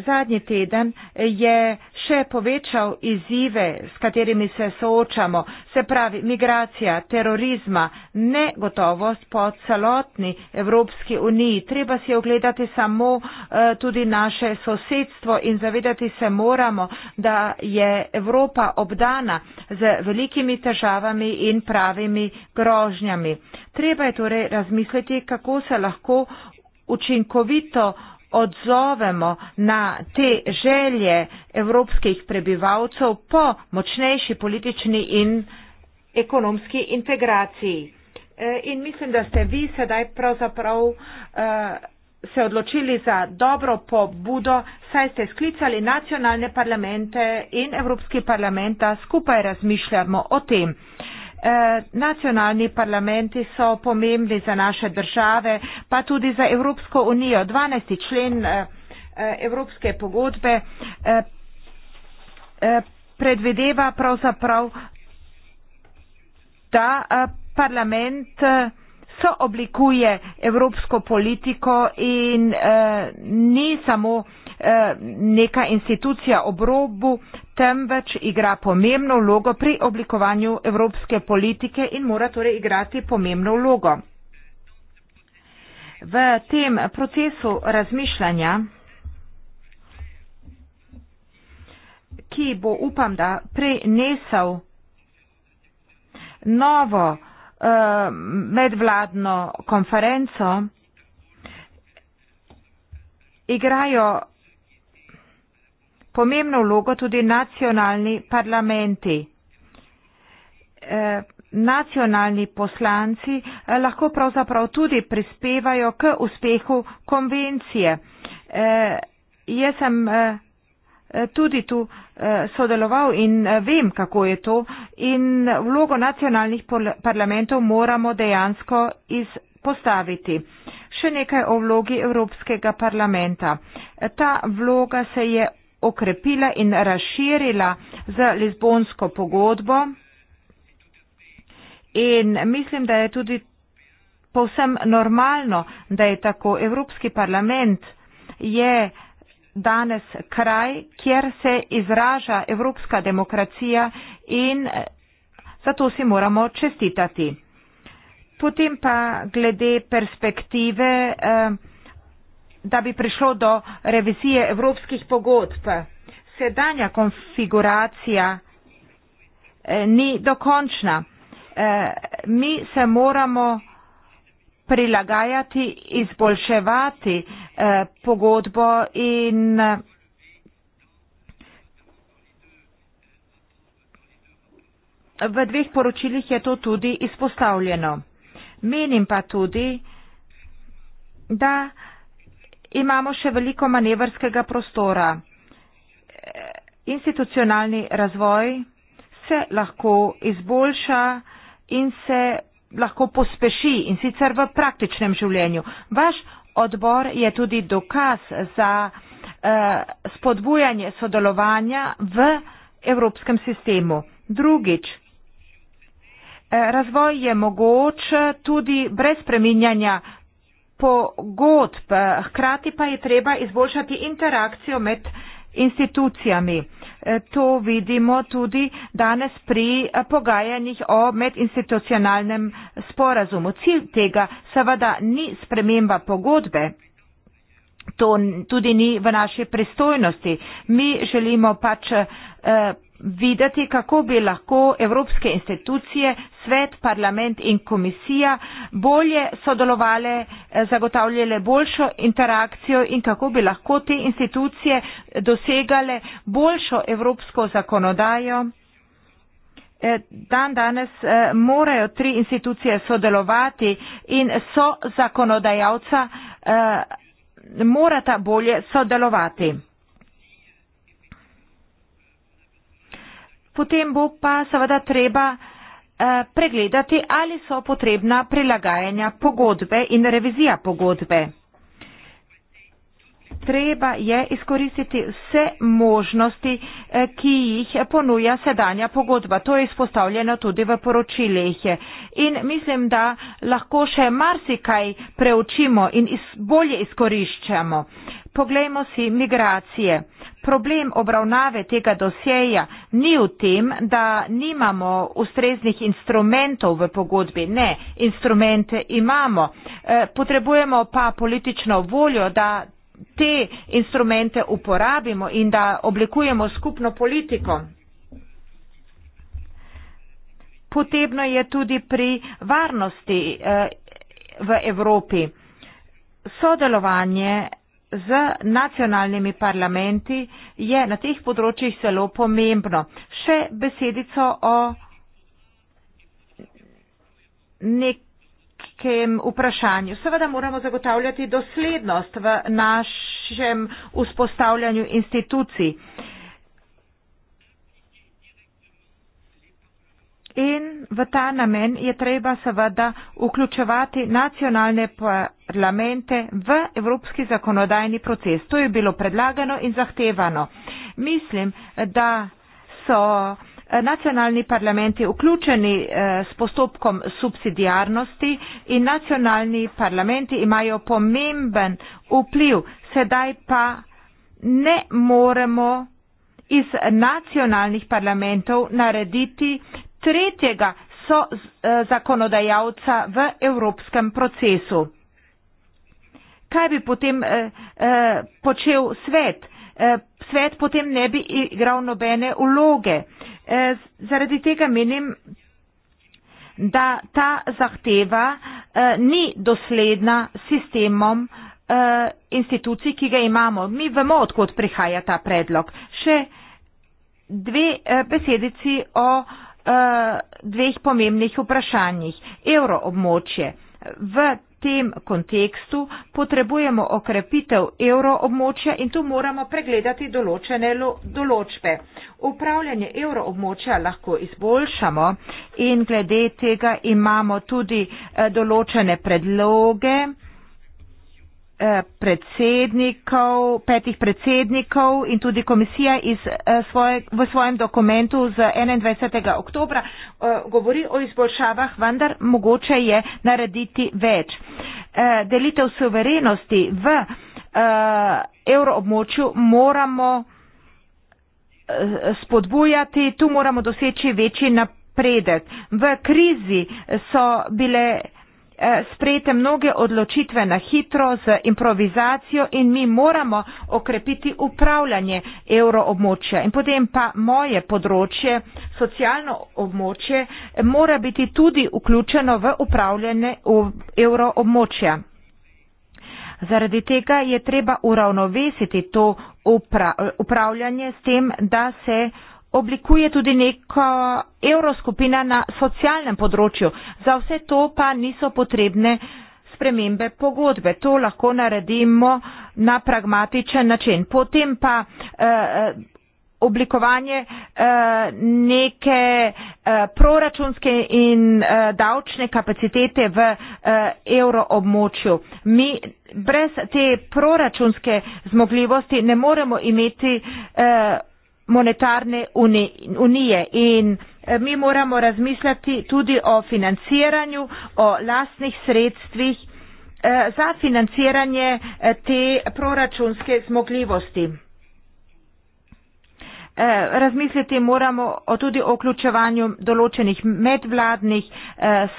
zadnji teden je še povečal izzive, s katerimi se soočamo, se pravi migracija, terorizma, negotovost po celotni Evropski uniji. Treba si ogledati samo eh, tudi naše sosedstvo in zavedati se moramo, da je Evropa obdana z velikimi težavami in pravimi grožnjami. Treba je torej razmisliti, kako se lahko učinkovito odzovemo na te želje evropskih prebivalcev po močnejši politični in ekonomski integraciji. E, in mislim, da ste vi sedaj pravzaprav e, se odločili za dobro pobudo, saj ste sklicali nacionalne parlamente in Evropski parlament, da skupaj razmišljamo o tem. Uh, Eh, nacionalni parlamenti so pomembni za naše države, pa tudi za Evropsko unijo. 12. člen eh, eh, Evropske pogodbe predvideva pravzaprav, da parlament sooblikuje evropsko politiko in eh, ni samo eh, neka institucija ob robu, temveč igra pomembno vlogo pri oblikovanju evropske politike in mora torej igrati pomembno vlogo. V tem procesu razmišljanja, ki bo upam, da prinesel novo Eh, medvladno konferenco, igrajo pomembno vlogo tudi nacionalni parlamenti. Eh, nacionalni poslanci eh, lahko pravzaprav tudi prispevajo k uspehu konvencije. Jaz sem tudi tu Eh, sodeloval in eh, vem, kako je to. In vlogo nacionalnih parlamentov moramo dejansko izpostaviti. Še nekaj o vlogi Evropskega parlamenta. Eh, ta vloga se je okrepila in razširila z Lizbonsko pogodbo. In mislim, da je tudi povsem normalno, da je tako. Evropski parlament je eh, danes kraj, kjer se izraža evropska demokracija in eh, zato si moramo čestitati. Potem pa glede perspektive, eh, da bi prišlo do revizije evropskih pogodb. Sedanja konfiguracija eh, ni dokončna. Mi se moramo prilagajati, izboljševati, pogodbo in v dveh poročilih je to tudi izpostavljeno. Menim pa tudi, da imamo še veliko manevrskega prostora. Institucionalni razvoj se lahko izboljša in se lahko pospeši in sicer v praktičnem življenju. Vaš odbor je tudi dokaz za eh, spodbujanje sodelovanja v evropskem sistemu. Drugič, eh, razvoj je mogoč tudi brez preminjanja pogodb, eh, hkrati pa je treba izboljšati interakcijo med institucijami. E, to vidimo tudi danes pri e, pogajanjih o medinstitucionalnem sporazumu. Cilj tega seveda ni sprememba pogodbe. To tudi ni v naši pristojnosti. Mi želimo pač eh, videti, kako bi lahko evropske institucije, svet, parlament in komisija bolje sodelovali, eh, zagotavljali boljšo interakcijo in kako bi lahko te institucije dosegale boljšo evropsko zakonodajo. Eh, dan danes eh, morajo tri institucije sodelovati in so zakonodajalca, morata bolje sodelovati. potem bo pa seveda treba eh, pregledati, ali so potrebna prilagajanja pogodbe in revizija pogodbe. Treba je izkoristiti vse možnosti, eh, ki jih ponuja sedanja pogodba. To je izpostavljeno tudi v poročilih. In mislim, da lahko še marsikaj preučimo in bolje izkoriščamo. Poglejmo si migracije. Problem obravnave tega dosjeja ni v tem, da nimamo ustreznih instrumentov v pogodbi. Ne, instrumente imamo. Eh, potrebujemo pa politično voljo, da te instrumente uporabimo in da oblikujemo skupno politiko. Potrebno je tudi pri varnosti eh, v Evropi. Sodelovanje z nacionalnimi parlamenti je na teh področjih zelo pomembno. Še besedico o nekem vprašanju. Seveda moramo zagotavljati doslednost v našem vzpostavljanju institucij. Uh, In v ta namen je treba seveda vključevati nacionalne parlamente v evropski zakonodajni proces. To je bilo predlagano in zahtevano. Mislim, da so eh, nacionalni parlamenti vključeni eh, s postopkom subsidijarnosti in nacionalni parlamenti imajo pomemben vpliv. Sedaj pa ne moremo iz nacionalnih parlamentov narediti tretjega so e, zakonodajalca v evropskem procesu. Kaj bi potem eh, eh, počel svet? Eh, svet potem ne bi igral nobene uloge. Eh, zaradi tega menim, da ta zahteva eh, ni dosledna sistemom eh, institucij, ki ga imamo. Mi vemo, odkot prihaja ta predlog. Še dve eh, besedici o eh, Eh, dveh pomembnih vprašanjih. Evroobmočje. V tem kontekstu potrebujemo okrepitev evroobmočja in tu moramo pregledati določene določbe. Upravljanje evroobmočja lahko izboljšamo in glede tega imamo tudi eh, določene predloge. Eh, predsednikov, petih predsednikov in tudi komisija iz, eh, svoje, v svojem dokumentu z 21. oktobra eh, govori o izboljšavah, vendar mogoče je narediti več. Delitev suverenosti v evroobmočju moramo spodbujati, tu moramo doseči večji napredek. V krizi so bile Eh, sprejete mnoge odločitve na hitro z improvizacijo in mi moramo okrepiti upravljanje euroobmočja. In potem pa moje področje, socialno območje, mora biti tudi vključeno v upravljanje euroobmočja. Zaradi tega je treba uravnovesiti to upra upravljanje s tem, da se oblikuje tudi neka evroskupina na socialnem področju. Za vse to pa niso potrebne spremembe pogodbe. To lahko naredimo na pragmatičen način. Potem pa eh, eh, oblikovanje eh, neke eh, proračunske in eh, davčne kapacitete v eh, evroobmočju. Mi brez te proračunske zmogljivosti ne moremo imeti eh, monetarne unije in eh, mi moramo razmisliti tudi o financiranju, o lastnih sredstvih eh, za financiranje eh, te proračunske zmogljivosti. Razmisliti moramo tudi o vključevanju določenih medvladnih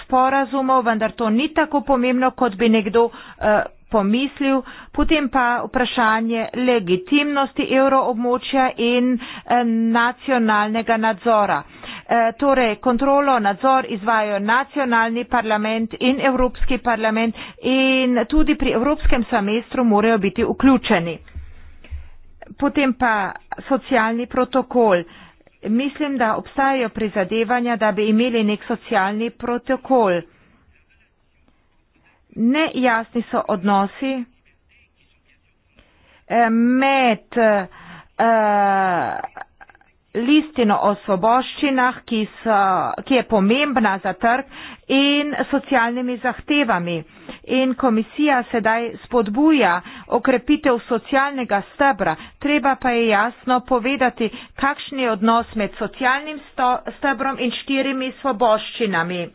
sporazumov, vendar to ni tako pomembno, kot bi nekdo pomislil, potem pa vprašanje legitimnosti evroobmočja in eh, nacionalnega nadzora. Eh, torej, kontrolo, nadzor izvajo nacionalni parlament in Evropski parlament in tudi pri Evropskem semestru morajo biti vključeni. Potem pa socialni protokol. Mislim, da obstajajo prizadevanja, da bi imeli nek socialni protokol nejasni so odnosi eh, med uh, listino o svoboščinah, ki, so, ki je pomembna za trg in socialnimi zahtevami. In komisija sedaj spodbuja okrepitev socialnega stebra. Treba pa je jasno povedati, kakšen je odnos med socialnim sto, stebrom in štirimi svoboščinami.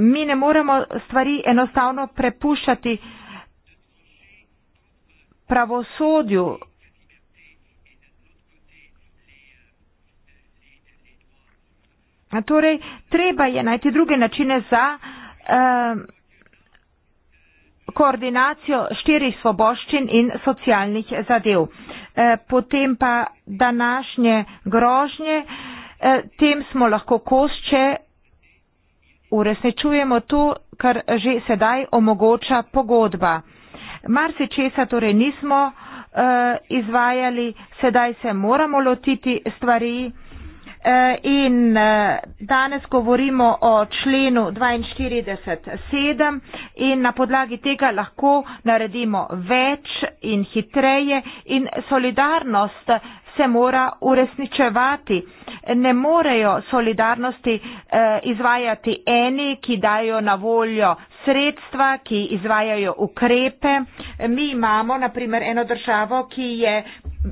mi ne moremo stvari enostavno prepuščati pravosodju. Torej, treba je najti druge načine za eh, koordinacijo štirih svoboščin in socialnih zadev. Eh, potem pa današnje grožnje, eh, tem smo lahko kos, če uresničujemo to, kar že sedaj omogoča pogodba. Mar si česa torej nismo uh, izvajali, sedaj se moramo lotiti stvari. Eh, in eh, danes govorimo o členu 42.7 in na podlagi tega lahko naredimo več in hitreje in solidarnost se mora uresničevati. Ne morejo solidarnosti eh, izvajati eni, ki dajo na voljo sredstva, ki izvajajo ukrepe. Mi imamo, na primer, eno državo, ki je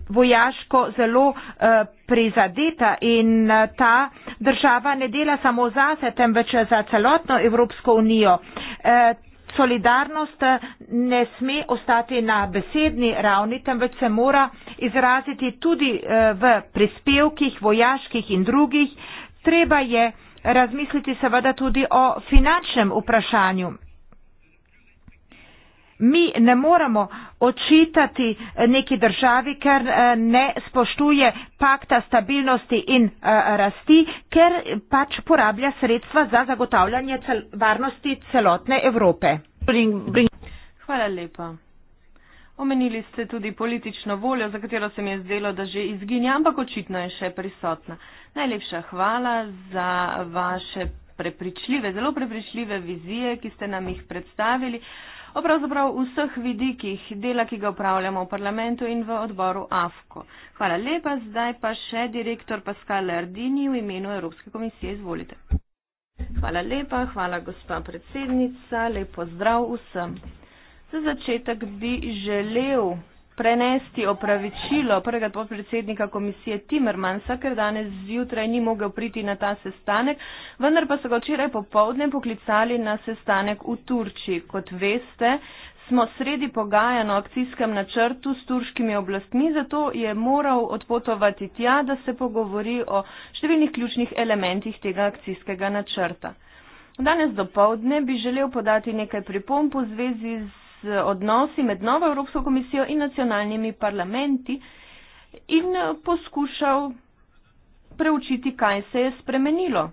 vojaško zelo eh, prizadeta in eh, ta država ne dela samo zase, temveč za celotno Evropsko unijo solidarnost eh, ne sme ostati na besedni ravni, temveč se mora izraziti tudi eh, v prispevkih, vojaških in drugih. Treba je razmisliti seveda tudi o finančnem vprašanju mi ne moramo očitati eh, neki državi, ker eh, ne spoštuje pakta stabilnosti in eh, rasti, ker pač porablja sredstva za zagotavljanje cel varnosti celotne Evrope. Bring, bring. Hvala lepa. Omenili ste tudi politično voljo, za katero se mi je zdelo, da že izginja, ampak očitno je še prisotna. Najlepša hvala za vaše prepričljive, zelo prepričljive vizije, ki ste nam jih predstavili o pravzaprav vseh vidikih dela, ki ga upravljamo v parlamentu in v odboru AFKO. Hvala lepa, zdaj pa še direktor Pascal Ardini v imenu Evropske komisije. Izvolite. Hvala lepa, hvala gospa predsednica, lepo zdrav vsem. Za začetek bi želel prenesti opravičilo prvega podpredsednika komisije Timmermansa, ker danes zjutraj ni mogel priti na ta sestanek, vendar pa so ga včeraj popovdne poklicali na sestanek v Turčiji. Kot veste, smo sredi pogajan o akcijskem načrtu s turškimi oblastmi, zato je moral odpotovati tja, da se pogovori o številnih ključnih elementih tega akcijskega načrta. Danes do povdne bi želel podati nekaj pripomp v zvezi z odnosi med novo Evropsko komisijo in nacionalnimi parlamenti in poskušal preučiti, kaj se je spremenilo.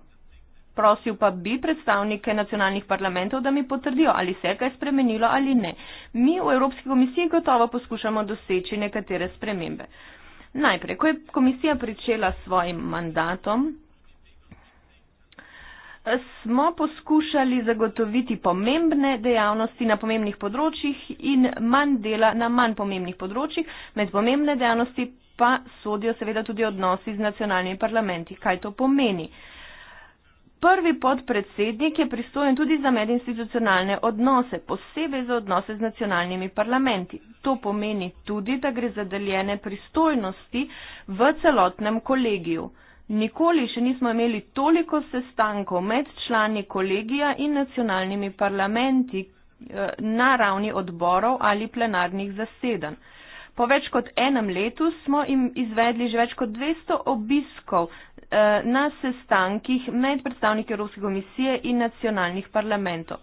Prosil pa bi predstavnike nacionalnih parlamentov, da mi potrdijo, ali se je kaj spremenilo ali ne. Mi v Evropski komisiji gotovo poskušamo doseči nekatere spremembe. Najprej, ko je komisija pričela s svojim mandatom, smo poskušali zagotoviti pomembne dejavnosti na pomembnih področjih in manj dela na manj pomembnih področjih. Med pomembne dejavnosti pa sodijo seveda tudi odnosi z nacionalnimi parlamenti. Kaj to pomeni? Prvi podpredsednik je pristojen tudi za medinstitucionalne odnose, posebej za odnose z nacionalnimi parlamenti. To pomeni tudi, da gre za deljene pristojnosti v celotnem kolegiju. Nikoli še nismo imeli toliko sestankov med člani kolegija in nacionalnimi parlamenti eh, na ravni odborov ali plenarnih zasedanj. Po več kot enem letu smo jim izvedli že več kot 200 obiskov eh, na sestankih med predstavniki Evropske komisije in nacionalnih parlamentov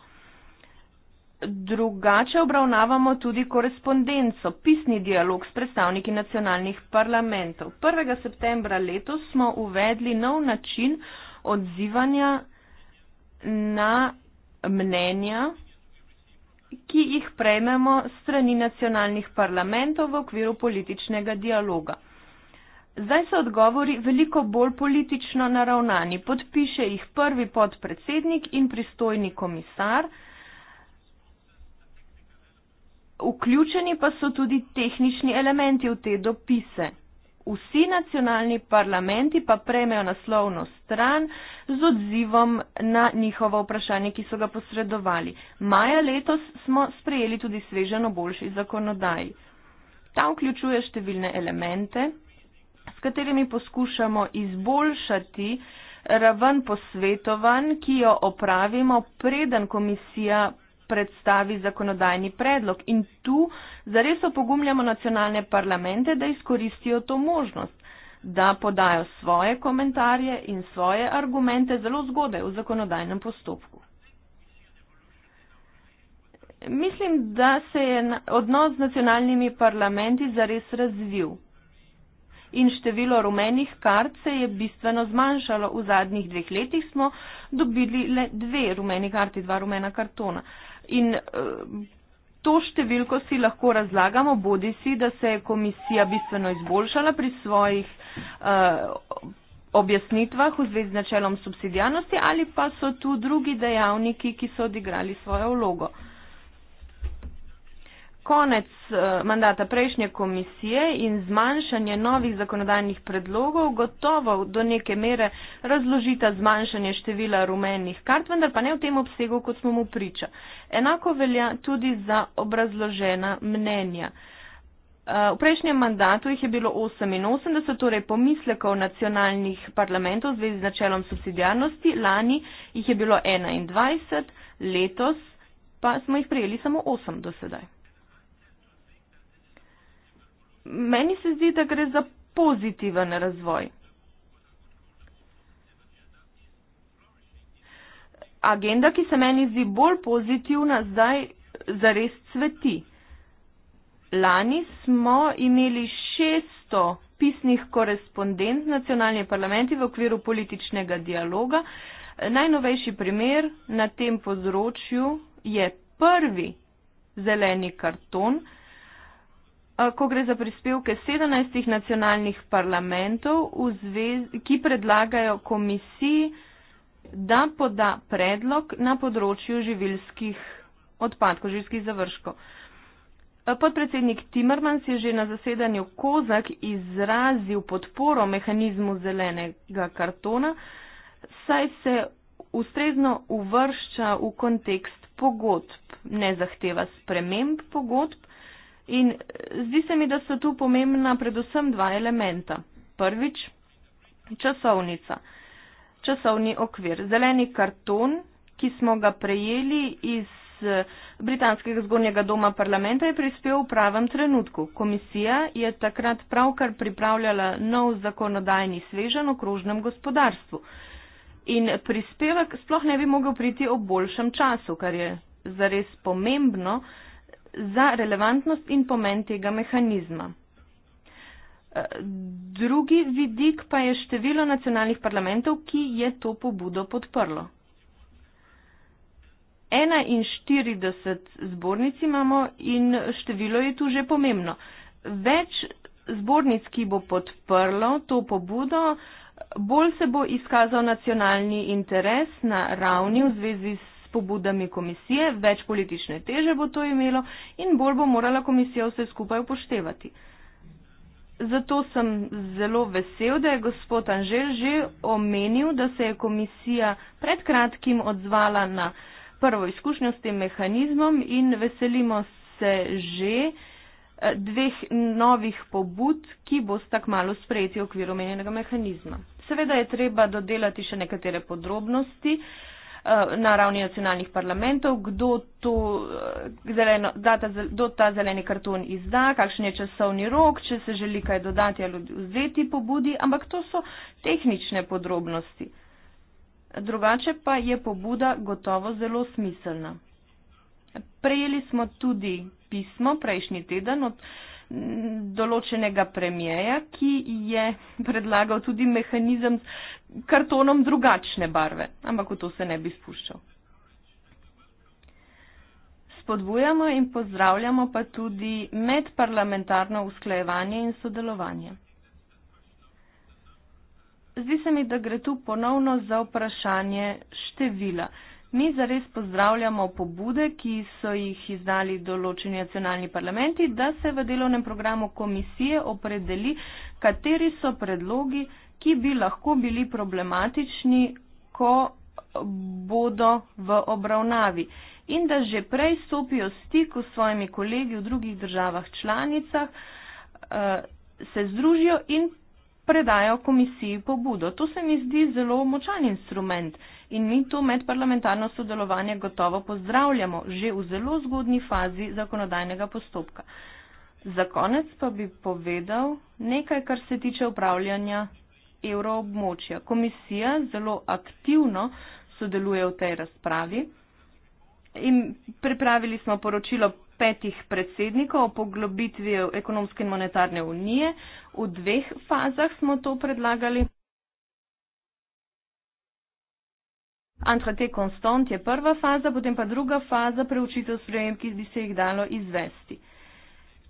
drugače obravnavamo tudi korespondenco, pisni dialog s predstavniki nacionalnih parlamentov. 1. septembra letos smo uvedli nov način odzivanja na mnenja, ki jih prejmemo strani nacionalnih parlamentov v okviru političnega dialoga. Zdaj so odgovori veliko bolj politično naravnani. Podpiše jih prvi podpredsednik in pristojni komisar, Vključeni pa so tudi tehnični elementi v te dopise. Vsi nacionalni parlamenti pa prejmejo naslovno stran z odzivom na njihova vprašanja, ki so ga posredovali. Maja letos smo sprejeli tudi svežano boljši zakonodaj. Ta vključuje številne elemente, s katerimi poskušamo izboljšati raven posvetovanj, ki jo opravimo, preden komisija predstavi zakonodajni predlog in tu zares opogumljamo nacionalne parlamente, da izkoristijo to možnost, da podajo svoje komentarje in svoje argumente zelo zgodaj v zakonodajnem postopku. Mislim, da se je odnos z nacionalnimi parlamenti zares razvil in število rumenih kart se je bistveno zmanjšalo. V zadnjih dveh letih smo dobili le dve rumeni karti, dva rumena kartona. Uh, In eh, to številko si lahko razlagamo, bodi si, da se je komisija bistveno izboljšala pri svojih eh, objasnitvah v zvezi z načelom subsidijanosti ali pa so tu drugi dejavniki, ki so odigrali svojo vlogo. Konec eh, mandata prejšnje komisije in zmanjšanje novih zakonodajnih predlogov gotovo do neke mere razložita zmanjšanje števila rumenih kart, vendar pa ne v tem obsegu, kot smo mu priča. Enako velja tudi za obrazložena mnenja. Eh, v prejšnjem mandatu jih je bilo 88, torej pomislekov nacionalnih parlamentov v zvezi z načelom subsidijarnosti, lani jih je bilo 21, letos pa smo jih prijeli samo 8 do sedaj meni se zdi, da gre za pozitiven razvoj. Agenda, ki se meni zdi bolj pozitivna, zdaj zares cveti. Lani smo imeli 600 pisnih korespondent nacionalni parlamenti v okviru političnega dialoga. Najnovejši primer na tem področju je prvi zeleni karton, Eh, ko gre za prispevke 17 nacionalnih parlamentov, zvezi, ki predlagajo komisiji, da poda predlog na področju živilskih odpadkov, živilskih završkov. Eh, podpredsednik Timmermans je že na zasedanju Kozak izrazil podporo mehanizmu zelenega kartona, saj se ustrezno uvršča v kontekst pogodb, ne zahteva sprememb pogodb, In zdi se mi, da so tu pomembna predvsem dva elementa. Prvič, časovnica, časovni okvir, zeleni karton, ki smo ga prejeli iz. Eh, britanskega zgornjega doma parlamenta je prispel v pravem trenutku. Komisija je takrat pravkar pripravljala nov zakonodajni svežen o krožnem gospodarstvu. In prispevek sploh ne bi mogel priti ob boljšem času, kar je zares pomembno, za relevantnost in pomen tega mehanizma. Eh, drugi vidik pa je število nacionalnih parlamentov, ki je to pobudo podprlo. 41 zbornic imamo in število je tu že pomembno. Več zbornic, ki bo podprlo to pobudo, bolj se bo izkazal nacionalni interes na ravni v zvezi s pobudami komisije, več politične teže bo to imelo in bolj bo morala komisija vse skupaj upoštevati. Zato sem zelo vesel, da je gospod Anžel že omenil, da se je komisija pred kratkim odzvala na prvo izkušnjo s tem mehanizmom in veselimo se že eh, dveh novih pobud, ki bo tak malo sprejeti v okviru omenjenega mehanizma. Seveda je treba dodelati še nekatere podrobnosti. Uh, Eh, na ravni nacionalnih parlamentov, kdo, to, eh, zeleno, data, kdo ta zeleni karton izda, kakšen je časovni rok, če se želi kaj dodati ali vzeti pobudi, ampak to so tehnične podrobnosti. Drugače pa je pobuda gotovo zelo smiselna. Prejeli smo tudi pismo prejšnji teden od določenega premijeja, ki je predlagal tudi mehanizem s kartonom drugačne barve, ampak v to se ne bi spuščal. Spodbujamo in pozdravljamo pa tudi medparlamentarno usklajevanje in sodelovanje. Zdi se mi, da gre tu ponovno za vprašanje števila. Mi zares pozdravljamo pobude, ki so jih izdali določeni nacionalni parlamenti, da se v delovnem programu komisije opredeli, kateri so predlogi, ki bi lahko bili problematični, ko bodo v obravnavi in da že prej stopijo stik s svojimi kolegi v drugih državah članicah, eh, se združijo in predajo komisiji pobudo. To se mi zdi zelo močan instrument in mi to medparlamentarno sodelovanje gotovo pozdravljamo že v zelo zgodni fazi zakonodajnega postopka. Za konec pa bi povedal nekaj, kar se tiče upravljanja evroobmočja. Komisija zelo aktivno sodeluje v tej razpravi. In pripravili smo poročilo petih predsednikov o poglobitvi ekonomske in monetarne unije. V dveh fazah smo to predlagali. Antrate Constant je prva faza, potem pa druga faza preučitev sprejem, ki bi se jih dalo izvesti.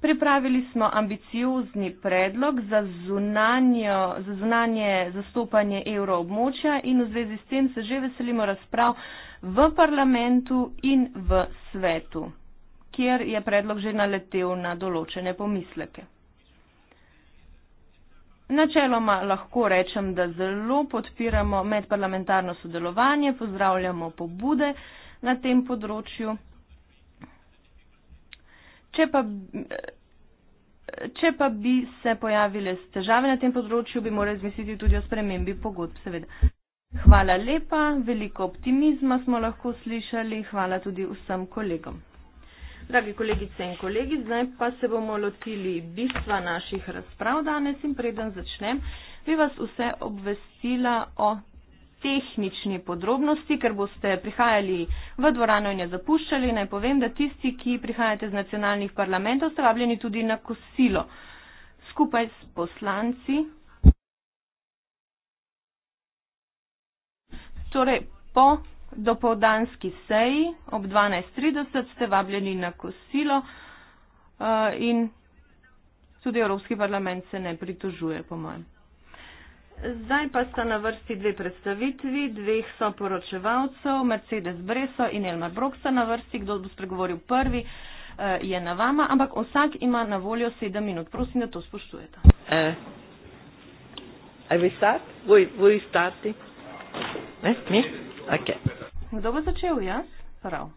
Pripravili smo ambiciozni predlog za, zunanjo, za zunanje zastopanje evroobmočja in v zvezi s tem se že veselimo razprav v parlamentu in v svetu kjer je predlog že naletel na določene pomisleke. Načeloma lahko rečem, da zelo podpiramo medparlamentarno sodelovanje, pozdravljamo pobude na tem področju. Če pa, če pa bi se pojavile težave na tem področju, bi morali razmisliti tudi o spremembi pogodb, seveda. Hvala lepa, veliko optimizma smo lahko slišali, hvala tudi vsem kolegom. Dragi kolegice in kolegi, zdaj pa se bomo lotili bistva naših razprav danes in preden začnem, bi vas vse obvestila o tehnični podrobnosti, ker boste prihajali v dvorano in je zapuščali. Naj povem, da tisti, ki prihajate z nacionalnih parlamentov, ste vabljeni tudi na kosilo. Skupaj s poslanci. Torej, po do povdanski seji ob 12.30 ste vabljeni na kosilo uh, in tudi Evropski parlament se ne pritožuje, po mojem. Zdaj pa sta na vrsti dve predstavitvi, dveh soporočevalcev, Mercedes Breso in Elmar Brok sta na vrsti, kdo bo spregovoril prvi eh, je na vama, ampak vsak ima na voljo sedem minut. Prosim, da to spoštujete. Uh, are we start? Will, will you start? Ne? Eh, mi? Okay. Kdo bo začel? Jaz? Prav.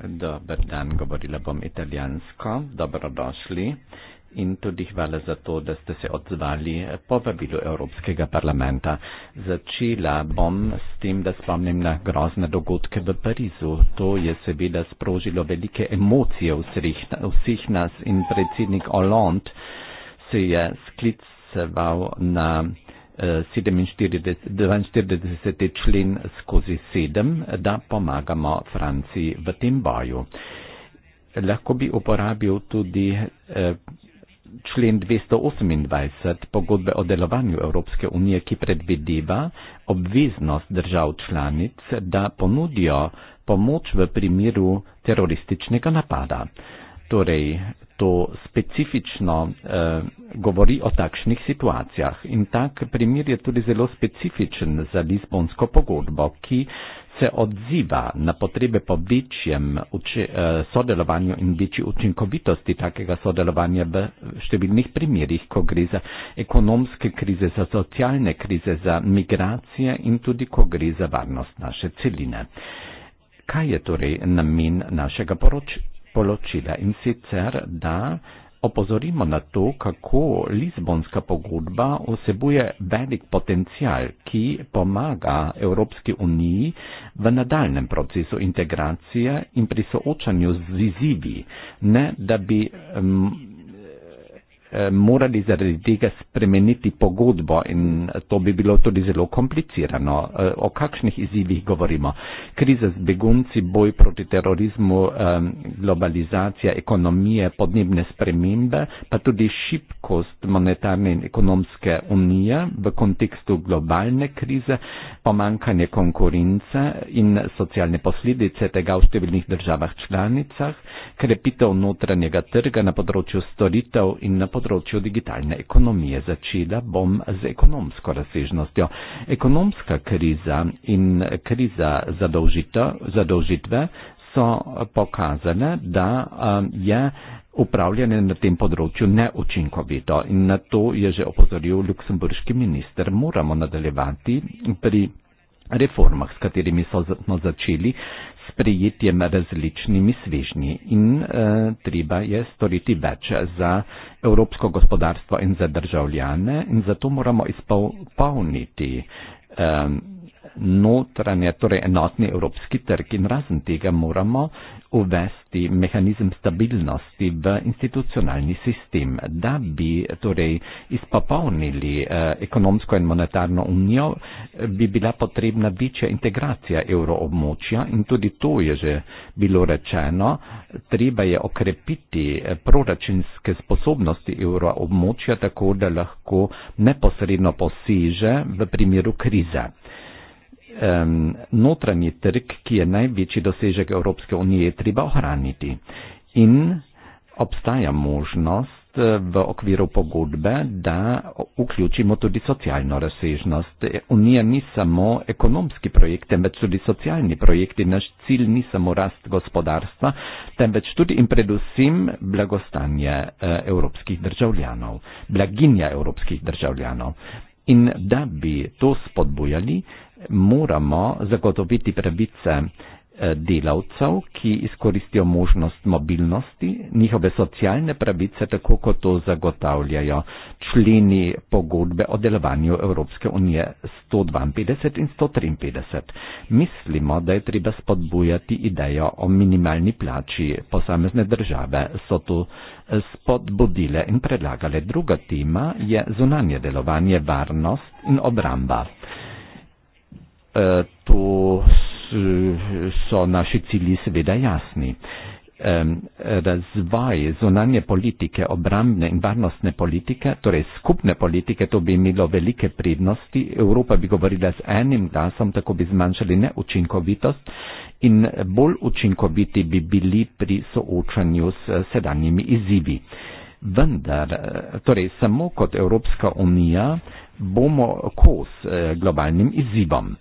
Dober dan, govorila bom italijansko. Dobrodošli in tudi hvala za to, da ste se odzvali po vabilu Evropskega parlamenta. Začela bom s tem, da spomnim na grozne dogodke v Parizu. To je seveda sprožilo velike emocije vseh, vseh nas in predsednik Hollande se je sklicval na 42. člen skozi 7, da pomagamo Franciji v tem boju. Lahko bi uporabil tudi eh, člen 228 pogodbe o delovanju Evropske unije, ki predvideva obveznost držav članic, da ponudijo pomoč v primeru terorističnega napada torej to specifično eh, govori o takšnih situacijah. In tak primer je tudi zelo specifičen za Lizbonsko pogodbo, ki se odziva na potrebe po večjem uče, eh, sodelovanju in večji učinkovitosti takega sodelovanja v številnih primerjih, ko gre za ekonomske krize, za socialne krize, za migracije in tudi ko gre za varnost naše celine. Kaj je torej namen našega poročila? poročila in sicer, da opozorimo na to, kako Lizbonska pogodba vsebuje velik potencial, ki pomaga Evropski uniji v nadaljem procesu integracije in pri soočanju z izzivi, ne da bi. Um, Eh, morali zaradi tega spremeniti pogodbo in to bi bilo tudi zelo komplicirano. Eh, o kakšnih izzivih govorimo? Kriza z begunci, boj proti terorizmu, globalizacija, ekonomije, podnebne spremembe, pa tudi šibkost monetarne in ekonomske unije v kontekstu globalne krize, pomankanje konkurence in socialne posledice tega v številnih državah članicah, krepitev notranjega trga na področju storitev in na področju področju digitalne ekonomije začela bom z ekonomsko razsežnostjo. Ekonomska kriza in kriza zadolžitve so pokazale, da je upravljanje na tem področju neučinkovito in na to je že opozoril luksemburški minister. Moramo nadaljevati pri reformah, s katerimi smo začeli, sprejetjem različnimi svežnji in eh, treba je storiti več za evropsko gospodarstvo in za državljane in zato moramo izpolniti. Eh, notranje, torej enotni evropski trg in razen tega moramo uvesti mehanizem stabilnosti v institucionalni sistem, da bi torej izpopolnili eh, ekonomsko in monetarno unijo, bi bila potrebna večja integracija evroobmočja in tudi to je že bilo rečeno, treba je okrepiti eh, proračunske sposobnosti evroobmočja tako, da lahko neposredno poseže v primeru krize. Eh, um, notranji trg, ki je največji dosežek Evropske unije, treba ohraniti. In obstaja možnost eh, v okviru pogodbe, da vključimo tudi socialno razsežnost. Unija ni samo ekonomski projekt, temveč tudi socialni projekt. Naš cilj ni samo rast gospodarstva, temveč tudi in predvsem blagostanje eh, evropskih državljanov, blaginja evropskih državljanov. In da bi to spodbujali, moramo zagotoviti pravice eh, delavcev, ki izkoristijo možnost mobilnosti, njihove socialne pravice, tako kot to zagotavljajo členi pogodbe o delovanju Evropske unije 152 in 153. Mislimo, da je treba spodbujati idejo o minimalni plači. Posamezne države so to eh, spodbudile in predlagale. Druga tema je zunanje delovanje, varnost in obramba. Eh, to so naši cilji seveda jasni. Razvoj zunanje politike, obrambne in varnostne politike, torej skupne politike, to bi imelo velike prednosti. Evropa bi govorila z enim glasom, tako bi zmanjšali neučinkovitost in bolj učinkoviti bi bili pri soočanju s sedanjimi izzivi. Vendar, eh, torej samo kot Evropska unija bomo kos eh, globalnim izzivom.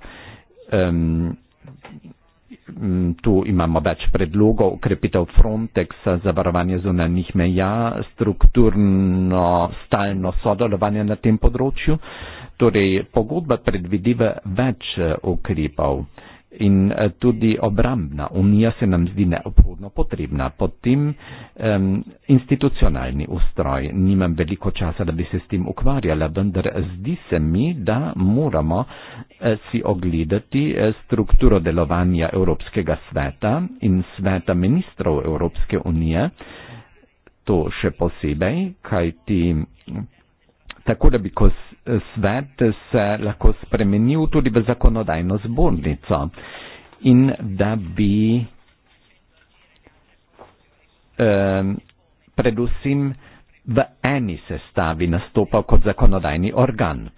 Tu imamo več predlogov, ukrepitev Frontexa za varovanje zunanjih meja, strukturno stalno sodelovanje na tem področju. Torej, pogodba predvideva več eh, ukrepov in eh, tudi obrambna unija se nam zdi neobhodno potrebna. Potem um, institucionalni ustroj. Nimam veliko časa, da bi se s tem ukvarjala, vendar zdi se mi, da moramo uh, si ogledati uh, strukturo delovanja Evropskega sveta in sveta ministrov Evropske unije. To še posebej, kaj ti tako da bi svet se lahko spremenil tudi v zakonodajno zbornico in da bi eh, predvsem v eni sestavi nastopal kot zakonodajni organ.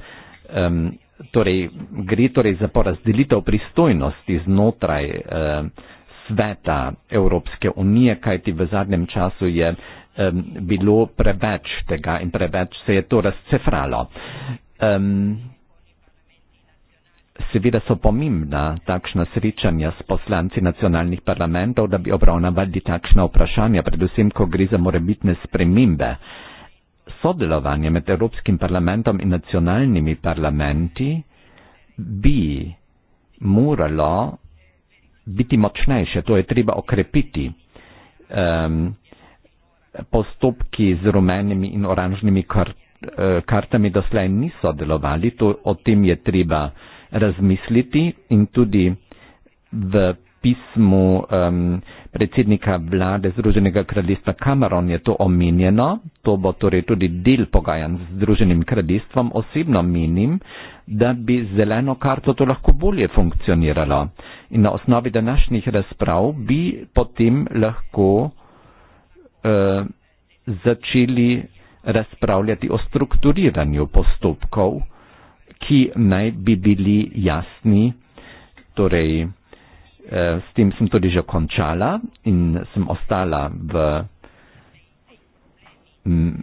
Um, torej, gre torej za porazdelitev pristojnosti znotraj uh, sveta Evropske unije, kajti v zadnjem času je uh, um, bilo preveč tega in preveč se je to razcefralo. Um, Seveda so pomembna takšna srečanja s poslanci nacionalnih parlamentov, da bi obravnavali takšna vprašanja, predvsem, ko gre za morebitne spremembe. Sodelovanje med Evropskim parlamentom in nacionalnimi parlamenti bi moralo biti močnejše, to je treba okrepiti. Um, postopki z rumenimi in oranžnimi kart, eh, kartami doslej niso delovali, to, o tem je treba razmisliti in tudi v pismu um, predsednika vlade Združenega kraljestva Cameron je to omenjeno, to bo torej tudi del pogajanj z Združenim kraljestvom. Osebno menim, da bi zeleno karto to lahko bolje funkcioniralo in na osnovi današnjih razprav bi potem lahko uh, Eh, začeli razpravljati o strukturiranju postopkov, ki naj bi bili jasni. Torej, eh, s tem sem tudi že končala in sem ostala v mm,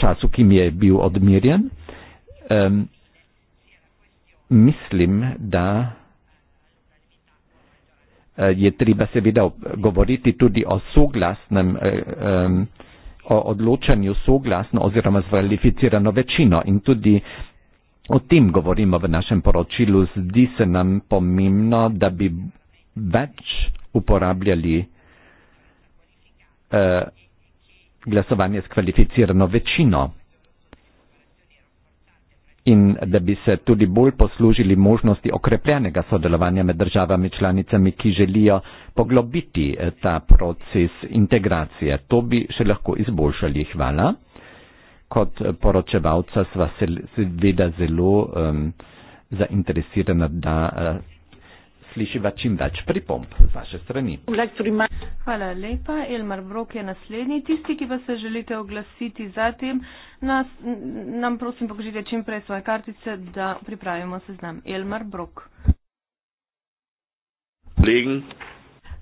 času, ki mi je bil odmirjen. Mislim, da. Eh, je treba seveda govoriti tudi o soglasnem, eh, o odločanju soglasno oziroma z kvalificirano večino in tudi o tem govorimo v našem poročilu. Zdi se nam pomembno, da bi več uporabljali eh, glasovanje s kvalificirano večino in da bi se tudi bolj poslužili možnosti okrepljenega sodelovanja med državami članicami, ki želijo poglobiti eh, ta proces integracije. To bi še lahko izboljšali. Hvala. Kot eh, poročevalca sva seveda zelo um, zainteresirana, da uh, slišiva čim več pripomb z vaše strani. Hvala lepa. Elmar Brok je naslednji. Tisti, ki pa se želite oglasiti zatem, nas, nam prosim pokažite čim prej svoje kartice, da pripravimo seznam. Elmar Brok.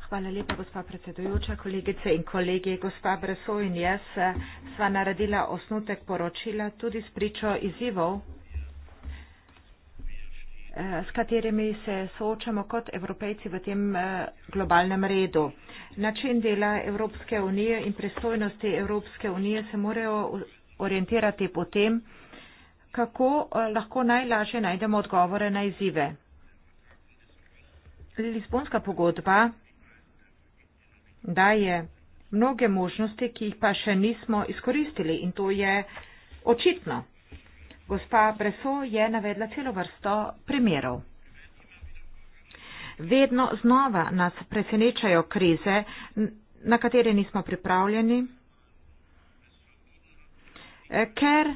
Hvala lepa, gospa predsedujoča, kolegice in kolegi, gospa Breso in jaz eh, sva naredila osnutek poročila tudi s pričo izzivov, s katerimi se soočamo kot evropejci v tem eh, globalnem redu. Način dela Evropske unije in pristojnosti Evropske unije se morajo orientirati potem, kako eh, lahko najlažje najdemo odgovore na izzive. Lisbonska pogodba daje mnoge možnosti, ki jih pa še nismo izkoristili in to je očitno. Gospa Breso je navedla celo vrsto primerov. Vedno znova nas presenečajo krize, na katere nismo pripravljeni, eh, ker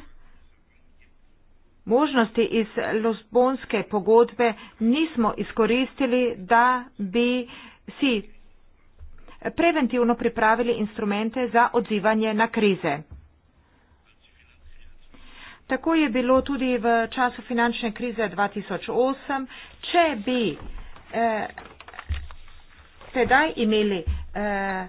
možnosti iz Lozbonske pogodbe nismo izkoristili, da bi si preventivno pripravili instrumente za odzivanje na krize. Tako je bilo tudi v času finančne krize 2008. Če bi eh, sedaj imeli eh,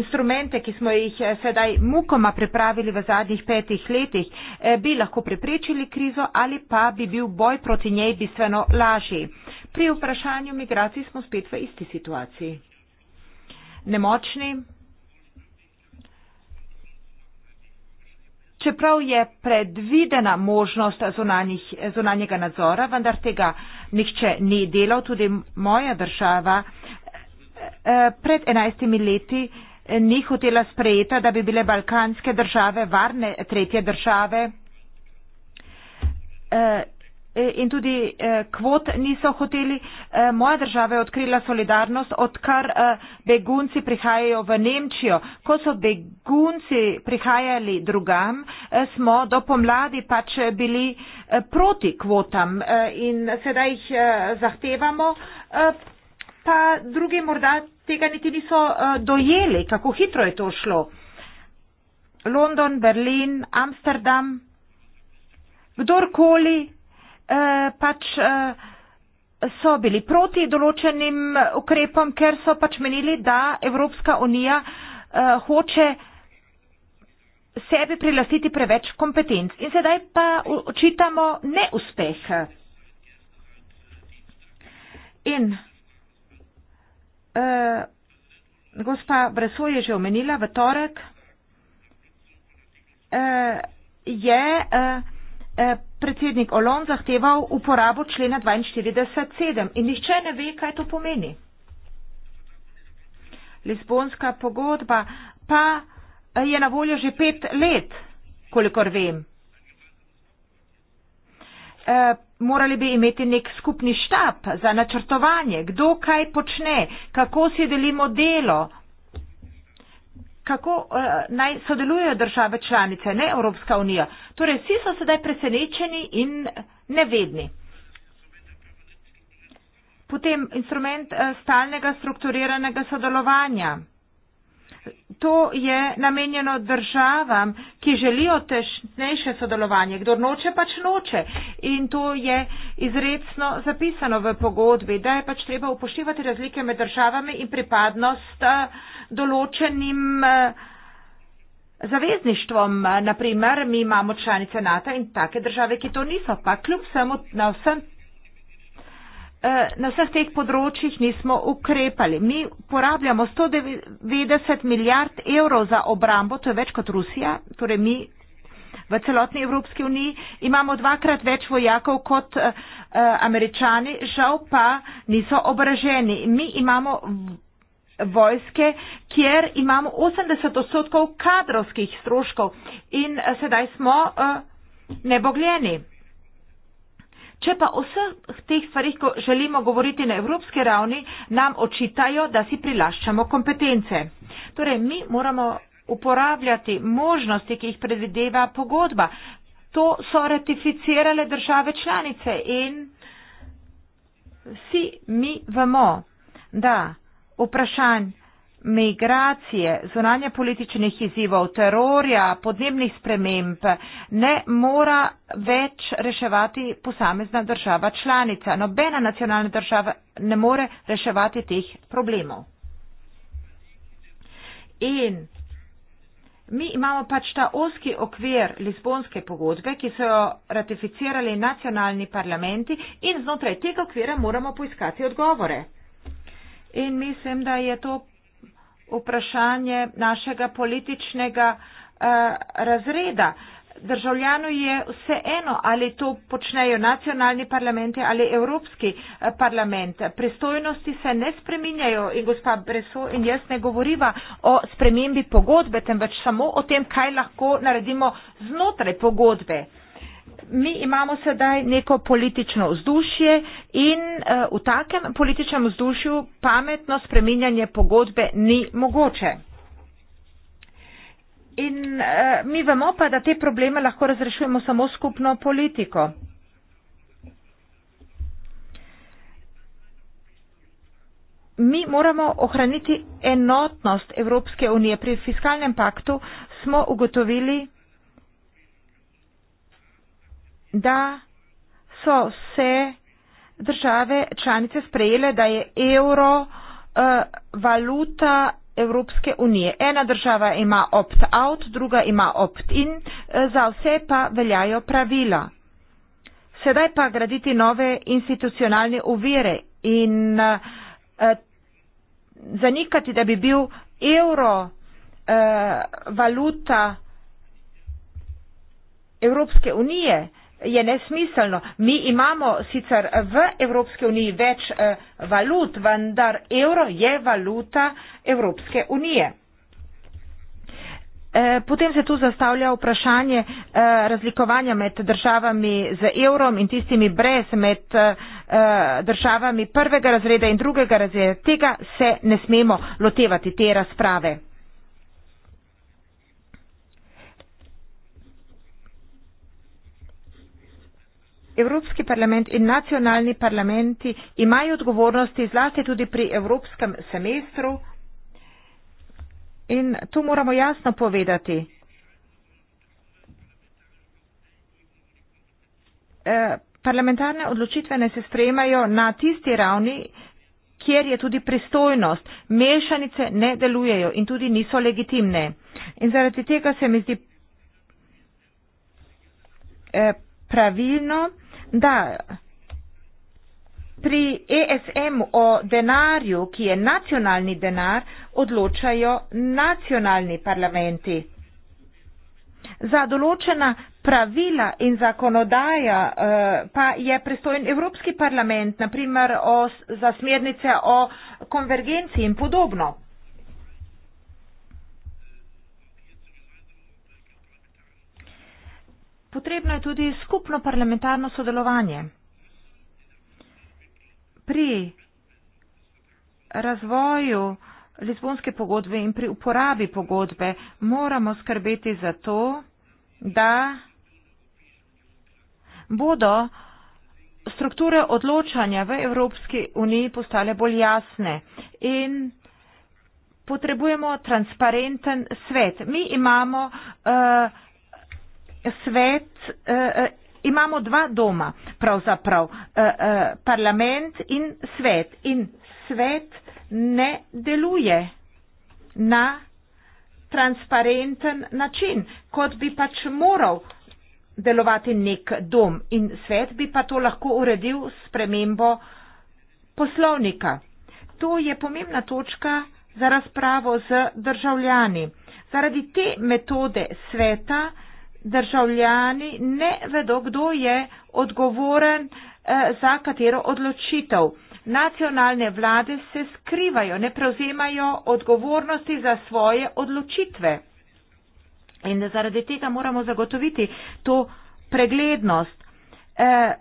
instrumente, ki smo jih eh, sedaj mukoma pripravili v zadnjih petih letih, eh, bi lahko preprečili krizo ali pa bi bil boj proti njej bistveno lažji. Pri vprašanju migracij smo spet v isti situaciji. Nemočni, čeprav je predvidena možnost zunanjih, zunanjega nadzora, vendar tega nihče ni delal, tudi moja država eh, eh, pred enajstimi leti eh, ni hotela sprejeta, da bi bile balkanske države varne tretje države. Eh, in tudi eh, kvot niso hoteli. Eh, moja država je odkrila solidarnost, odkar begunci prihajajo v Nemčijo. Ko so begunci prihajali drugam, smo do pomladi pač bili proti kvotam in sedaj jih zahtevamo. Pa drugi morda tega niti niso dojeli, kako hitro je to šlo. London, Berlin, Amsterdam, kdorkoli eh, pač eh, so bili proti določenim ukrepom, ker so pač menili, da Evropska unija eh, hoče sebi prilastiti preveč kompetenc. In sedaj pa očitamo neuspeh. In eh, gospa Breso je že omenila v torek, eh, je. Eh, Eh, predsednik Olon zahteval uporabo člena 42.7 in nihče ne ve, kaj to pomeni. Lizbonska pogodba pa eh, je na voljo že pet let, kolikor vem. E, morali bi imeti nek skupni štab za načrtovanje, kdo kaj počne, kako si delimo delo, kako uh, naj sodelujejo države članice, ne Evropska unija. Torej, vsi so sedaj presenečeni in nevedni. Potem instrument uh, stalnega strukturiranega sodelovanja to je namenjeno državam, ki želijo tešnejše sodelovanje. Kdor noče, pač noče. In to je izredno zapisano v pogodbi, da je pač treba upoštevati razlike med državami in pripadnost eh, določenim eh, zavezništvom. Naprimer, mi imamo članice NATO in take države, ki to niso. Pa kljub vsemu, na vsem Eh, na vseh teh področjih nismo ukrepali. Mi porabljamo 190 milijard evrov za obrambo, to je več kot Rusija, torej mi v celotni Evropski uniji imamo dvakrat več vojakov kot uh, američani, žal pa niso obraženi. Mi imamo vojske, kjer imamo 80 odstotkov kadrovskih stroškov in uh, sedaj smo uh, nebogljeni. Če pa o vseh teh stvarih, ko želimo govoriti na evropski ravni, nam očitajo, da si prilaščamo kompetence. Torej, mi moramo uporabljati možnosti, ki jih predvideva pogodba. To so ratificirale države članice in vsi mi vemo, da vprašanje migracije, zunanje političnih izzivov, terorja, podnebnih sprememb ne mora več reševati posamezna država članica. Nobena nacionalna država ne more reševati teh problemov. In mi imamo pač ta oski okvir Lizbonske pogodbe, ki so jo ratificirali nacionalni parlamenti in znotraj tega okvira moramo poiskati odgovore. In mislim, da je to vprašanje našega političnega eh, razreda. Državljanu je vseeno, ali to počnejo nacionalni parlamenti ali Evropski eh, parlament. Pristojnosti se ne spreminjajo in gospa Breso in jaz ne govoriva o spremembi pogodbe, temveč samo o tem, kaj lahko naredimo znotraj pogodbe. Mi imamo sedaj neko politično vzdušje in eh, v takem političnem vzdušju pametno spreminjanje pogodbe ni mogoče. In eh, mi vemo pa, da te probleme lahko razrešujemo samo skupno politiko. Mi moramo ohraniti enotnost Evropske unije. Pri fiskalnem paktu smo ugotovili, da so se države članice sprejele, da je evro uh, valuta Evropske unije. Ena država ima opt-out, druga ima opt-in, eh, za vse pa veljajo pravila. Sedaj pa graditi nove institucionalne uvire in uh, zanikati, da bi bil evro uh, valuta Evropske unije. Uh, je nesmiselno. Mi imamo sicer v Evropske unije več eh, valut, vendar evro je valuta Evropske unije. Eh, potem se tu zastavlja vprašanje eh, razlikovanja med državami z evrom in tistimi brez, med državami prvega razreda in drugega razreda. Tega se ne smemo lotevati, te razprave. Evropski parlament in nacionalni parlamenti imajo odgovornosti zlasti tudi pri evropskem semestru in to moramo jasno povedati. E, parlamentarne odločitve ne se sprejemajo na tisti ravni, kjer je tudi pristojnost. Mešanice ne delujejo in tudi niso legitimne. In zaradi tega se mi zdi. E, Pravilno. Da, pri ESM o denarju, ki je nacionalni denar, odločajo nacionalni parlamenti. Za določena pravila in zakonodaja eh, pa je pristojen Evropski parlament, naprimer o, za smernice o konvergenciji in podobno. Potrebno je tudi skupno parlamentarno sodelovanje. Pri razvoju Lizbonske pogodbe in pri uporabi pogodbe moramo skrbeti za to, da bodo strukture odločanja v Evropski uniji postale bolj jasne in potrebujemo transparenten svet. Mi imamo uh, svet, uh, imamo dva doma, pravzaprav, uh, uh, parlament in svet. In svet ne deluje na transparenten način, kot bi pač moral delovati nek dom in svet bi pa to lahko uredil s spremembo poslovnika. To je pomembna točka za razpravo z državljani. Zaradi te metode sveta državljani ne vedo, kdo je odgovoren eh, za katero odločitev. Nacionalne vlade se skrivajo, ne prevzemajo odgovornosti za svoje odločitve. In zaradi tega moramo zagotoviti to preglednost. E,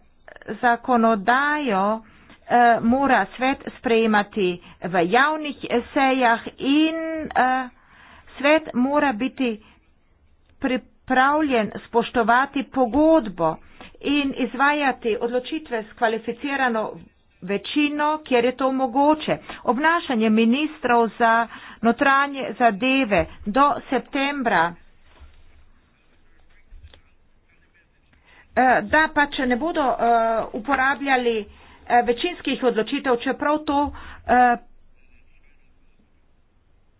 zakonodajo e, mora svet sprejemati v javnih sejah in e, svet mora biti pripravljen pripravljen spoštovati pogodbo in izvajati odločitve s kvalificirano večino, kjer je to mogoče. Obnašanje ministrov za notranje zadeve do septembra, eh, da pač ne bodo eh, uporabljali eh, večinskih odločitev, čeprav to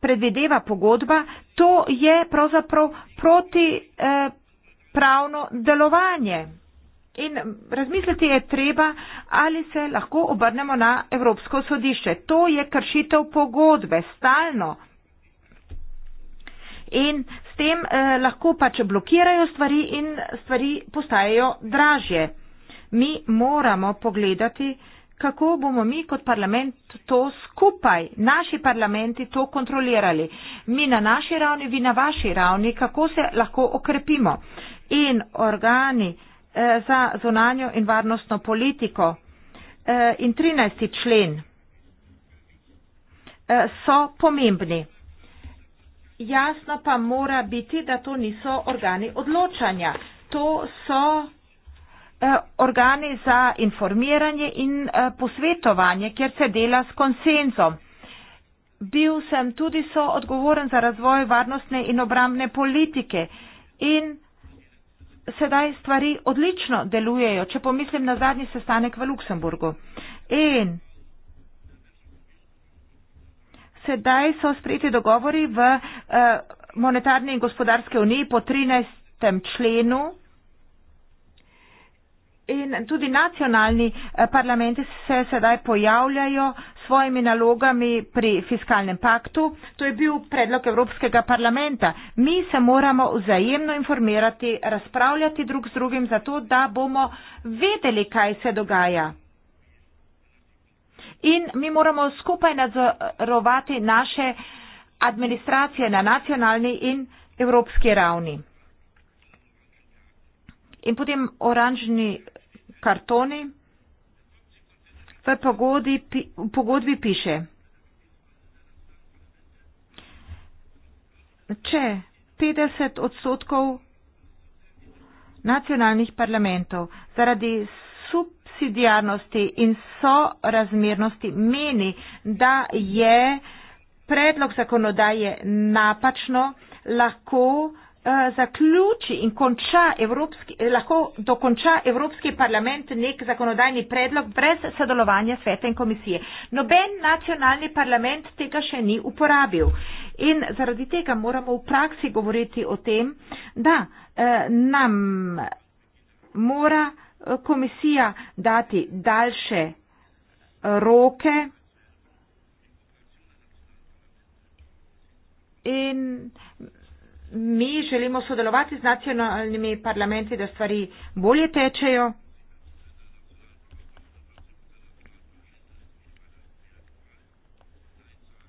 predvideva pogodba, to je pravzaprav protipravno eh, delovanje. In razmisliti je treba, ali se lahko obrnemo na Evropsko sodišče. To je kršitev pogodbe, stalno. In s tem eh, lahko pač blokirajo stvari in stvari postajajo dražje. Mi moramo pogledati, eh, kako bomo mi kot parlament to skupaj, naši parlamenti to kontrolirali. Mi na naši ravni, vi na vaši ravni, kako se lahko okrepimo. In organi eh, za zunanjo in varnostno politiko eh, in 13. člen eh, so pomembni. Jasno pa mora biti, da to niso organi odločanja. To so Eh, organi za informiranje in eh, posvetovanje, kjer se dela s konsenzom. Bil sem tudi soodgovoren za razvoj varnostne in obramne politike in sedaj stvari odlično delujejo, če pomislim na zadnji sestanek v Luksemburgu. In sedaj so spreti dogovori v eh, monetarni in gospodarske uniji po 13. členu In tudi nacionalni eh, parlamenti se sedaj pojavljajo s svojimi nalogami pri fiskalnem paktu. To je bil predlog Evropskega parlamenta. Mi se moramo vzajemno informirati, razpravljati drug z drugim, zato da bomo vedeli, kaj se dogaja. In mi moramo skupaj nadzorovati naše administracije na nacionalni in evropski ravni. In potem oranžni kartoni, v pogodbi, v pogodbi piše, če 50 odstotkov nacionalnih parlamentov zaradi subsidijarnosti in sorazmernosti meni, da je predlog zakonodaje napačno, lahko Eh, zaključi in konča Evropski, eh, lahko dokonča Evropski parlament nek zakonodajni predlog brez sodelovanja sveta in komisije. Noben nacionalni parlament tega še ni uporabil. In zaradi tega moramo v praksi govoriti o tem, da eh, nam mora eh, komisija dati daljše roke in mi želimo sodelovati z nacionalnimi parlamenti, da stvari bolje tečejo.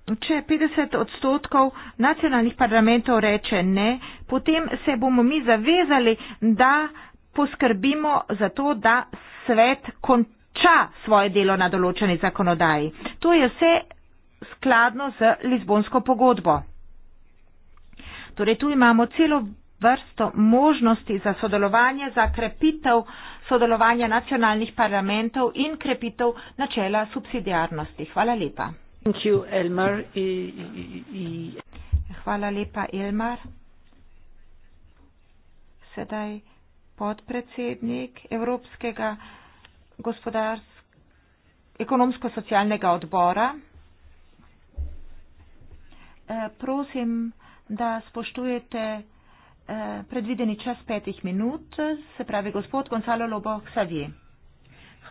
Če 50 odstotkov nacionalnih parlamentov reče ne, potem se bomo mi zavezali, da poskrbimo za to, da svet konča svoje delo na določeni zakonodaji. To je vse skladno z Lizbonsko pogodbo. Torej tu imamo celo vrsto možnosti za sodelovanje, za krepitev sodelovanja nacionalnih parlamentov in krepitev načela subsidiarnosti. Hvala lepa. You, Elmar. I, i, i. Hvala lepa, Elmar. Sedaj podpredsednik Evropskega ekonomsko-socialnega odbora. Eh, prosim, da spoštujete eh, predvideni čas petih minut, se pravi gospod Gonzalo Lobo Xavije.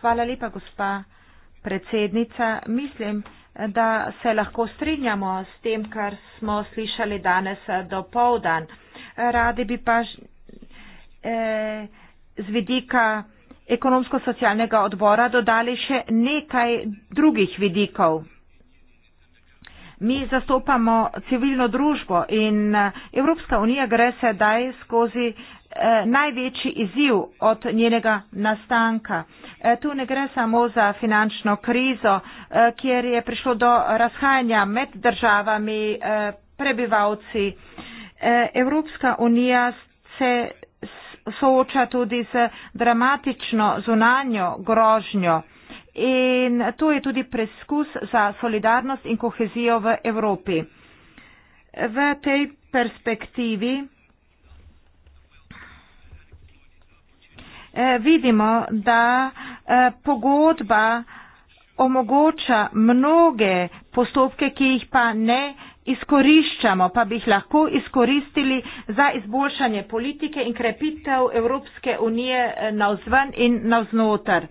Hvala lepa, gospa predsednica. Mislim, da se lahko strinjamo s tem, kar smo slišali danes eh, do povdan. Radi bi pa eh, z vidika ekonomsko-socialnega odbora dodali še nekaj drugih vidikov. Mi zastopamo civilno družbo in eh, Evropska unija gre sedaj skozi eh, največji izziv od njenega nastanka. Eh, tu ne gre samo za finančno krizo, kjer je prišlo do razhajanja med državami, prebivalci. Evropska unija se sooča tudi z dramatično zunanjo grožnjo in to je tudi preskus za solidarnost in kohezijo v Evropi. V tej perspektivi eh, vidimo, da eh, pogodba omogoča mnoge postopke, ki jih pa ne izkoriščamo, pa bi jih lahko izkoristili za izboljšanje politike in krepitev Evropske unije eh, navzven in navznotar.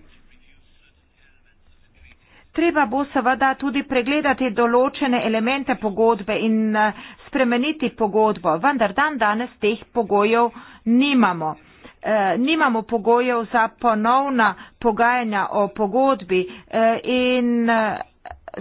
Treba bo seveda tudi pregledati določene elemente pogodbe in eh, spremeniti pogodbo, vendar dan danes teh pogojev nimamo. E, nimamo pogojev za ponovna pogajanja o pogodbi e, in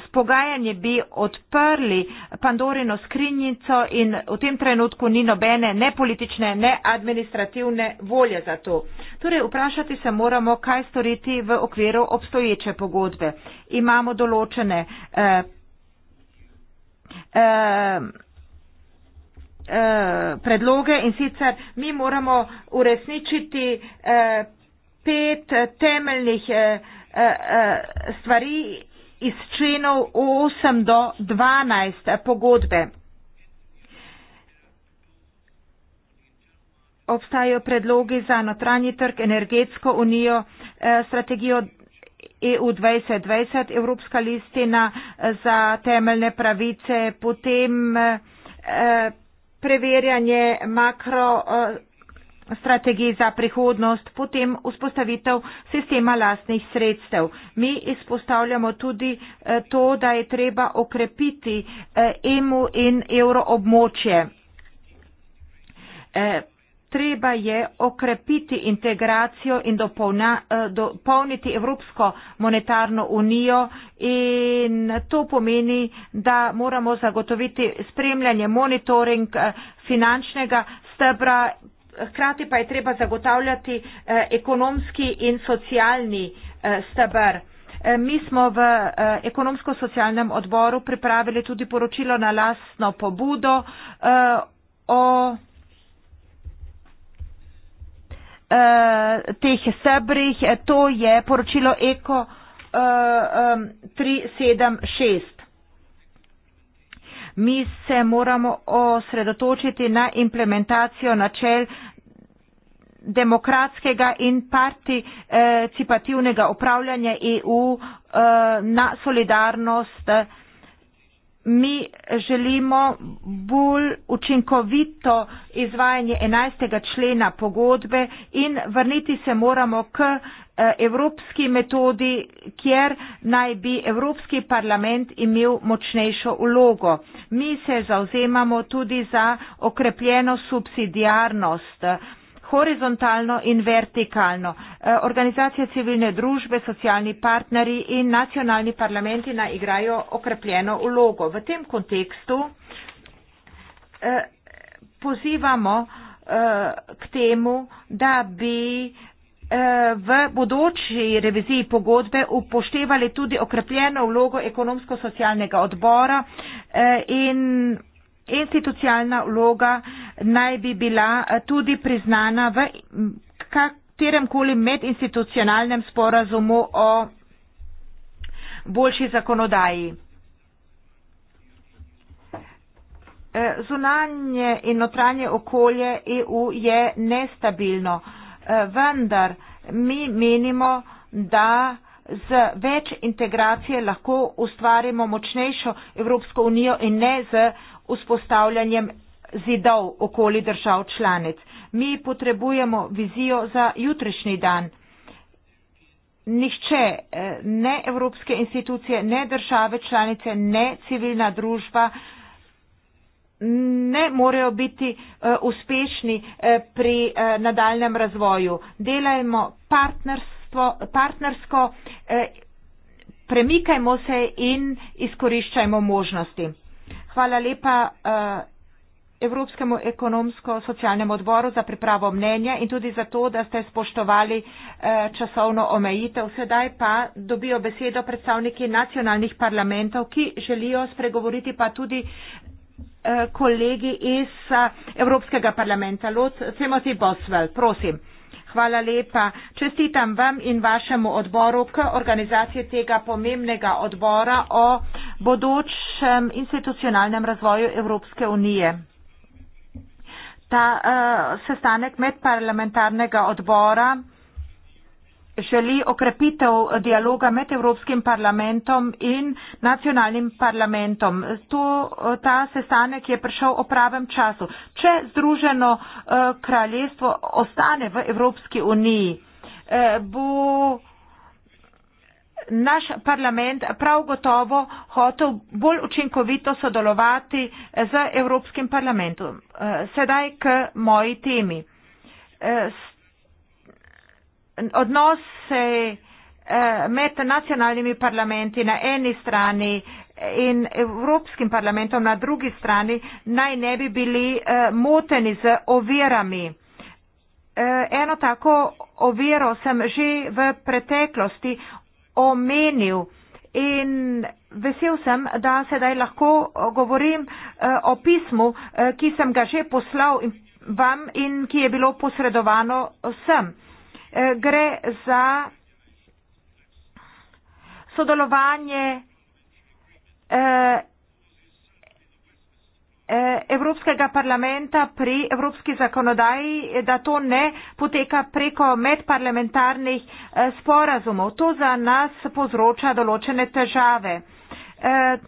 spogajanje bi odprli Pandorino skrinjico in v tem trenutku ni nobene ne politične, ne administrativne volje za to. Torej, vprašati se moramo, kaj storiti v okviru obstoječe pogodbe. Imamo določene. Eh, eh, eh predloge in sicer mi moramo uresničiti eh, pet temeljnih eh, stvari iz členov 8 do 12 pogodbe. Obstajajo predlogi za notranji trg, energetsko unijo, eh, strategijo EU 2020, Evropska listina eh, za temeljne pravice, potem eh, preverjanje makro strategij za prihodnost, potem vzpostavitev sistema lastnih sredstev. Mi izpostavljamo tudi eh, to, da je treba okrepiti eh, EMU in evro območje. Eh, treba je okrepiti integracijo in dopolna, dopolniti Evropsko monetarno unijo in to pomeni, da moramo zagotoviti spremljanje, monitoring finančnega stebra, hkrati pa je treba zagotavljati eh, ekonomski in socialni eh, stebr. Eh, mi smo v ekonomsko-socialnem odboru pripravili tudi poročilo na lastno pobudo o teh sebrih. To je poročilo Eko 376 mi se moramo osredotočiti na implementacijo načel demokratskega in participativnega upravljanja EU eh, na solidarnost mi želimo bolj učinkovito izvajanje 11. člena pogodbe in vrniti se moramo k eh, evropski metodi, kjer naj bi Evropski parlament imel močnejšo ulogo. Mi se zauzemamo tudi za okrepljeno subsidijarnost horizontalno in vertikalno. E, organizacije civilne družbe, socialni partnerji in nacionalni parlamenti naigrajo okrepljeno vlogo. V tem kontekstu e, pozivamo e, k temu, da bi v bodoči reviziji pogodbe upoštevali tudi okrepljeno vlogo ekonomsko-socialnega odbora in institucionalna vloga naj bi bila eh, tudi priznana v kateremkoli medinstitucionalnem sporazumu o boljši zakonodaji. Eh, zunanje in notranje okolje EU je nestabilno, eh, vendar mi menimo, da z več integracije lahko ustvarimo močnejšo Evropsko unijo in ne z vzpostavljanjem zidov okoli držav članic. Mi potrebujemo vizijo za jutrišnji dan. Nihče, eh, ne evropske institucije, ne države članice, ne civilna družba ne morejo biti eh, uspešni eh, pri nadaljem razvoju. Delajmo partnersko, premikajmo se in izkoriščajmo možnosti. Hvala lepa eh, Evropskemu ekonomsko-socialnemu odboru za pripravo mnenja in tudi za to, da ste spoštovali eh, časovno omejitev. Sedaj pa dobijo besedo predstavniki nacionalnih parlamentov, ki želijo spregovoriti pa tudi eh, kolegi iz Evropskega parlamenta. Lot, Timothy Boswell, prosim. Hvala lepa. Čestitam vam in vašemu odboru k organizaciji tega pomembnega odbora o bodočem institucionalnem razvoju Evropske unije. Ta uh, sestanek medparlamentarnega odbora želi okrepitev dialoga med Evropskim parlamentom in nacionalnim parlamentom. To, ta sestanek je prišel o pravem času. Če Združeno eh, kraljestvo ostane v Evropski uniji, eh, bo naš parlament prav gotovo hotel bolj učinkovito sodelovati z Evropskim parlamentom. Eh, sedaj k moji temi odnose eh, med nacionalnimi parlamenti na eni strani in Evropskim parlamentom na drugi strani naj ne bi bili eh, moteni z ovirami. Eh, eno tako oviro sem že v preteklosti omenil in vesel sem, da sedaj lahko govorim o pismu, ki sem ga že poslal vam in ki je bilo posredovano vsem. Eh, gre za sodelovanje eh, eh, Evropskega parlamenta pri evropski zakonodaji, da to ne poteka preko medparlamentarnih sporazumov. To za nas povzroča določene težave.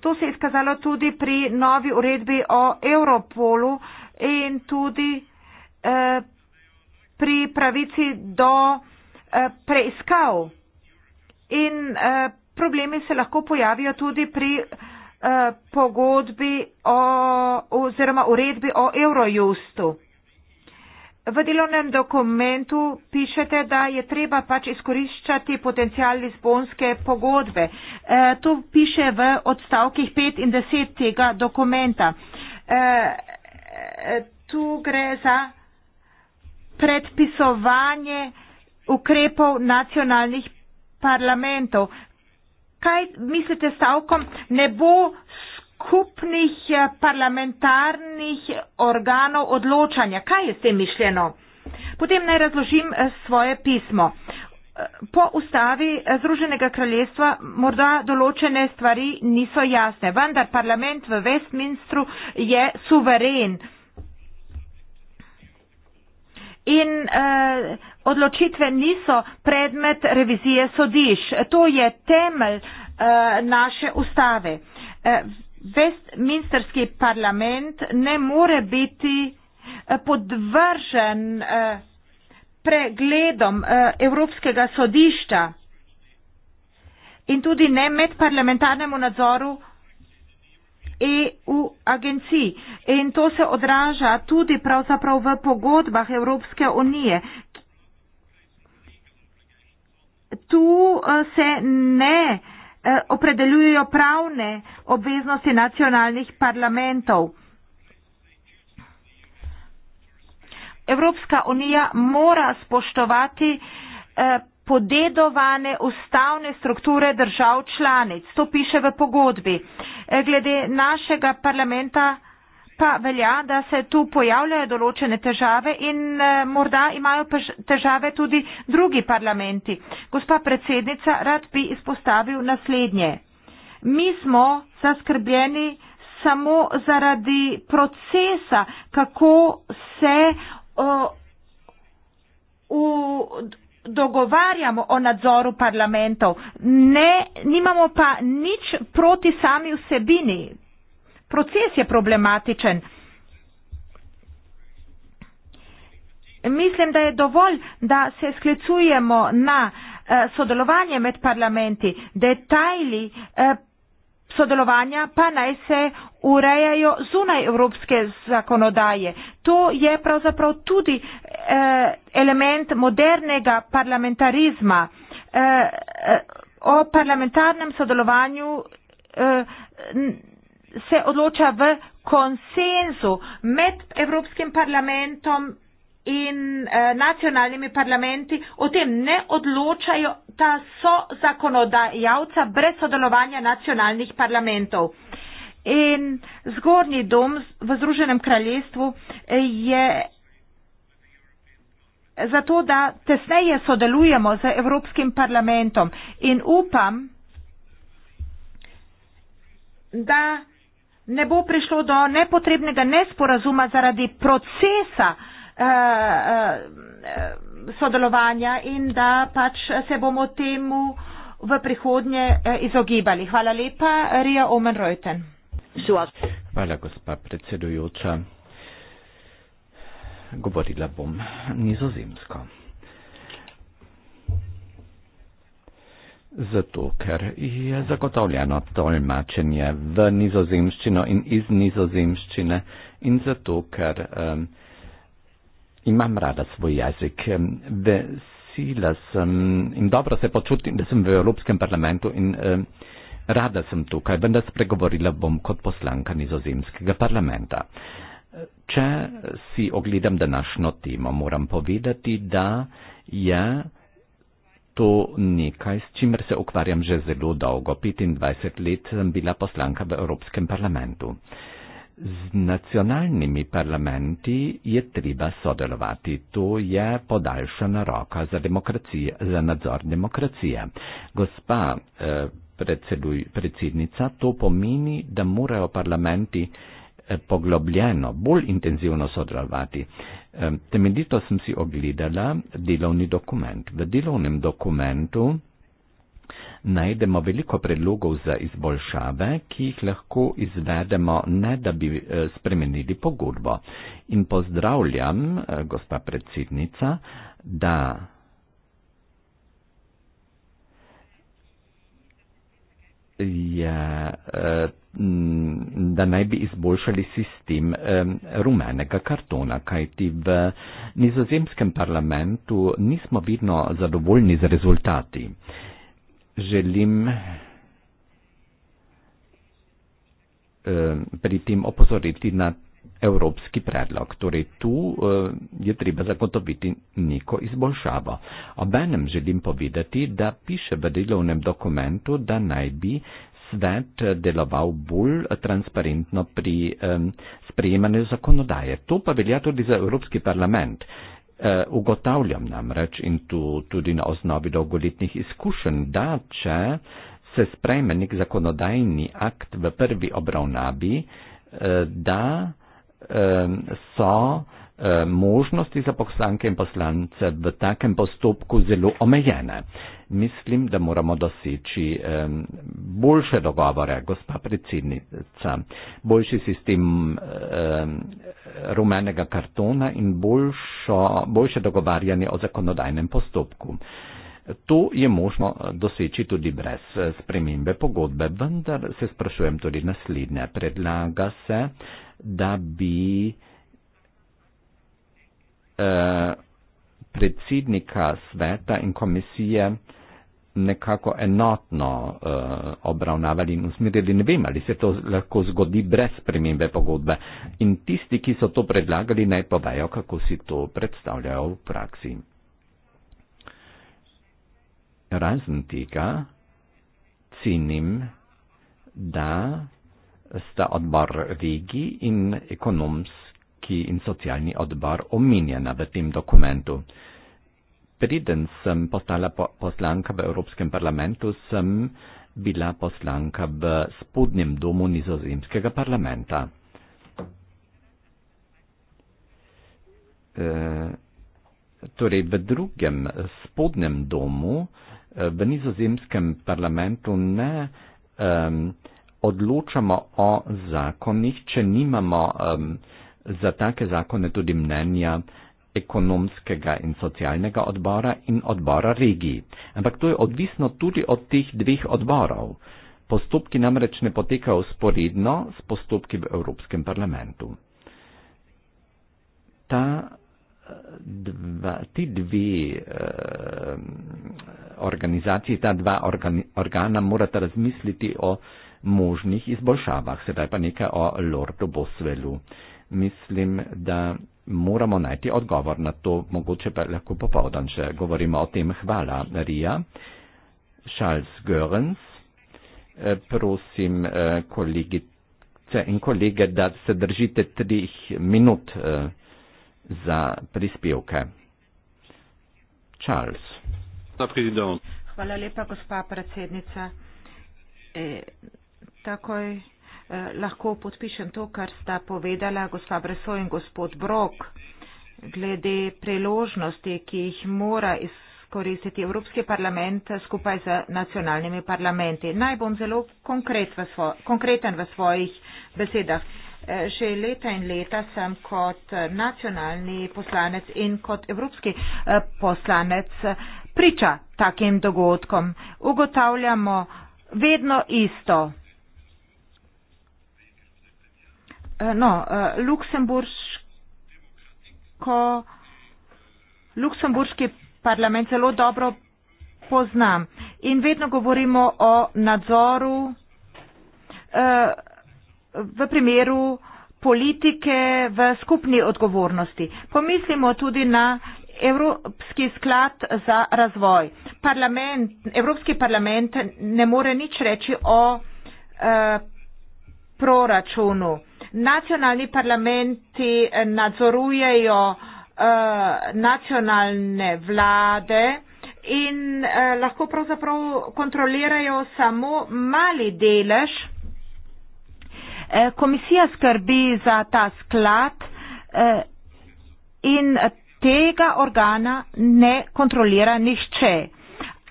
To se je izkazalo tudi pri novi uredbi o Europolu in tudi pri pravici do eh, preiskav. In eh, problemi se lahko pojavijo tudi pri eh, pogodbi o, oziroma uredbi o Eurojustu. V delovnem dokumentu pišete, da je treba pač izkoriščati potencial Lizbonske pogodbe. E, to piše v odstavkih 5 in 10 tega dokumenta. E, tu gre za predpisovanje ukrepov nacionalnih parlamentov. Kaj mislite stavkom, ne bo skupnih eh, parlamentarnih organov odločanja? Kaj je s tem mišljeno? Potem naj razložim eh, svoje pismo. Eh, po ustavi Združenega kraljestva morda določene stvari niso jasne, vendar parlament v Westminstru je suveren in eh, odločitve niso predmet revizije sodiš. To je temelj eh, naše ustave. Eh, Vestminsterski parlament ne more biti eh, podvržen eh, pregledom eh, Evropskega sodišča in tudi ne med parlamentarnemu nadzoru EU agencij. In to se odraža tudi pravzaprav v pogodbah Evropske unije. Tu eh, se ne eh, opredeljujejo pravne obveznosti nacionalnih parlamentov. Evropska unija mora spoštovati eh, podedovane ustavne strukture držav članic. To piše v pogodbi. E, glede našega parlamenta pa velja, da se tu pojavljajo določene težave in e, morda imajo težave tudi drugi parlamenti. Gospa predsednica, rad bi izpostavil naslednje. Mi smo zaskrbljeni samo zaradi procesa, kako se o, o, dogovarjamo o nadzoru parlamentov, ne, nimamo pa nič proti sami vsebini. Proces je problematičen. Mislim, da je dovolj, da se sklicujemo na eh, sodelovanje med parlamenti, detajli eh, sodelovanja pa naj se urejajo zunaj evropske zakonodaje. To je pravzaprav tudi eh, element modernega parlamentarizma. Eh, eh, o parlamentarnem sodelovanju eh, se odloča v konsenzu med Evropskim parlamentom in eh, nacionalnimi parlamenti o tem ne odločajo, ta so zakonodajalca brez sodelovanja nacionalnih parlamentov. In zgornji dom v Združenem kraljestvu eh, je zato, da tesneje sodelujemo z Evropskim parlamentom in upam, da ne bo prišlo do nepotrebnega nesporazuma zaradi procesa eh, Eh, eh, sodelovanja in da pač se bomo temu v prihodnje eh, izogibali. Hvala lepa, Rija Omenrojten. Hvala, gospa predsedujoča. Govorila bom nizozemsko. Zato, ker je zagotovljeno tolmačenje v nizozemščino in iz nizozemščine in zato, ker um, imam rada svoj jezik. Vesela sem in dobro se počutim, da sem v Evropskem parlamentu in rada sem tukaj, vendar spregovorila bom kot poslanka nizozemskega parlamenta. Če si ogledam današnjo temo, moram povedati, da je to nekaj, s čimer se ukvarjam že zelo dolgo. 25 let sem bila poslanka v Evropskem parlamentu. Z nacionalnimi parlamenti je treba sodelovati. To je podaljšana roka za, za nadzor demokracije. Gospa eh, predseduj, predsednica, to pomeni, da morajo parlamenti eh, poglobljeno, bolj intenzivno sodelovati. Eh, temeljito sem si ogledala delovni dokument. V delovnem dokumentu najdemo veliko predlogov za izboljšave, ki jih lahko izvedemo, ne da bi eh, spremenili pogodbo. In pozdravljam, eh, gospa predsednica, da. Je, eh, da naj bi izboljšali sistem rumenega kartona, kajti v nizozemskem parlamentu nismo vidno zadovoljni z rezultati želim eh, pri tem opozoriti na evropski predlog. Torej, tu eh, je treba zagotoviti neko izboljšavo. Obenem želim povedati, da piše v delovnem dokumentu, da naj bi svet eh, deloval bolj transparentno pri sprejemanju zakonodaje. To pa velja tudi za Evropski parlament. Uh, ugotavljam namreč in tu tudi na osnovi dolgoletnih izkušenj, da če se sprejme nek zakonodajni akt v prvi obravnavi, uh, da um, so um, možnosti za poslanke in poslance v takem postopku zelo omejene. Uh, mislim, da moramo doseči eh, boljše dogovore, gospa predsednica, boljši sistem eh, rumenega kartona in boljšo, boljše dogovarjanje o zakonodajnem postopku. To je možno doseči tudi brez eh, spremembe pogodbe, vendar se sprašujem tudi naslednje. Predlaga se, da bi eh, predsednika sveta in komisije eh, nekako enotno uh, obravnavali in usmerili. Ne vem, ali se to lahko zgodi brez spremembe pogodbe. In tisti, ki so to predlagali, naj povejo, kako si to predstavljajo v praksi. Razen tega, cenim, da sta odbor regi in ekonomski in socialni odbor omenjena v tem dokumentu. Uh, preden sem postala po poslanka v Evropskem parlamentu, sem bila poslanka v spodnjem domu nizozemskega parlamenta. E, torej, v drugem spodnjem domu e, v nizozemskem parlamentu ne um, odločamo o zakonih, če nimamo um, za take zakone tudi mnenja uh, ekonomskega in socialnega odbora in odbora regij. Ampak to je odvisno tudi od teh dveh odborov. Postopki namreč ne potekajo sporedno s postopki v Evropskem parlamentu. Ta dva, ti dve eh, organizacije, ta dva organi, organa morata razmisliti o možnih izboljšavah. Sedaj pa nekaj o Lordu Boswellu. Mislim, da moramo najti odgovor na to, mogoče pa lahko popovdan, če govorimo o tem. Hvala, Rija. Charles Görens, eh, prosim eh, kolegice in kolege, da se držite trih minut eh, za prispevke. Charles. Hvala lepa, gospa predsednica. E, takoj Eh, lahko podpišem to, kar sta povedala gospa Breso in gospod Brok glede priložnosti, ki jih mora izkoristiti Evropski parlament skupaj z nacionalnimi parlamenti. Naj bom zelo konkret v svo, konkreten v svojih besedah. Že eh, leta in leta sem kot nacionalni poslanec in kot evropski eh, poslanec priča takim dogodkom. Ugotavljamo vedno isto. Eh, no, eh, Luksemburško, Luksemburški parlament zelo dobro poznam in vedno govorimo o nadzoru eh, v primeru politike v skupni odgovornosti. Pomislimo tudi na Evropski sklad za razvoj. Parlament, Evropski parlament ne more nič reči o e, proračunu nacionalni parlamenti nadzorujejo uh, nacionalne vlade in uh, lahko pravzaprav kontrolirajo samo mali delež. Uh, komisija skrbi za ta sklad uh, in tega organa ne kontrolira nišče.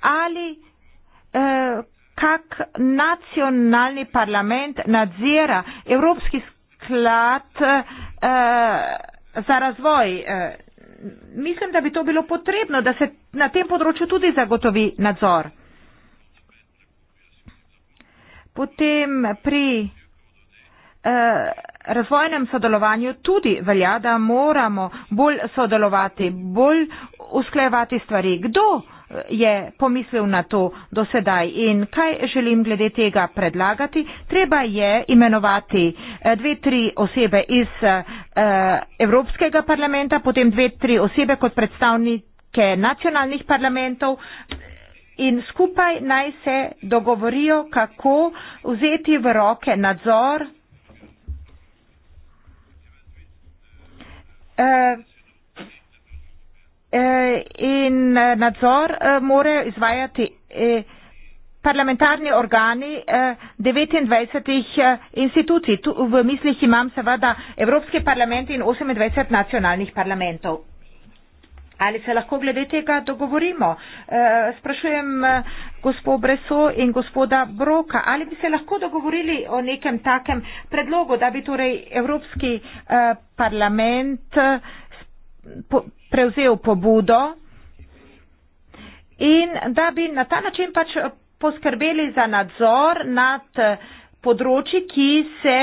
Ali uh, kak nacionalni parlament nadzira Evropski sklad? sklad uh, za razvoj. Uh, mislim, da bi to bilo potrebno, da se na tem področju tudi zagotovi nadzor. Potem pri uh, razvojnem sodelovanju tudi velja, da moramo bolj sodelovati, bolj usklejevati stvari. Kdo? je pomislil na to do sedaj in kaj želim glede tega predlagati. Treba je imenovati eh, dve, tri osebe iz eh, Evropskega parlamenta, potem dve, tri osebe kot predstavnike nacionalnih parlamentov in skupaj naj se dogovorijo, kako vzeti v roke nadzor. Uh, Eh, in eh, nadzor eh, morajo izvajati parlamentarni organi 29 institucij. Tu v mislih imam seveda Evropski parlament in 28 nacionalnih parlamentov. Ali se lahko glede tega dogovorimo? Sprašujem gospod Breso in gospoda Broka, ali bi se lahko dogovorili o nekem takem predlogu, da bi torej Evropski parlament po, prevzel pobudo in da bi na ta način pač poskrbeli za nadzor nad eh, področji, ki se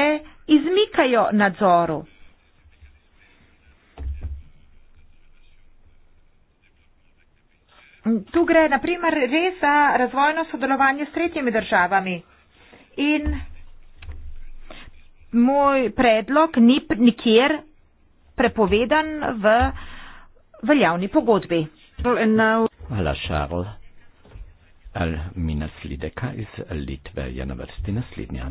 izmikajo nadzoru. Tu gre naprimer res za razvojno sodelovanje s tretjimi državami. In moj predlog ni nikjer prepovedan v veljavni pogodbi. Hvala, Šarl. Almina Slideka iz Litve je na vrsti naslednja.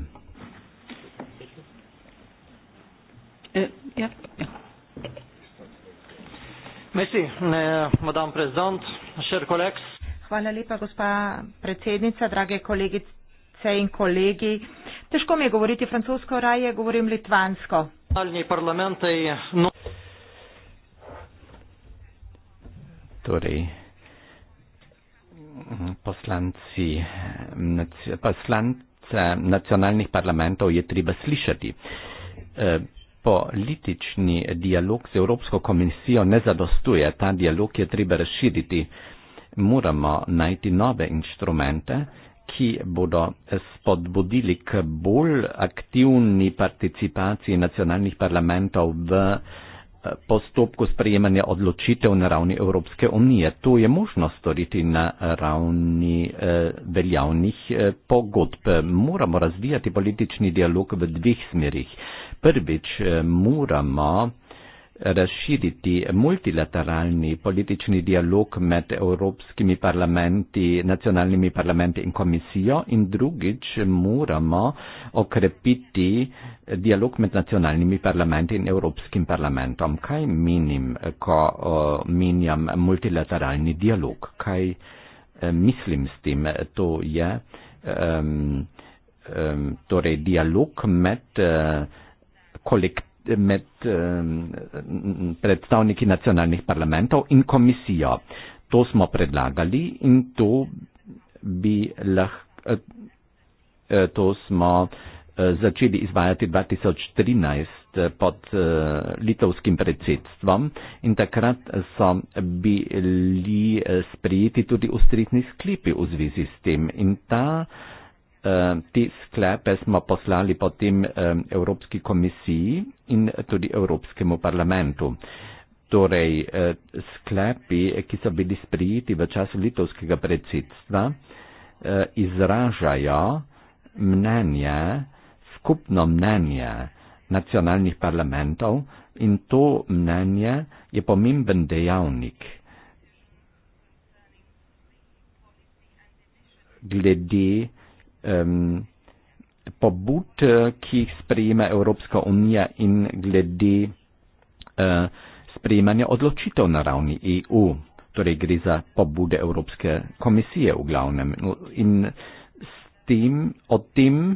Eh, ja, ja. Eh, Hvala lepa, gospa predsednica, drage kolegice in kolegi. Težko mi je govoriti francosko, raje govorim litvansko nacionalni parlamentai. Nu... Torej, poslanci, poslance nacionalnih parlamentov je treba slišati. E, politični dialog z Evropsko komisijo ne zadostuje, ta dialog je treba razširiti. Moramo najti nove inštrumente, ki bodo spodbudili k bolj aktivni participaciji nacionalnih parlamentov v eh, postopku sprejemanja odločitev na ravni Evropske unije. To je možno storiti na ravni eh, veljavnih eh, pogodb. Moramo razvijati politični dialog v dveh smerih. Prvič eh, moramo razširiti multilateralni politični dialog med evropskimi parlamenti, nacionalnimi parlamenti in komisijo in drugič moramo okrepiti dialog med nacionalnimi parlamenti in evropskim parlamentom. Kaj menim, ko o, menjam multilateralni dialog? Kaj e, mislim s tem? To je um, um, torej dialog med uh, eh, kolektivnimi med predstavniki nacionalnih parlamentov in komisijo. To smo predlagali in to bi lahko, eh, eh, to smo eh, začeli izvajati 2013 pod litovskim predsedstvom in takrat so bili sprijeti tudi ustrezni sklipi v zvezi s tem in ta Eh, te sklepe smo poslali potem eh, Evropski komisiji in tudi Evropskemu parlamentu. Torej, eh, sklepi, ki so bili sprijeti v času litovskega predsedstva, izražajo mnenje, skupno mnenje nacionalnih parlamentov in to mnenje je pomemben dejavnik. Glede um, pobud, eh, ki jih sprejema Evropska unija in glede uh, sprejemanja odločitev na ravni EU. Torej gre za pobude Evropske komisije v glavnem. No, in tem, o tem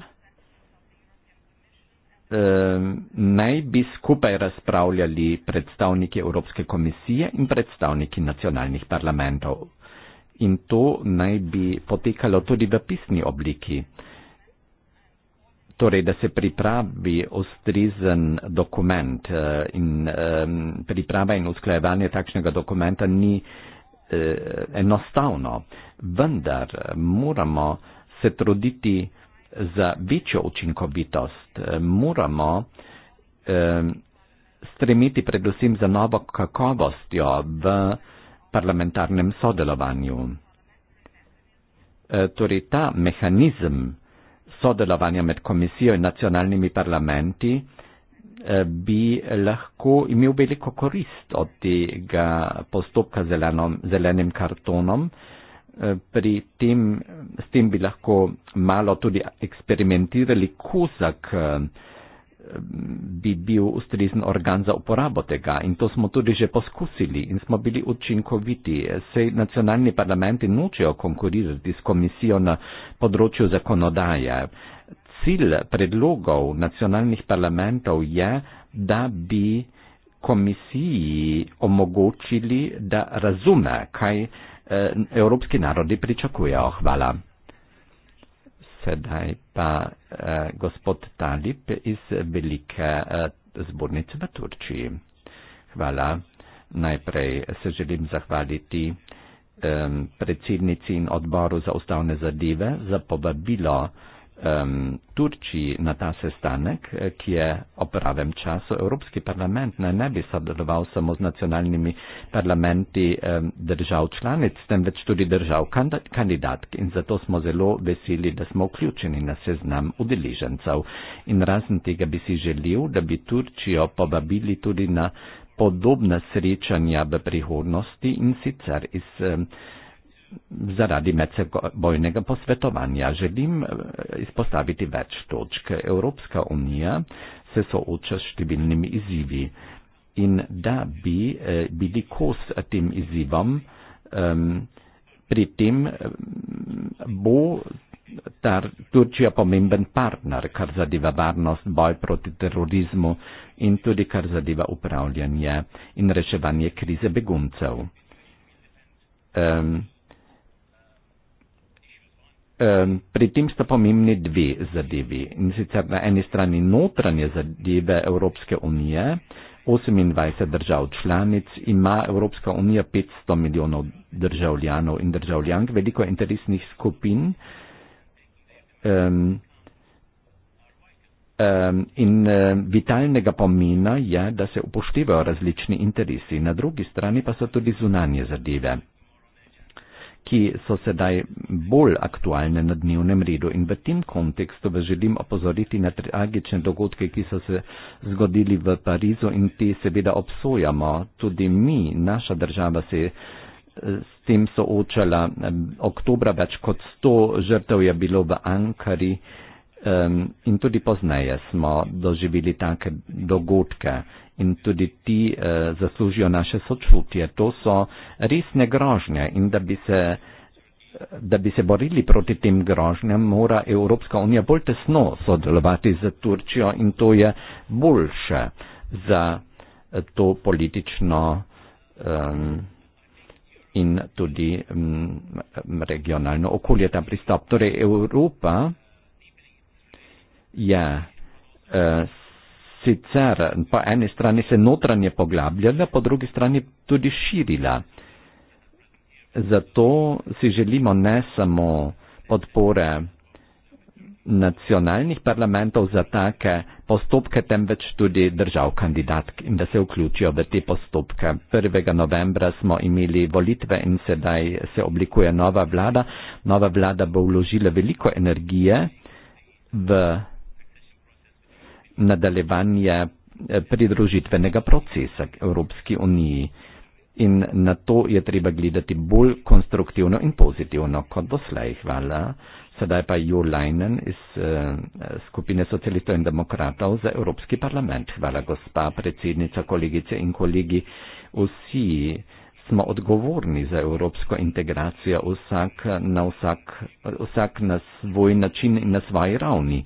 eh, naj bi skupaj razpravljali predstavniki Evropske komisije in predstavniki nacionalnih parlamentov in to naj bi potekalo tudi v pisni obliki. Torej, da se pripravi ustrezen dokument eh, in priprava in usklajevanje takšnega dokumenta ni eh, enostavno, vendar moramo se truditi za večjo učinkovitost, moramo stremiti predvsem za novo kakovostjo v parlamentarnem sodelovanju. E, torej ta mehanizem sodelovanja med komisijo in nacionalnimi parlamenti e, bi lahko imel veliko korist od tega postopka zelenom, zelenim kartonom. E, pri tem, s tem bi lahko malo tudi eksperimentirali kozak bi bil ustrezen organ za uporabo tega. In to smo tudi že poskusili in smo bili učinkoviti. Sej nacionalni parlamenti nočejo konkurirati s komisijo na področju zakonodaje. Cilj predlogov nacionalnih parlamentov je, da bi komisiji omogočili, da razume, kaj eh, evropski narodi pričakujejo. Hvala sedaj pa eh, gospod Talib iz velike eh, zbornice v Turčiji. Hvala. Najprej se želim zahvaliti eh, predsednici in odboru za ustavne zadeve za povabilo eh, Turčiji na ta sestanek, ki je o pravem času. Evropski parlament naj ne bi sodeloval samo z nacionalnimi parlamenti držav članic, temveč tudi držav kandidatk. In zato smo zelo veseli, da smo vključeni na seznam udeležencev. In razen tega bi si želel, da bi Turčijo povabili tudi na podobna srečanja v prihodnosti in sicer iz zaradi medsebojnega posvetovanja želim eh, izpostaviti več točk. Evropska unija se sooča s številnimi izzivi in da bi eh, bili kos tem izzivom, pri tem bo ta Turčija pomemben partner, kar zadeva varnost, boj proti terorizmu in tudi kar zadeva upravljanje in reševanje krize beguncev. Um, pri tem sta pomembni dve zadevi. In sicer na eni strani notranje zadeve Evropske unije, 28 držav članic ima Evropska unija 500 milijonov državljanov in državljank, veliko interesnih skupin. Um, um, in um, vitalnega pomena je, da se upoštevajo različni interesi. Na drugi strani pa so tudi zunanje zadeve ki so sedaj bolj aktualne na dnevnem redu. In v tem kontekstu vas želim opozoriti na tragične dogodke, ki so se zgodili v Parizu in te seveda obsojamo. Tudi mi, naša država se je eh, s tem soočala. Eh, oktobra več kot 100 žrtev je bilo v Ankari um, in tudi pozneje smo doživeli take dogodke in tudi ti uh, zaslužijo naše sočutje. To so resne grožnje in da bi se. Da bi se borili proti tem grožnjam, mora Evropska unija bolj tesno sodelovati z Turčijo in to je boljše za eh, to politično um, in tudi um, regionalno okolje, ta pristop. Torej Evropa je eh, sicer po eni strani se notranje poglabljala, po drugi strani tudi širila. Zato si želimo ne samo podpore nacionalnih parlamentov za take postopke, temveč tudi držav kandidatk in da se vključijo v te postopke. 1. novembra smo imeli volitve in sedaj se oblikuje nova vlada. Nova vlada bo vložila veliko energije v nadaljevanje eh, pridružitvenega procesa Evropski uniji. In na to je treba gledati bolj konstruktivno in pozitivno kot doslej. Hvala. Sedaj pa Jo Leinen iz eh, skupine socialistov in demokratov za Evropski parlament. Hvala, gospa predsednica, kolegice in kolegi. Vsi smo odgovorni za evropsko integracijo, vsak na, vsak, vsak na svoj način in na svoji ravni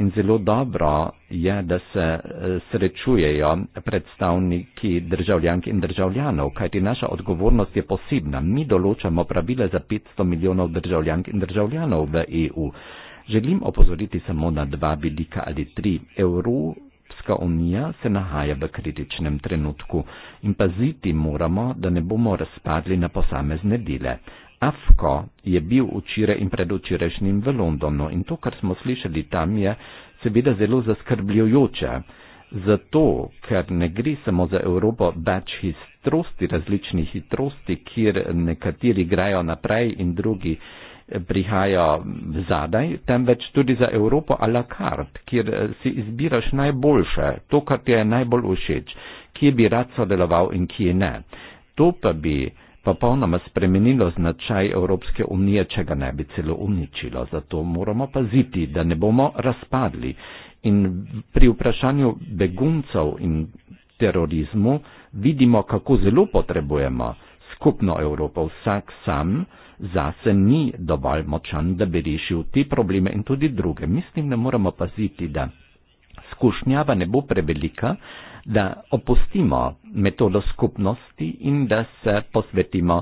in zelo dobro je, da se eh, srečujejo predstavniki državljank in državljanov, kajti naša odgovornost je posebna. Mi določamo pravile za 500 milijonov državljank in državljanov v EU. Želim opozoriti samo na dva vidika ali tri. Evru Evropska unija se nahaja v kritičnem trenutku in paziti moramo, da ne bomo razpadli na posamezne dele. AFKO je bil včeraj in predvčerajšnjim v Londonu in to, kar smo slišali tam, je seveda zelo zaskrbljujoče. Zato, ker ne gre samo za Evropo, pač hitrosti, različni hitrosti, kjer nekateri grajo naprej in drugi eh, prihajajo zadaj, temveč tudi za Evropo a la carte, kjer eh, si izbiraš najboljše, to, kar ti je najbolj všeč, kje bi rad sodeloval in kje ne. To pa bi popolnoma spremenilo značaj Evropske unije, če ga ne bi celo uničilo. Zato moramo paziti, da ne bomo razpadli. In pri vprašanju beguncev in terorizmu vidimo, kako zelo potrebujemo skupno Evropo. Vsak sam zase ni dovolj močan, da bi rešil te probleme in tudi druge. Mislim, da moramo paziti, da skušnjava ne bo prevelika, da opustimo metodo skupnosti in da se posvetimo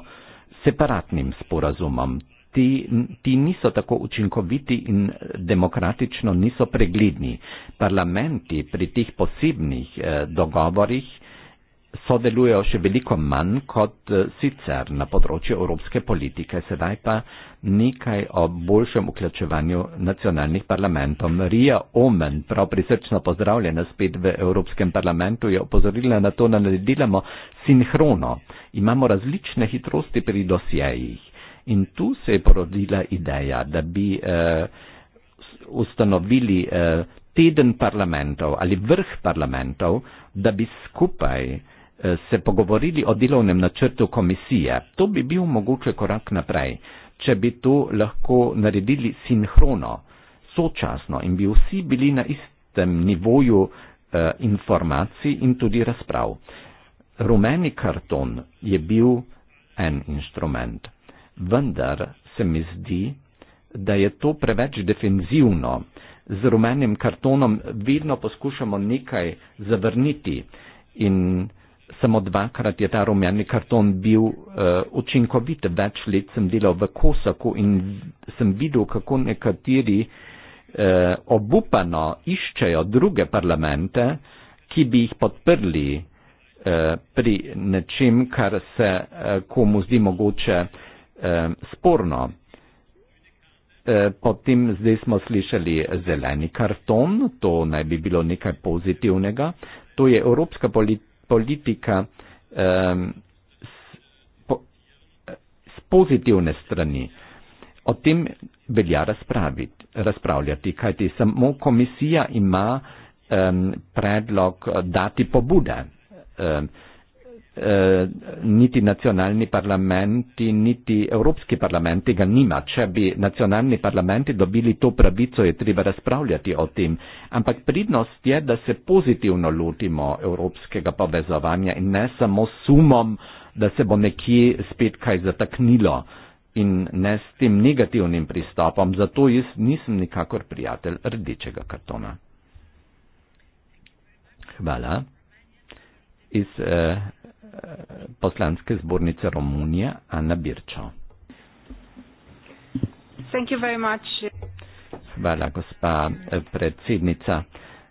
separatnim sporazumom. Ti, ti niso tako učinkoviti in demokratično niso pregledni. Parlamenti pri tih posebnih eh, dogovorih sodelujejo še veliko manj kot eh, sicer na področju evropske politike, sedaj pa nekaj o boljšem vključevanju nacionalnih parlamentov. Marija Omen, prav prisrčno pozdravljena spet v Evropskem parlamentu, je opozorila na to, da naredilamo sinhrono. Imamo različne hitrosti pri dosjejih. In tu se je porodila ideja, da bi eh, ustanovili eh, teden parlamentov ali vrh parlamentov, da bi skupaj Eh, se pogovorili o delovnem načrtu komisije. To bi bil mogoče korak naprej, če bi to lahko naredili sinhrono, sočasno in bi vsi bili na istem nivoju eh, informacij in tudi razprav. Rumeni karton je bil en inštrument, vendar se mi zdi, da je to preveč defenzivno. Z rumenim kartonom vedno poskušamo nekaj zavrniti in samo dvakrat je ta rumeni karton bil uh, učinkovit, več let sem delal v Kosaku in sem videl, kako nekateri uh, obupano iščejo druge parlamente, ki bi jih podprli uh, pri nečem, kar se uh, komu zdi mogoče uh, sporno. Potem zdaj smo slišali zeleni karton, to naj bi bilo nekaj pozitivnega. To je evropska polit, politika um, s po, pozitivne strani. O tem velja razpravljati, kajti samo komisija ima um, predlog eh, dati pobude. Um, niti nacionalni parlamenti, niti evropski parlamenti ga nima. Če bi nacionalni parlamenti dobili to pravico, je treba razpravljati o tem. Ampak pridnost je, da se pozitivno lotimo evropskega povezovanja in ne samo sumom, da se bo nekje spet kaj zataknilo in ne s tem negativnim pristopom. Zato jaz nisem nikakor prijatelj rdečega kartona. Hvala. Iz, eh, Poslanske zbornice Romunija Ana Birčo. Hvala, gospa eh, predsednica.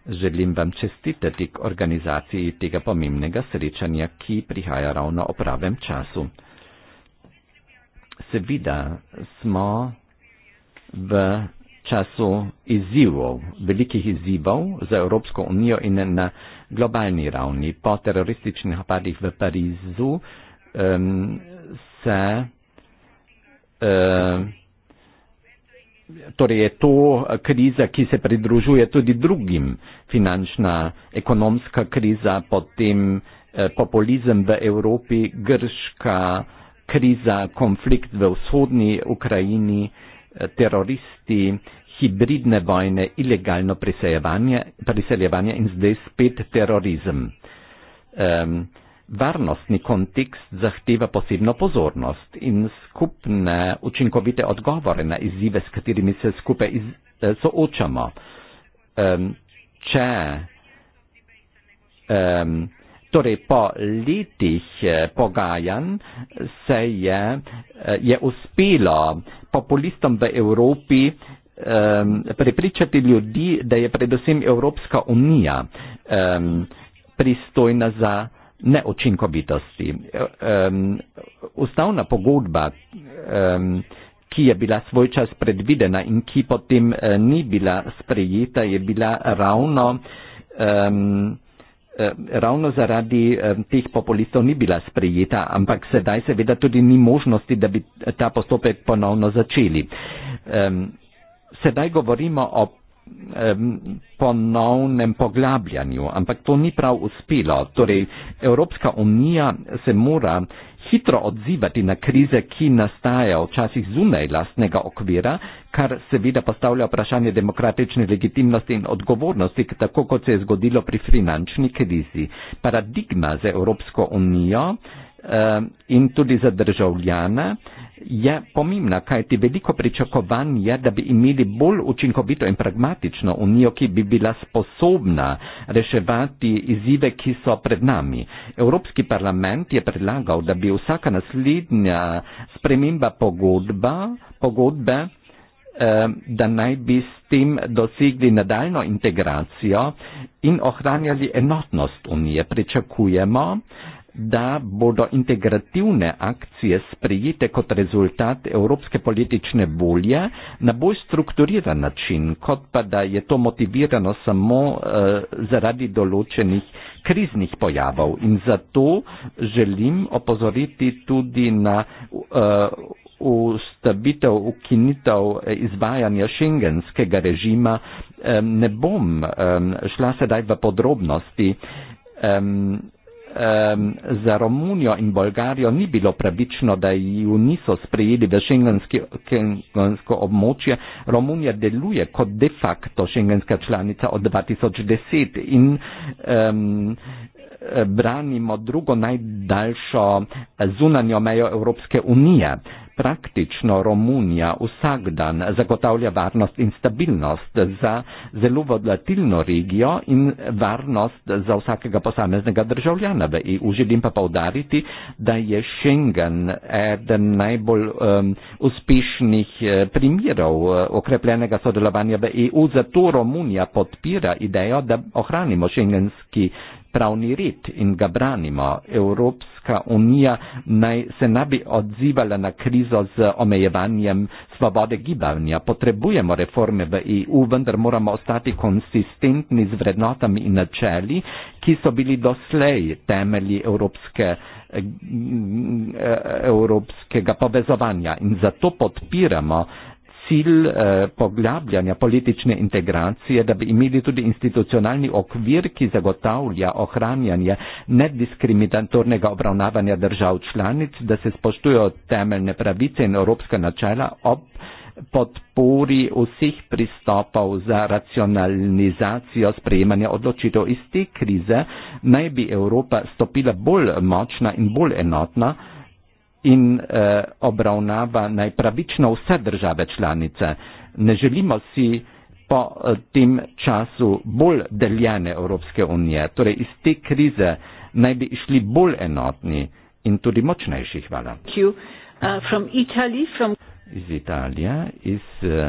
Želim vam čestitati k organizaciji tega pomembnega srečanja, ki prihaja ravno o pravem času. Seveda smo v času izzivov, velikih izzivov za Evropsko unijo in na globalni ravni. Po terorističnih napadih v Parizu um, se. Um, Torej je to kriza, ki se pridružuje tudi drugim, finančna, ekonomska kriza, potem eh, populizem v Evropi, grška kriza, konflikt v vzhodni Ukrajini, teroristi, hibridne vojne, ilegalno priseljevanje in zdaj spet terorizem. Um, varnostni kontekst zahteva posebno pozornost in skupne učinkovite odgovore na izzive, s katerimi se skupaj iz, eh, soočamo. Um, če um, torej po letih eh, pogajanj se je, eh, je uspelo populistom v Evropi um, prepričati ljudi, da je predvsem Evropska unija um, pristojna za neočinkovitosti. Um, ehm, ustavna pogodba, um, ki je bila svoj čas predvidena in ki potem uh, ni bila sprejeta, je bila ravno um, Eh, ravno zaradi eh, teh populistov ni bila sprejeta, ampak sedaj seveda tudi ni možnosti, da bi ta postopek ponovno začeli. Sedaj govorimo o ponovnem poglabljanju, ampak to ni prav uspelo. Torej, Evropska unija se mora hitro odzivati na krize, ki nastajajo včasih zunaj lastnega okvira, kar seveda postavlja vprašanje demokratične legitimnosti in odgovornosti, tako kot se je zgodilo pri finančni krizi. Paradigma za Evropsko unijo eh, in tudi za državljana je pomembna, kajti veliko pričakovanj je, da bi imeli bolj učinkovito in pragmatično unijo, ki bi bila sposobna reševati izzive, ki so pred nami. Evropski parlament je predlagal, da bi vsaka naslednja sprememba pogodba, pogodbe, eh, da naj bi s tem dosegli nadaljno integracijo in ohranjali enotnost unije. Pričakujemo, da bodo integrativne akcije sprejete kot rezultat evropske politične volje na bolj strukturiran način, kot pa da je to motivirano samo eh, zaradi določenih kriznih pojavov. In zato želim opozoriti tudi na eh, ustavitev, ukinitev izvajanja šengenskega režima. Eh, ne bom eh, šla sedaj v podrobnosti. Eh, Ehm, za Romunijo in Bolgarijo ni bilo pravično, da ju niso sprejeli v šengensko območje. Romunija deluje kot de facto šengenska članica od 2010 in um, branimo drugo najdaljšo zunanjo mejo Evropske unije. Uh, praktično Romunija vsak dan zagotavlja varnost in stabilnost za zelo volatilno regijo in varnost za vsakega posameznega državljana v EU. Želim pa povdariti, da je Schengen eden najbolj um, uspešnih eh, primerov eh, okrepljenega sodelovanja v EU, zato Romunija podpira idejo, da ohranimo šengenski pravni red in ga branimo. Evropska unija naj se ne bi odzivala na krizo z omejevanjem svobode gibanja. Potrebujemo reforme v EU, vendar moramo ostati konsistentni z vrednotami in načeli, ki so bili doslej temelji evropske, eh, eh, evropskega povezovanja. In zato podpiramo cilj eh, poglabljanja politične integracije, da bi imeli tudi institucionalni okvir, ki zagotavlja ohranjanje nediskriminatornega obravnavanja držav članic, da se spoštujo temeljne pravice in evropska načela ob podpori vseh pristopov za racionalizacijo sprejemanja odločitev. Iz te krize naj bi Evropa stopila bolj močna in bolj enotna in eh, obravnava naj pravično vse države članice. Ne želimo si po eh, tem času bolj deljene Evropske unije, torej iz te krize naj bi išli bolj enotni in tudi močnejši. Hvala. Uh, iz Italije, iz uh,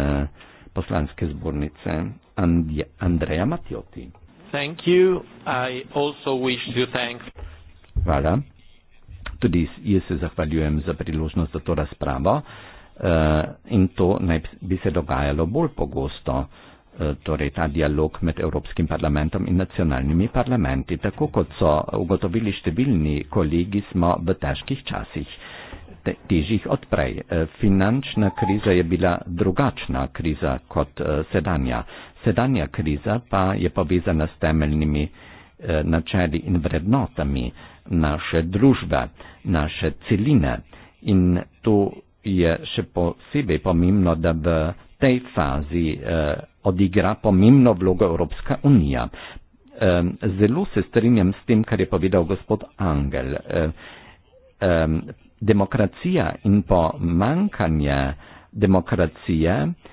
poslanske zbornice And Andreja Matjoti. Hvala. Tudi jaz se zahvaljujem za priložnost za to razpravo eh, in to naj bi se dogajalo bolj pogosto, eh, torej ta dialog med Evropskim parlamentom in nacionalnimi parlamenti. Tako kot so ugotovili številni kolegi, smo v težkih časih, težjih od prej. Eh, finančna kriza je bila drugačna kriza kot sedanja. Sedanja kriza pa je povezana s temeljnimi. Eh, načeli in vrednotami naše družbe, naše celine. In to je še posebej pomembno, da v tej fazi eh, odigra pomembno vlogo Evropska unija. Eh, zelo se strinjam s tem, kar je povedal gospod Angel. Eh, eh, demokracija in pomankanje demokracije eh,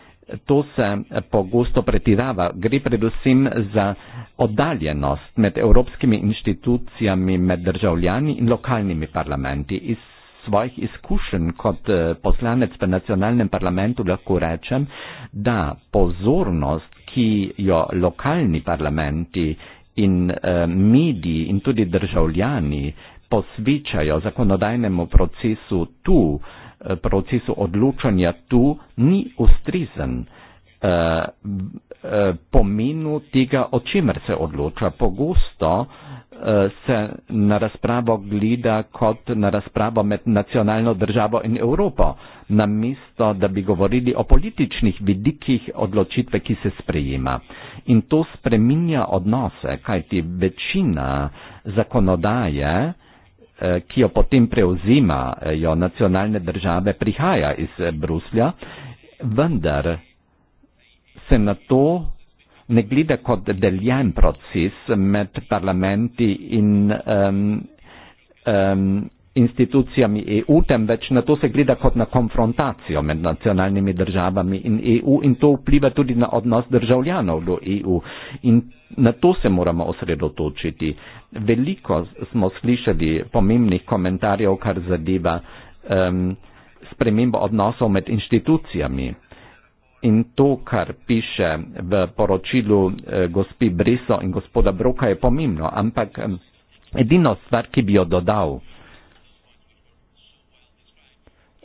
To se pogosto pretirava. Gre predvsem za oddaljenost med evropskimi inštitucijami, med državljani in lokalnimi parlamenti. Iz svojih izkušenj kot eh, poslanec v nacionalnem parlamentu lahko rečem, da pozornost, ki jo lokalni parlamenti in eh, mediji in tudi državljani posvečajo zakonodajnemu procesu tu, procesu odločanja tu ni ustrezen eh, eh, pomenu tega, o čemer se odloča. Pogosto eh, se na razpravo gleda kot na razpravo med nacionalno državo in Evropo, namesto da bi govorili o političnih vidikih odločitve, ki se sprejema. In to spreminja odnose, kajti večina zakonodaje, Eh, ki jo potem prevzimajo eh, nacionalne države, prihaja iz eh, Bruslja, vendar se na to ne glede kot deljen proces med parlamenti in um, um, institucijami EU, temveč na to se gleda kot na konfrontacijo med nacionalnimi državami in EU in to vpliva tudi na odnos državljanov do EU. In Na to se moramo osredotočiti. Veliko smo slišali pomembnih komentarjev, kar zadeva um, spremembo odnosov med inštitucijami. In to, kar piše v poročilu eh, gospi Breso in gospoda Broka, je pomembno. Ampak eh, edino stvar, ki bi jo dodal,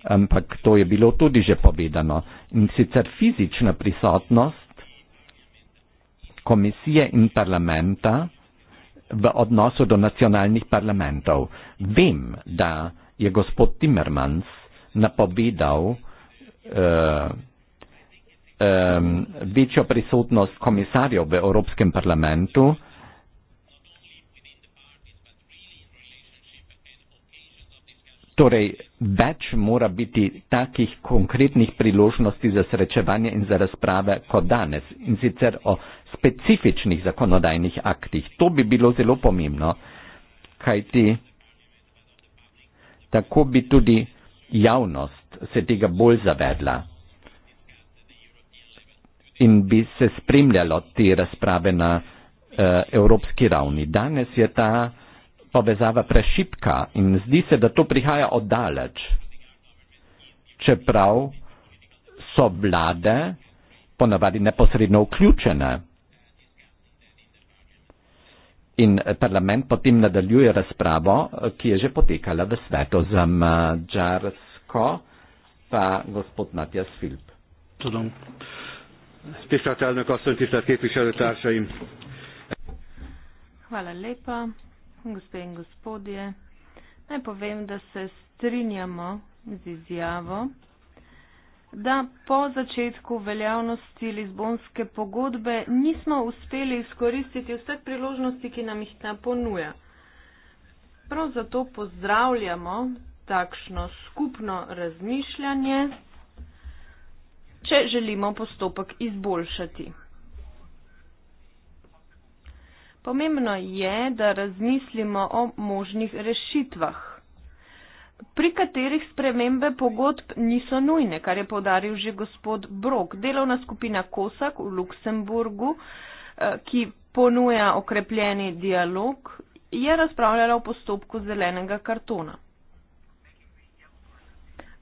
ampak to je bilo tudi že povedano, in sicer fizična prisotnost komisije in parlamenta v odnosu do nacionalnih parlamentov. Vem, da je gospod Timmermans napovedal uh, um, večjo prisotnost komisarjev v Evropskem parlamentu, Torej, več mora biti takih konkretnih priložnosti za srečevanje in za razprave kot danes in sicer o specifičnih zakonodajnih aktih. To bi bilo zelo pomembno, kajti tako bi tudi javnost se tega bolj zavedla in bi se spremljalo te razprave na uh, evropski ravni. Danes je ta povezava prešipka in zdi se, da to prihaja oddaleč. Čeprav so vlade ponavadi neposredno vključene. In parlament potem nadaljuje razpravo, ki je že potekala v svetu za Mačarsko, pa gospod Matjas Filip. Tudom. Tisratelnik, osem tisrat, ki piše, da je ta še jim. Hvala lepa gospe in gospodje. Naj povem, da se strinjamo z izjavo, da po začetku veljavnosti Lizbonske pogodbe nismo uspeli izkoristiti vseh priložnosti, ki nam jih ta ponuja. Prav zato pozdravljamo takšno skupno razmišljanje, če želimo postopek izboljšati. Pomembno je, da razmislimo o možnih rešitvah, pri katerih spremembe pogodb niso nujne, kar je povdaril že gospod Brok. Delovna skupina Kosak v Luksemburgu, eh, ki ponuja okrepljeni dialog, je razpravljala o postopku zelenega kartona.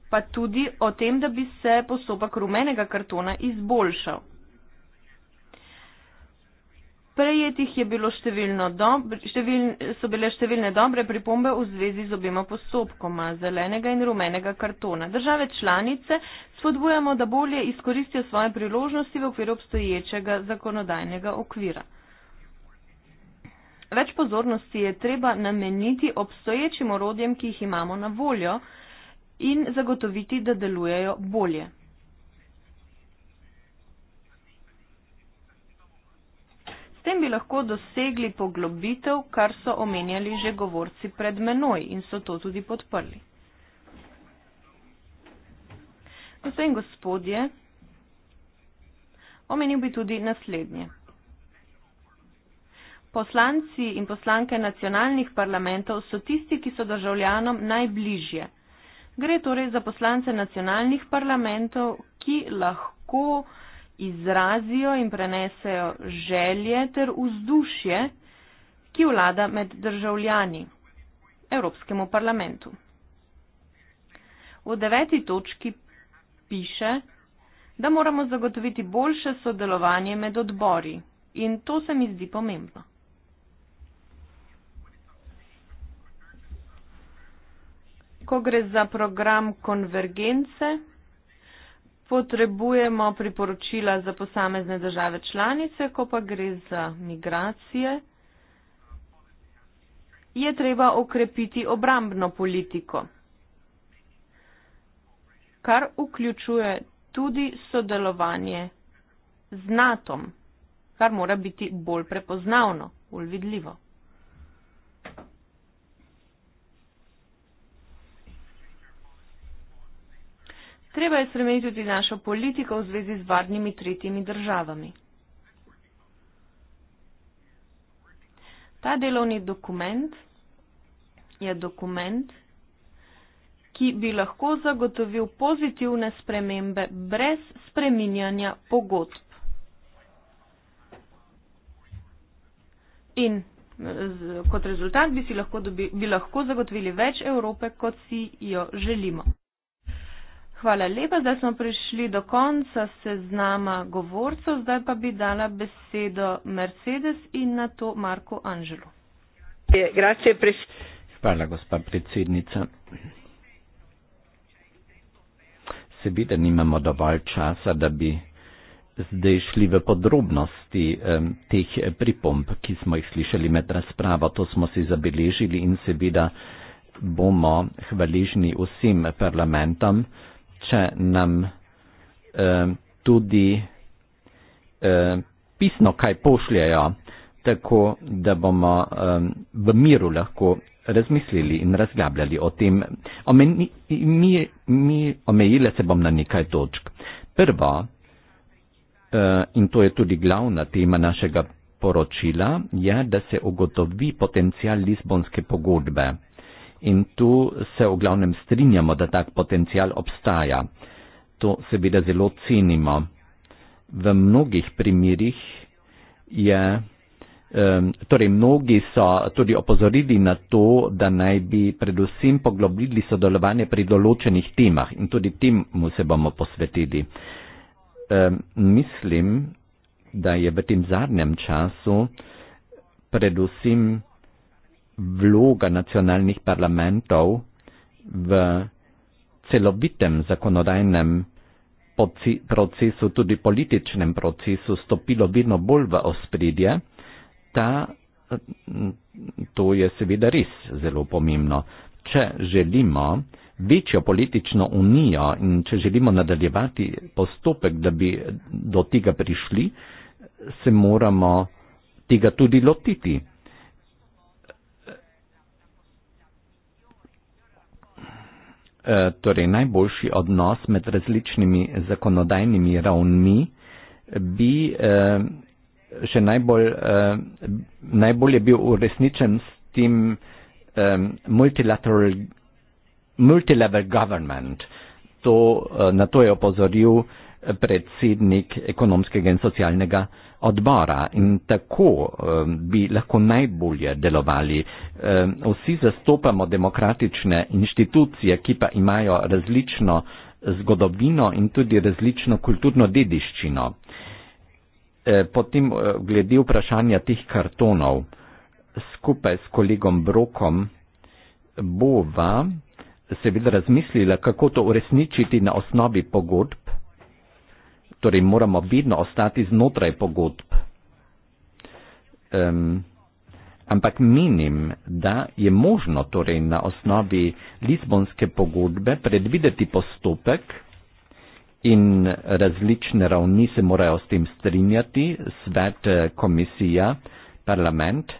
Pa tudi o tem, da bi se postopek rumenega kartona izboljšal. Prejetih je bilo številno dobro, števil, so bile številne dobre pripombe v zvezi z obima postopkoma, zelenega in rumenega kartona. Države članice spodbujamo, da bolje izkoristijo svoje priložnosti v okviru obstoječega zakonodajnega okvira. Več pozornosti je treba nameniti obstoječim orodjem, ki jih imamo na voljo in zagotoviti, da delujejo bolje. tem bi lahko dosegli poglobitev, kar so omenjali že govorci pred menoj in so to tudi podprli. Gospod in gospodje, omenil bi tudi naslednje. Poslanci in poslanke nacionalnih parlamentov so tisti, ki so državljanom najbližje. Gre torej za poslance nacionalnih parlamentov, ki lahko izrazijo in prenesejo želje ter vzdušje, ki vlada med državljani Evropskemu parlamentu. V deveti točki piše, da moramo zagotoviti boljše sodelovanje med odbori in to se mi zdi pomembno. Ko gre za program konvergence, potrebujemo priporočila za posamezne države članice, ko pa gre za migracije, je treba okrepiti obrambno politiko, kar vključuje tudi sodelovanje z NATO, kar mora biti bolj prepoznavno, bolj vidljivo. Treba je spremeniti tudi našo politiko v zvezi z varnimi tretjimi državami. Ta delovni dokument je dokument, ki bi lahko zagotovil pozitivne spremembe brez spreminjanja pogodb. In z, kot rezultat bi, si lahko dobi, bi lahko zagotovili več Evrope, kot si jo želimo. Hvala lepa, da smo prišli do konca seznama govorcev. Zdaj pa bi dala besedo Mercedes in na to Marku Anželu. Hvala, gospa predsednica. Seveda nimamo dovolj časa, da bi zdaj šli v podrobnosti um, teh eh, pripomb, ki smo jih slišali med razpravo. To smo si zabeležili in seveda bomo hvaležni vsem parlamentom, omogoča nam eh, tudi eh, pisno, kaj pošljajo, tako da bomo eh, v miru lahko razmislili in razglabljali o tem. Omeni, mi, mi omejile se bom na nekaj točk. Prvo, eh, in to je tudi glavna tema našega poročila, je, da se ugotovi potencial Lizbonske pogodbe. In tu se v glavnem strinjamo, da tak potencial obstaja. To seveda zelo cenimo. V mnogih primerjih je, torej mnogi so tudi opozorili na to, da naj bi predvsem poglobili sodelovanje pri določenih temah in tudi temu se bomo posvetili. Mislim, da je v tem zadnjem času predvsem vloga nacionalnih parlamentov v celovitem zakonodajnem procesu, tudi političnem procesu, stopilo vedno bolj v ospredje, ta, to je seveda res zelo pomembno. Če želimo večjo politično unijo in če želimo nadaljevati postopek, da bi do tega prišli, se moramo tega tudi lotiti. Eh, torej najboljši odnos med različnimi zakonodajnimi ravnmi, bi eh, še najbolj, eh, najbolje bil uresničen s tem multilateral, multilevel government. To, na to je opozoril predsednik ekonomskega in socialnega odbora in tako eh, bi lahko najbolje delovali. Eh, vsi zastopamo demokratične inštitucije, ki pa imajo različno zgodovino in tudi različno kulturno dediščino. Eh, potem glede vprašanja teh kartonov, skupaj s kolegom Brokom bova seveda razmislila, kako to uresničiti na osnovi pogodb, torej moramo vedno ostati znotraj pogodb. Um, ampak menim, da je možno torej na osnovi Lizbonske pogodbe predvideti postopek in različne ravni se morajo s tem strinjati, svet, eh, komisija, parlament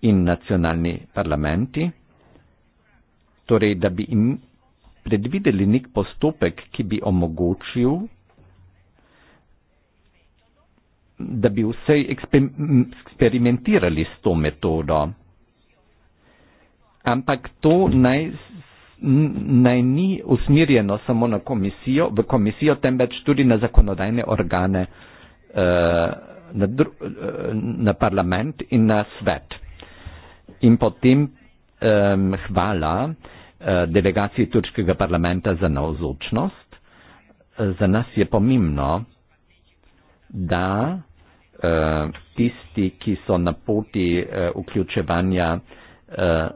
in nacionalni parlamenti. Torej, da bi im predvideli nek postopek, ki bi omogočil da bi vsej eksperimentirali s to metodo. Ampak to naj, naj ni usmirjeno samo na komisijo, v komisijo, temveč tudi na zakonodajne organe, eh, na, dru, eh, na parlament in na svet. In potem um, hvala eh, delegaciji turškega parlamenta za navzočnost. Za nas je pomembno, da Eh, tisti, ki so na poti eh, vključevanja eh,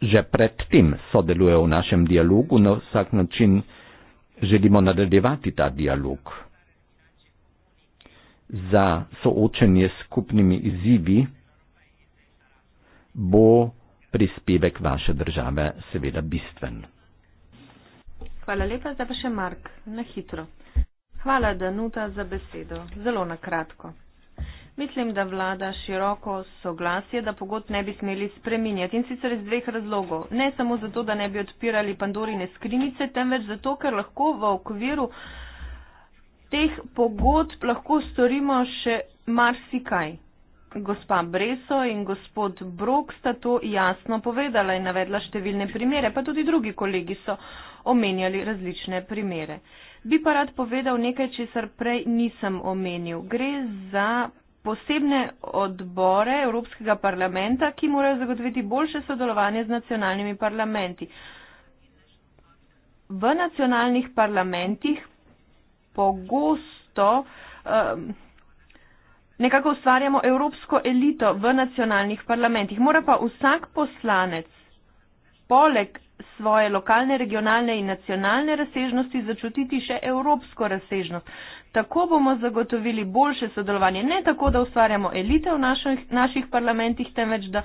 že predtem sodelujo v našem dialogu, na vsak način želimo nadaljevati ta dialog za soočenje s skupnimi izzivi bo prispevek vaše države seveda bistven. Hvala lepa, zdaj pa še Mark, na hitro. Hvala, Danuta, za besedo. Zelo nakratko. Mislim, da vlada široko soglasje, da pogod ne bi smeli spreminjati in sicer iz dveh razlogov. Ne samo zato, da ne bi odpirali pandorine skrinice, temveč zato, ker lahko v okviru teh pogod lahko storimo še marsikaj. Gospa Breso in gospod Brok sta to jasno povedala in navedla številne primere, pa tudi drugi kolegi so omenjali različne primere. Bi pa rad povedal nekaj, česar prej nisem omenil. Gre za posebne odbore Evropskega parlamenta, ki morajo zagotoviti boljše sodelovanje z nacionalnimi parlamenti. V nacionalnih parlamentih pogosto um, nekako ustvarjamo evropsko elito v nacionalnih parlamentih. Mora pa vsak poslanec poleg svoje lokalne, regionalne in nacionalne razsežnosti začutiti še evropsko razsežnost. Tako bomo zagotovili boljše sodelovanje, ne tako, da ustvarjamo elite v naših, naših parlamentih, temveč da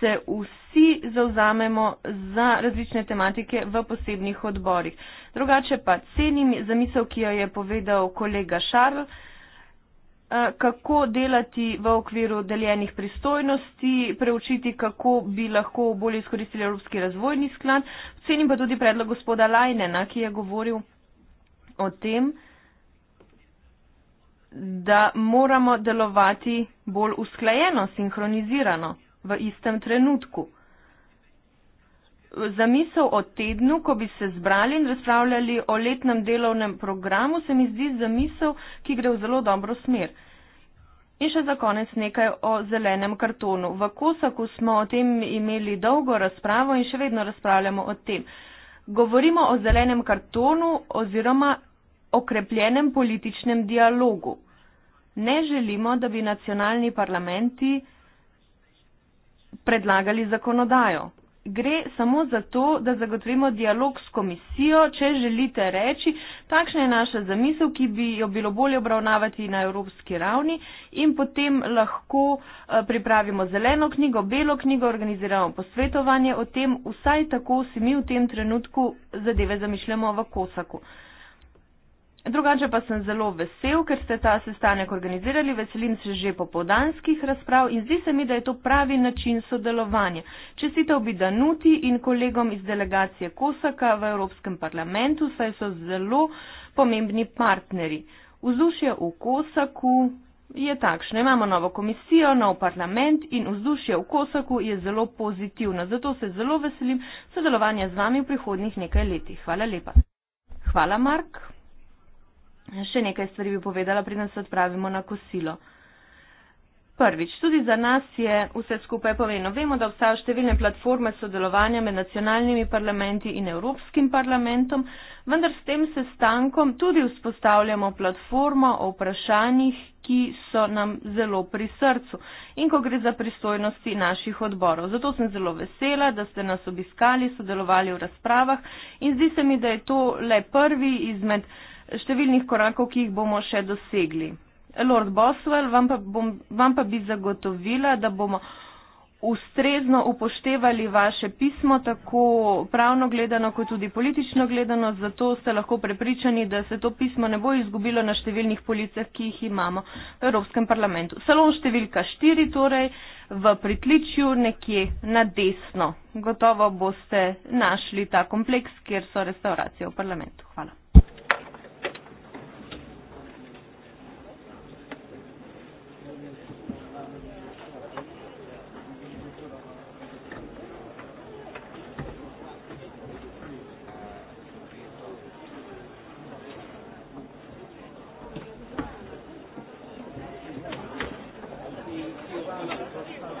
se vsi zauzamemo za različne tematike v posebnih odborih. Drugače pa cenim zamisel, ki jo je povedal kolega Šarl. Eh, kako delati v okviru deljenih pristojnosti, preučiti, kako bi lahko bolje izkoristili Evropski razvojni sklad. Cenim pa tudi predlog gospoda Lajnena, ki je govoril o tem, da moramo delovati bolj usklajeno, sinhronizirano v istem trenutku zamisel o tednu, ko bi se zbrali in razpravljali o letnem delovnem programu, se mi zdi zamisel, ki gre v zelo dobro smer. In še za konec nekaj o zelenem kartonu. V Kosaku smo o tem imeli dolgo razpravo in še vedno razpravljamo o tem. Govorimo o zelenem kartonu oziroma okrepljenem političnem dialogu. Ne želimo, da bi nacionalni parlamenti predlagali zakonodajo gre samo za to, da zagotovimo dialog s komisijo, če želite reči, takšna je naša zamisel, ki bi jo bilo bolje obravnavati na evropski ravni in potem lahko eh, pripravimo zeleno knjigo, belo knjigo, organiziramo posvetovanje o tem, vsaj tako si mi v tem trenutku zadeve zamišljamo v Kosaku. Drugače pa sem zelo vesel, ker ste ta sestanek organizirali, veselim se že popovdanskih razprav in zdi se mi, da je to pravi način sodelovanja. Čestitev bi Danuti in kolegom iz delegacije Kosaka v Evropskem parlamentu, saj so zelo pomembni partneri. Vzdušje v Kosaku je takšno, imamo novo komisijo, nov parlament in vzdušje v Kosaku je zelo pozitivno, zato se zelo veselim sodelovanja z vami v prihodnih nekaj letih. Hvala lepa. Hvala, Mark še nekaj stvari bi povedala, preden se odpravimo na kosilo. Prvič, tudi za nas je vse skupaj povedano. Vemo, da obstajajo številne platforme sodelovanja med nacionalnimi parlamenti in Evropskim parlamentom, vendar s tem sestankom tudi vzpostavljamo platformo o vprašanjih, ki so nam zelo pri srcu in ko gre za pristojnosti naših odborov. Zato sem zelo vesela, da ste nas obiskali, sodelovali v razpravah in zdi se mi, da je to le prvi izmed številnih korakov, ki jih bomo še dosegli. Lord Boswell, vam pa, bom, vam pa bi zagotovila, da bomo ustrezno upoštevali vaše pismo, tako pravno gledano, kot tudi politično gledano, zato ste lahko prepričani, da se to pismo ne bo izgubilo na številnih policah, ki jih imamo v Evropskem parlamentu. Salon številka 4, torej v pritličju nekje na desno. Gotovo boste našli ta kompleks, kjer so restauracije v parlamentu.